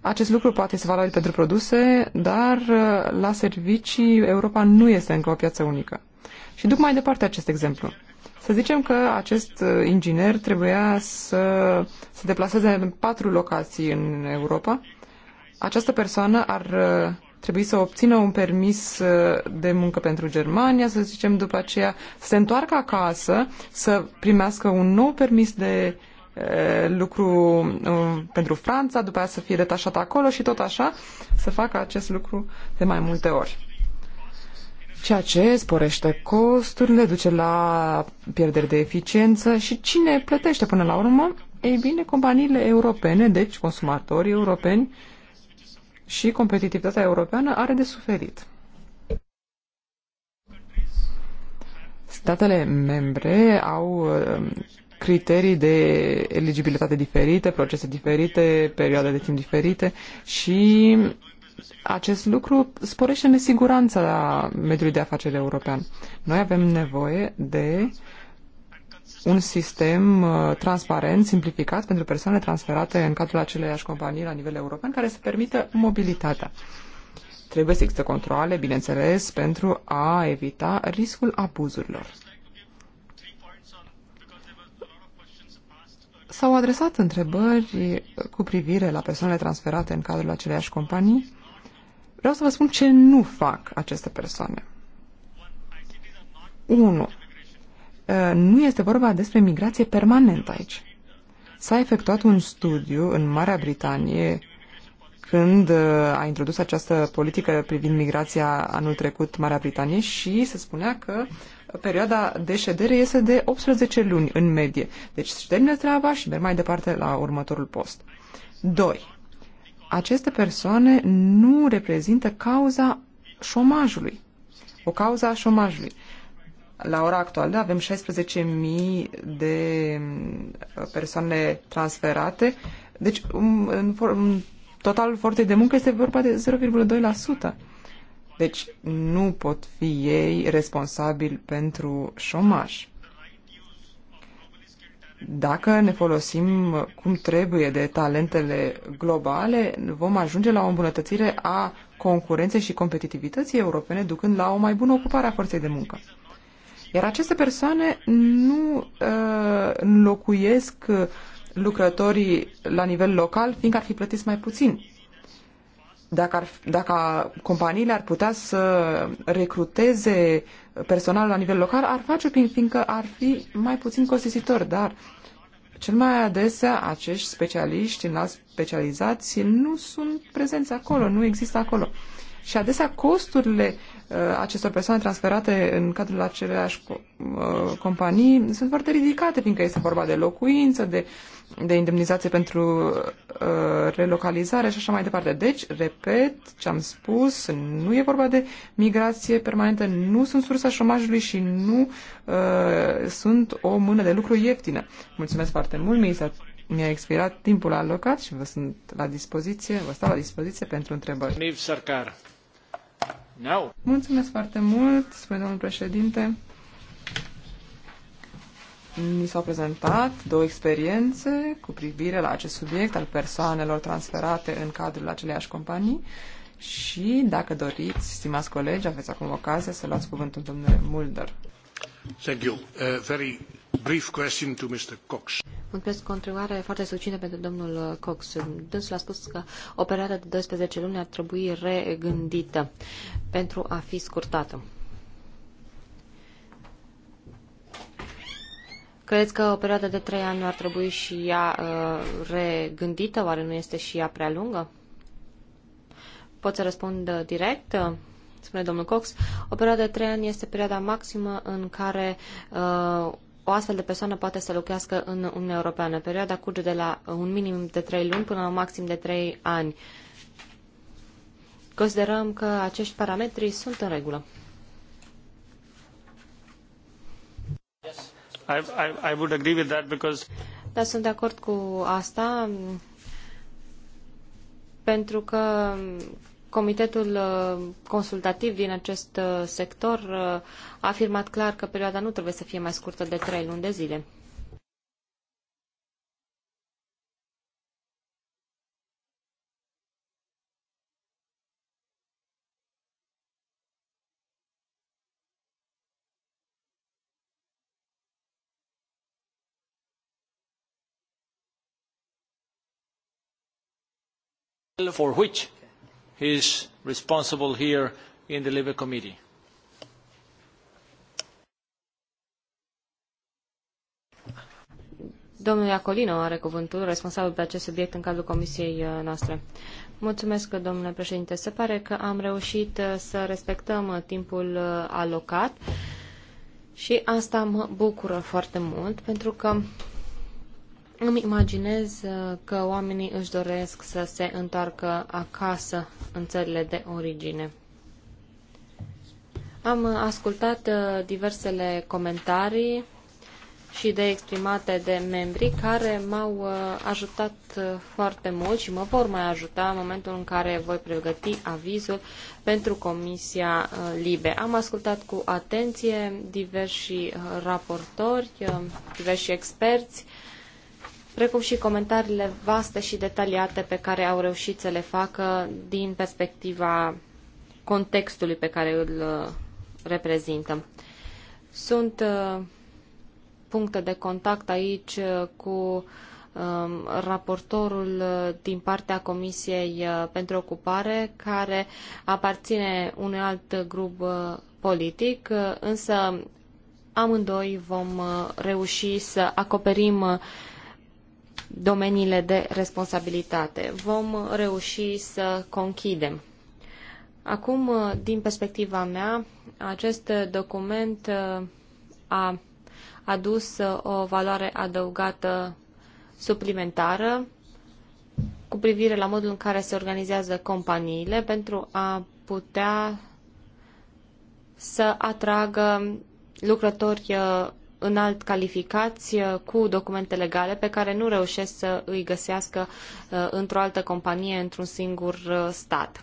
acest lucru poate este valabil pentru produse, dar uh, la servicii Europa nu este încă o piață unică. Și duc mai departe acest exemplu. Să zicem că acest uh, inginer trebuia să se deplaseze în patru locații în Europa. Această persoană ar uh, trebui să obțină un permis uh, de muncă pentru Germania, să zicem după aceea, să se întoarcă acasă, să primească un nou permis de uh, lucru uh, pentru Franța, după aceea să fie detașat acolo și tot așa, să facă acest lucru de mai multe ori. Ceea ce sporește costurile, duce la pierderi de eficiență și cine plătește până la urmă? Ei bine, companiile europene, deci consumatorii europeni, și competitivitatea europeană are de suferit. Statele membre au um, criterii de eligibilitate diferite, procese diferite, perioade de timp diferite și acest lucru sporește nesiguranța mediului de afaceri european. Noi avem nevoie de uh, un sistem uh, transparent, simplificat pentru persoane transferate în cadrul aceleiași companii la nivel european care să permită mobilitatea. Trebuie să existe controle, bineînțeles, pentru a evita riscul abuzurilor. S-au adresat întrebări cu privire la persoanele transferate în cadrul aceleiași companii. Vreau să vă spun ce nu fac aceste persoane. 1. Uh, nu este vorba despre migrație permanentă aici. S-a efectuat un studiu în Marea Britanie când uh, a introdus această politică privind migrația anul trecut Marea Britanie și se spunea că perioada de ședere este de 18 luni în medie. Deci se termină treaba și merg mai departe la următorul post. 2. Aceste persoane nu reprezintă cauza șomajului. O cauza a șomajului la ora actuală avem 16.000 de uh, persoane transferate. Deci, um, în, total um, totalul de muncă este vorba de 0,2%. Deci, nu pot fi ei responsabili pentru șomaj. Dacă ne folosim cum trebuie de talentele globale, vom ajunge la o îmbunătățire a concurenței și competitivității europene, ducând la o mai bună ocupare a forței de muncă. Iar aceste persoane nu uh, înlocuiesc uh, lucrătorii la nivel local, fiindcă ar fi plătiți mai puțin. Dacă, ar, dacă companiile ar putea să recruteze personal la nivel local, ar face fiindcă ar fi mai puțin costisitor, dar cel mai adesea acești specialiști alți specializați nu sunt prezenți acolo, nu există acolo. Și adesea costurile Uh, acestor persoane transferate în cadrul aceleași uh, companii sunt foarte ridicate, fiindcă este vorba de locuință, de, de indemnizație pentru uh, relocalizare și așa mai departe. Deci, repet ce am spus, nu e vorba de migrație permanentă, nu sunt sursa șomajului și nu uh, sunt o mână de lucru ieftină. Mulțumesc foarte mult, Misa mi-a expirat timpul alocat și vă sunt la dispoziție, vă stau la dispoziție pentru întrebări. Niv Sarkar. No. Mulțumesc foarte mult, spune domnul președinte. mi s-au prezentat două experiențe cu privire la acest subiect al persoanelor transferate în cadrul aceleiași companii și, dacă doriți, stimați colegi, aveți acum ocazia să luați cuvântul domnule Mulder. Mulțumesc you. Uh, foarte succintă pentru domnul uh, Cox. Dânsul a spus că o perioadă de 12 luni ar trebui regândită pentru a fi scurtată. Credeți că o perioadă de trei ani nu ar trebui și ea uh, regândită? Oare nu este și ea prea lungă? Pot să răspund uh, direct? spune domnul Cox, o perioadă de trei ani este perioada maximă în care uh, o astfel de persoană poate să lucrească în Uniunea Europeană. Perioada curge de la un minim de trei luni până la un maxim de trei ani. Considerăm că acești parametri sunt în regulă. I, I, I would agree with that because... Da, sunt de acord cu asta pentru că Comitetul uh, consultativ din acest uh, sector uh, a afirmat clar că perioada nu trebuie să fie mai scurtă de trei luni de zile. for which he is responsible here in the Labour Committee. Domnul Iacolino are cuvântul, responsabil pe acest subiect în cadrul comisiei uh, noastre. Mulțumesc, domnule președinte. Se pare că am reușit uh, să respectăm uh, timpul alocat și asta mă bucură foarte mult, pentru că îmi imaginez uh, că oamenii își doresc să se întoarcă acasă în țările de origine. Am uh, ascultat uh, diversele comentarii și de exprimate de membri care m-au ajutat foarte mult și mă vor mai ajuta în momentul în care voi pregăti avizul pentru Comisia Libe. Am ascultat cu atenție diversi raportori, diversi experți precum și comentariile vaste și detaliate pe care au reușit să le facă din perspectiva contextului pe care îl uh, reprezintă. Sunt uh, puncte de contact aici uh, cu um, raportorul din partea Comisiei pentru Ocupare, care aparține unui alt grup politic, însă amândoi vom reuși să acoperim domeniile de responsabilitate. Vom reuși să conchidem. Acum, din perspectiva mea, acest document uh, a adus uh, o valoare adăugată suplimentară cu privire la modul în care se organizează companiile pentru a putea să atragă lucrători uh, înalt calificați uh, cu documente legale pe care nu reușesc să îi găsească uh, într-o altă companie, într-un singur uh, stat.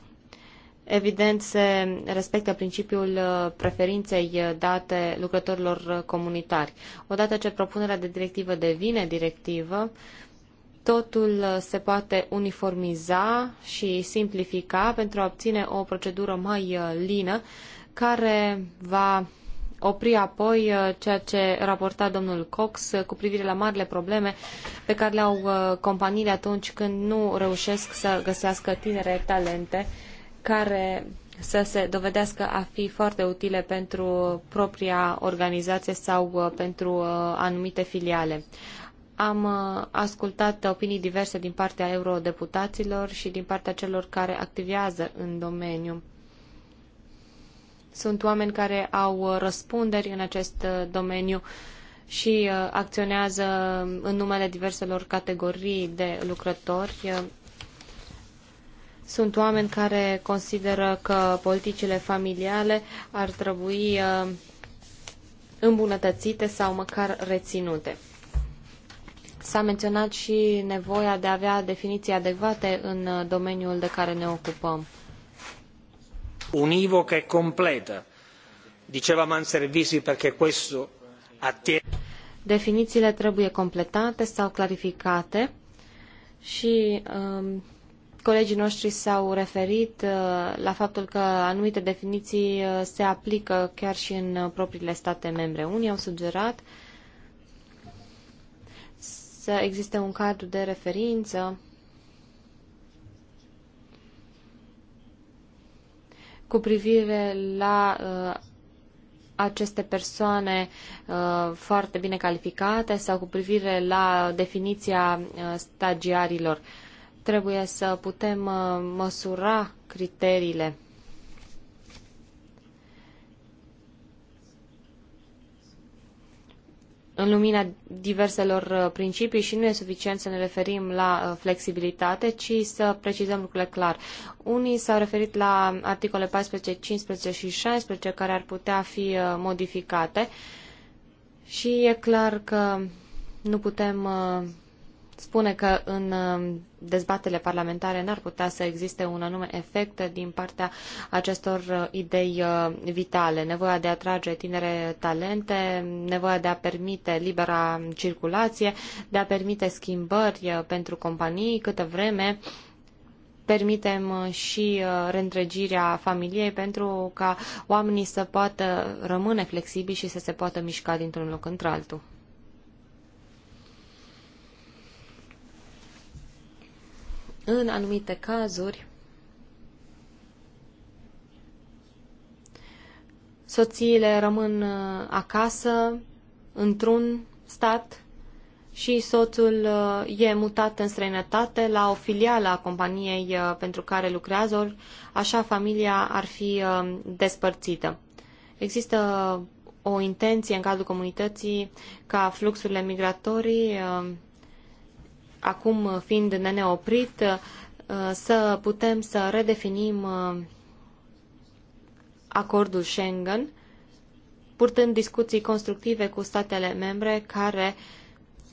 Evident, se respectă principiul preferinței date lucrătorilor comunitari. Odată ce propunerea de directivă devine directivă, totul se poate uniformiza și simplifica pentru a obține o procedură mai lină care va opri apoi uh, ceea ce raporta domnul Cox uh, cu privire la marile probleme pe care le au uh, companiile atunci când nu reușesc să găsească tinere talente care să se dovedească a fi foarte utile pentru propria organizație sau pentru anumite filiale. Am ascultat opinii diverse din partea eurodeputaților și din partea celor care activează în domeniu. Sunt oameni care au uh, răspunderi în acest uh, domeniu și uh, acționează în numele diverselor categorii de lucrători. Sunt oameni care consideră că politicile familiale ar trebui îmbunătățite sau măcar reținute. S-a menționat și nevoia de a avea definiții adecvate în domeniul de care ne ocupăm univoca e completa. Diceva Manservisi perché questo attiene... Definițiile trebuie completate sau clarificate și um, colegii noștri s-au referit uh, la faptul că anumite definiții uh, se aplică chiar și în uh, propriile state membre. Unii au sugerat să existe un cadru de referință cu privire la uh, aceste persoane uh, foarte bine calificate sau cu privire la definiția uh, stagiarilor. Trebuie să putem uh, măsura criteriile în lumina diverselor uh, principii și nu e suficient să ne referim la uh, flexibilitate, ci să precizăm lucrurile clar. Unii s-au referit la articole 14, 15 și 16 care ar putea fi uh, modificate și e clar că nu putem spune că în um, dezbatele parlamentare n-ar putea să existe un anume efect din partea acestor uh, idei uh, vitale. Nevoia de a atrage tinere talente, nevoia de a permite libera circulație, de a permite schimbări uh, pentru companii câtă vreme permitem și reîntregirea familiei pentru ca oamenii să poată rămâne flexibili și să se poată mișca dintr-un loc într-altul. în anumite cazuri, soțiile rămân uh, acasă, într-un stat, și soțul uh, e mutat în străinătate la o filială a companiei uh, pentru care lucrează, așa familia ar fi despărțită. Există o intenție în cadrul comunității ca fluxurile migratorii acum fiind neneoprit, uh, să putem să redefinim uh, acordul Schengen, purtând discuții constructive cu statele membre care uh,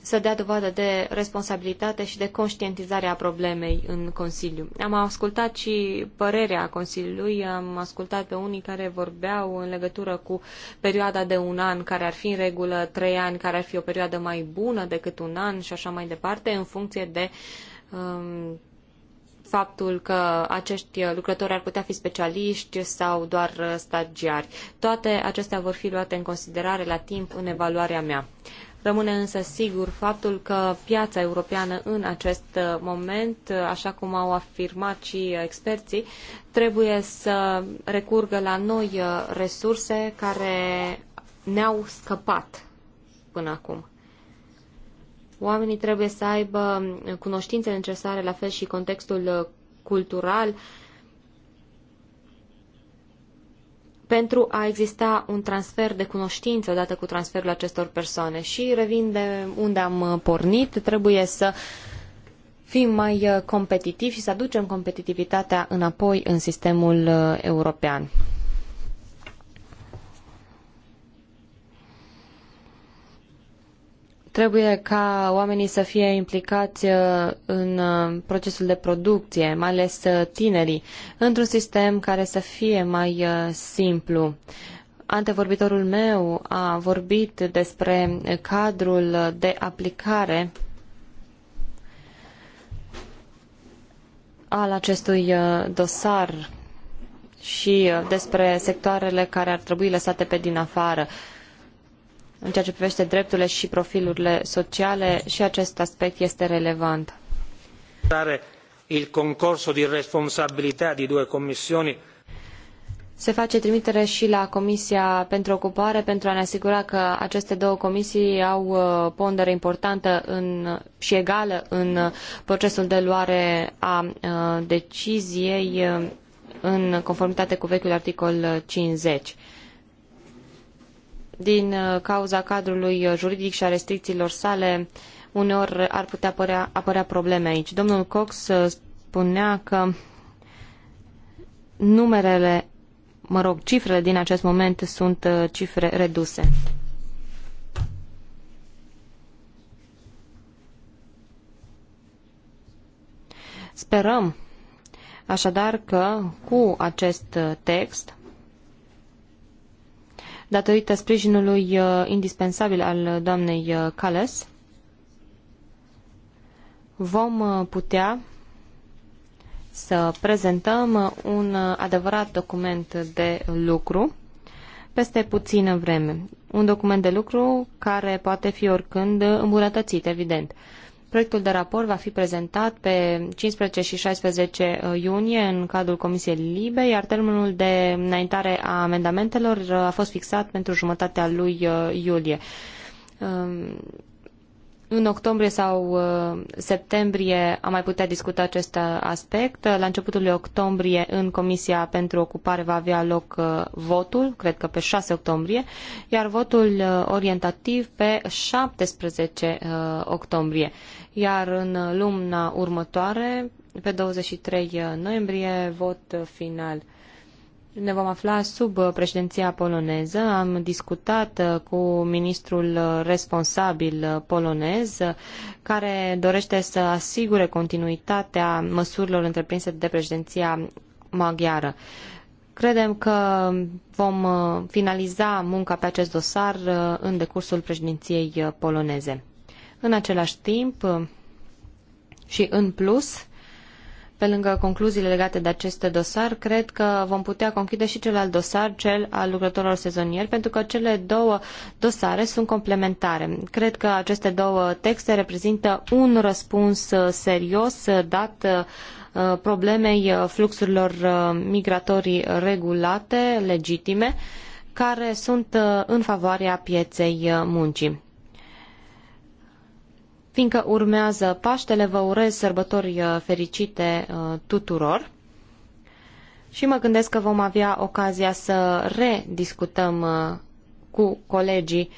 să dea dovadă de responsabilitate și de conștientizare a problemei în Consiliu. Am ascultat și părerea Consiliului, am ascultat pe unii care vorbeau în legătură cu perioada de un an care ar fi în regulă, trei ani care ar fi o perioadă mai bună decât un an și așa mai departe, în funcție de um, faptul că acești lucrători ar putea fi specialiști sau doar stagiari. Toate acestea vor fi luate în considerare la timp în evaluarea mea. Rămâne însă sigur faptul că piața europeană în acest uh, moment, uh, așa cum au afirmat și experții, trebuie să recurgă la noi uh, resurse care ne-au scăpat până acum. Oamenii trebuie să aibă cunoștințe necesare, la fel și contextul cultural pentru a exista un transfer de cunoștințe odată cu transferul acestor persoane. Și revin de unde am uh, pornit, trebuie să fim mai uh, competitivi și să aducem competitivitatea înapoi în sistemul uh, european. Trebuie ca oamenii să fie implicați uh, în uh, procesul de producție, mai ales uh, tinerii, într-un sistem care să fie mai simplu. Antevorbitorul meu a vorbit despre cadrul de aplicare al acestui dosar și despre sectoarele care ar trebui lăsate pe din afară în ceea ce privește drepturile și profilurile sociale și acest aspect este relevant. Il concorso di responsabilità di due commissioni se face trimitere și la Comisia pentru Ocupare pentru a ne asigura că aceste două comisii au uh, pondere importantă în, și egală în procesul de luare a uh, deciziei uh, în conformitate cu vechiul articol 50 din uh, cauza cadrului uh, juridic și a restricțiilor sale, uneori ar putea apărea, apărea probleme aici. Domnul Cox uh, spunea că numerele, mă rog, cifrele din acest moment sunt cifre reduse. Sperăm așadar că cu acest text datorită sprijinului uh, indispensabil al doamnei Cales, uh, vom uh, putea să prezentăm un adevărat document de lucru peste puțină vreme. Un document de lucru care poate fi oricând îmbunătățit, evident. Proiectul de raport va fi prezentat pe 15 și 16 uh, iunie în cadrul Comisiei Libe, iar termenul de înaintare a amendamentelor uh, a fost fixat pentru jumătatea lui uh, iulie. Um, în octombrie sau uh, septembrie am mai putea discuta acest uh, aspect. La începutul lui octombrie în Comisia pentru Ocupare va avea loc uh, votul, cred că pe 6 octombrie, iar votul orientativ pe 17 octombrie. Iar în luna următoare, pe 23 noiembrie, vot final ne vom afla sub uh, președinția poloneză. Am discutat uh, cu ministrul uh, responsabil polonez care dorește să asigure continuitatea măsurilor întreprinse de președinția maghiară. Credem că vom finaliza munca pe acest dosar în decursul președinției poloneze. În același timp și în plus, pe lângă concluziile legate de acest dosar, cred că vom putea conchide și cel al dosar, cel al lucrătorilor sezonieri, pentru că cele două dosare sunt complementare. Cred că aceste două texte reprezintă un răspuns uh, serios uh, dat uh, problemei fluxurilor migratorii regulate, legitime, care sunt în favoarea pieței muncii fiindcă urmează Paștele, vă urez sărbători uh, fericite uh, tuturor și mă gândesc că vom avea ocazia să rediscutăm uh, cu colegii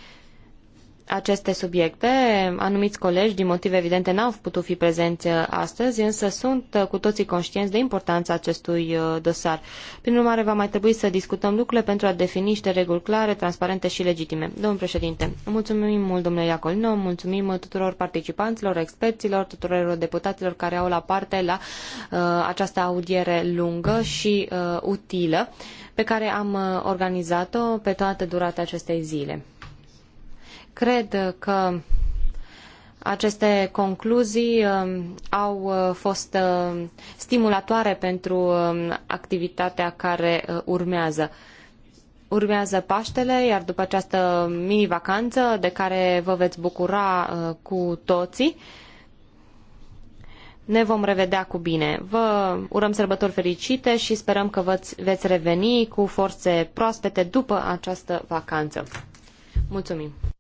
aceste subiecte. Anumiți colegi, din motive evidente, n-au putut fi prezenți uh, astăzi, însă sunt uh, cu toții conștienți de importanța acestui uh, dosar. Prin urmare, va mai trebui să discutăm lucrurile pentru a defini niște reguli clare, transparente și legitime. Domnul președinte, mulțumim mult, domnule Iacolino, mulțumim tuturor participanților, experților, tuturor deputaților care au la parte la uh, această audiere lungă și uh, utilă pe care am organizat-o pe toată durata acestei zile. Cred că aceste concluzii um, au uh, fost uh, stimulatoare pentru um, activitatea care uh, urmează. Urmează Paștele, iar după această mini-vacanță de care vă veți bucura cu toții, ne vom revedea cu bine. Vă urăm sărbători fericite și sperăm că vă veți reveni cu forțe proaspete după această vacanță. Mulțumim!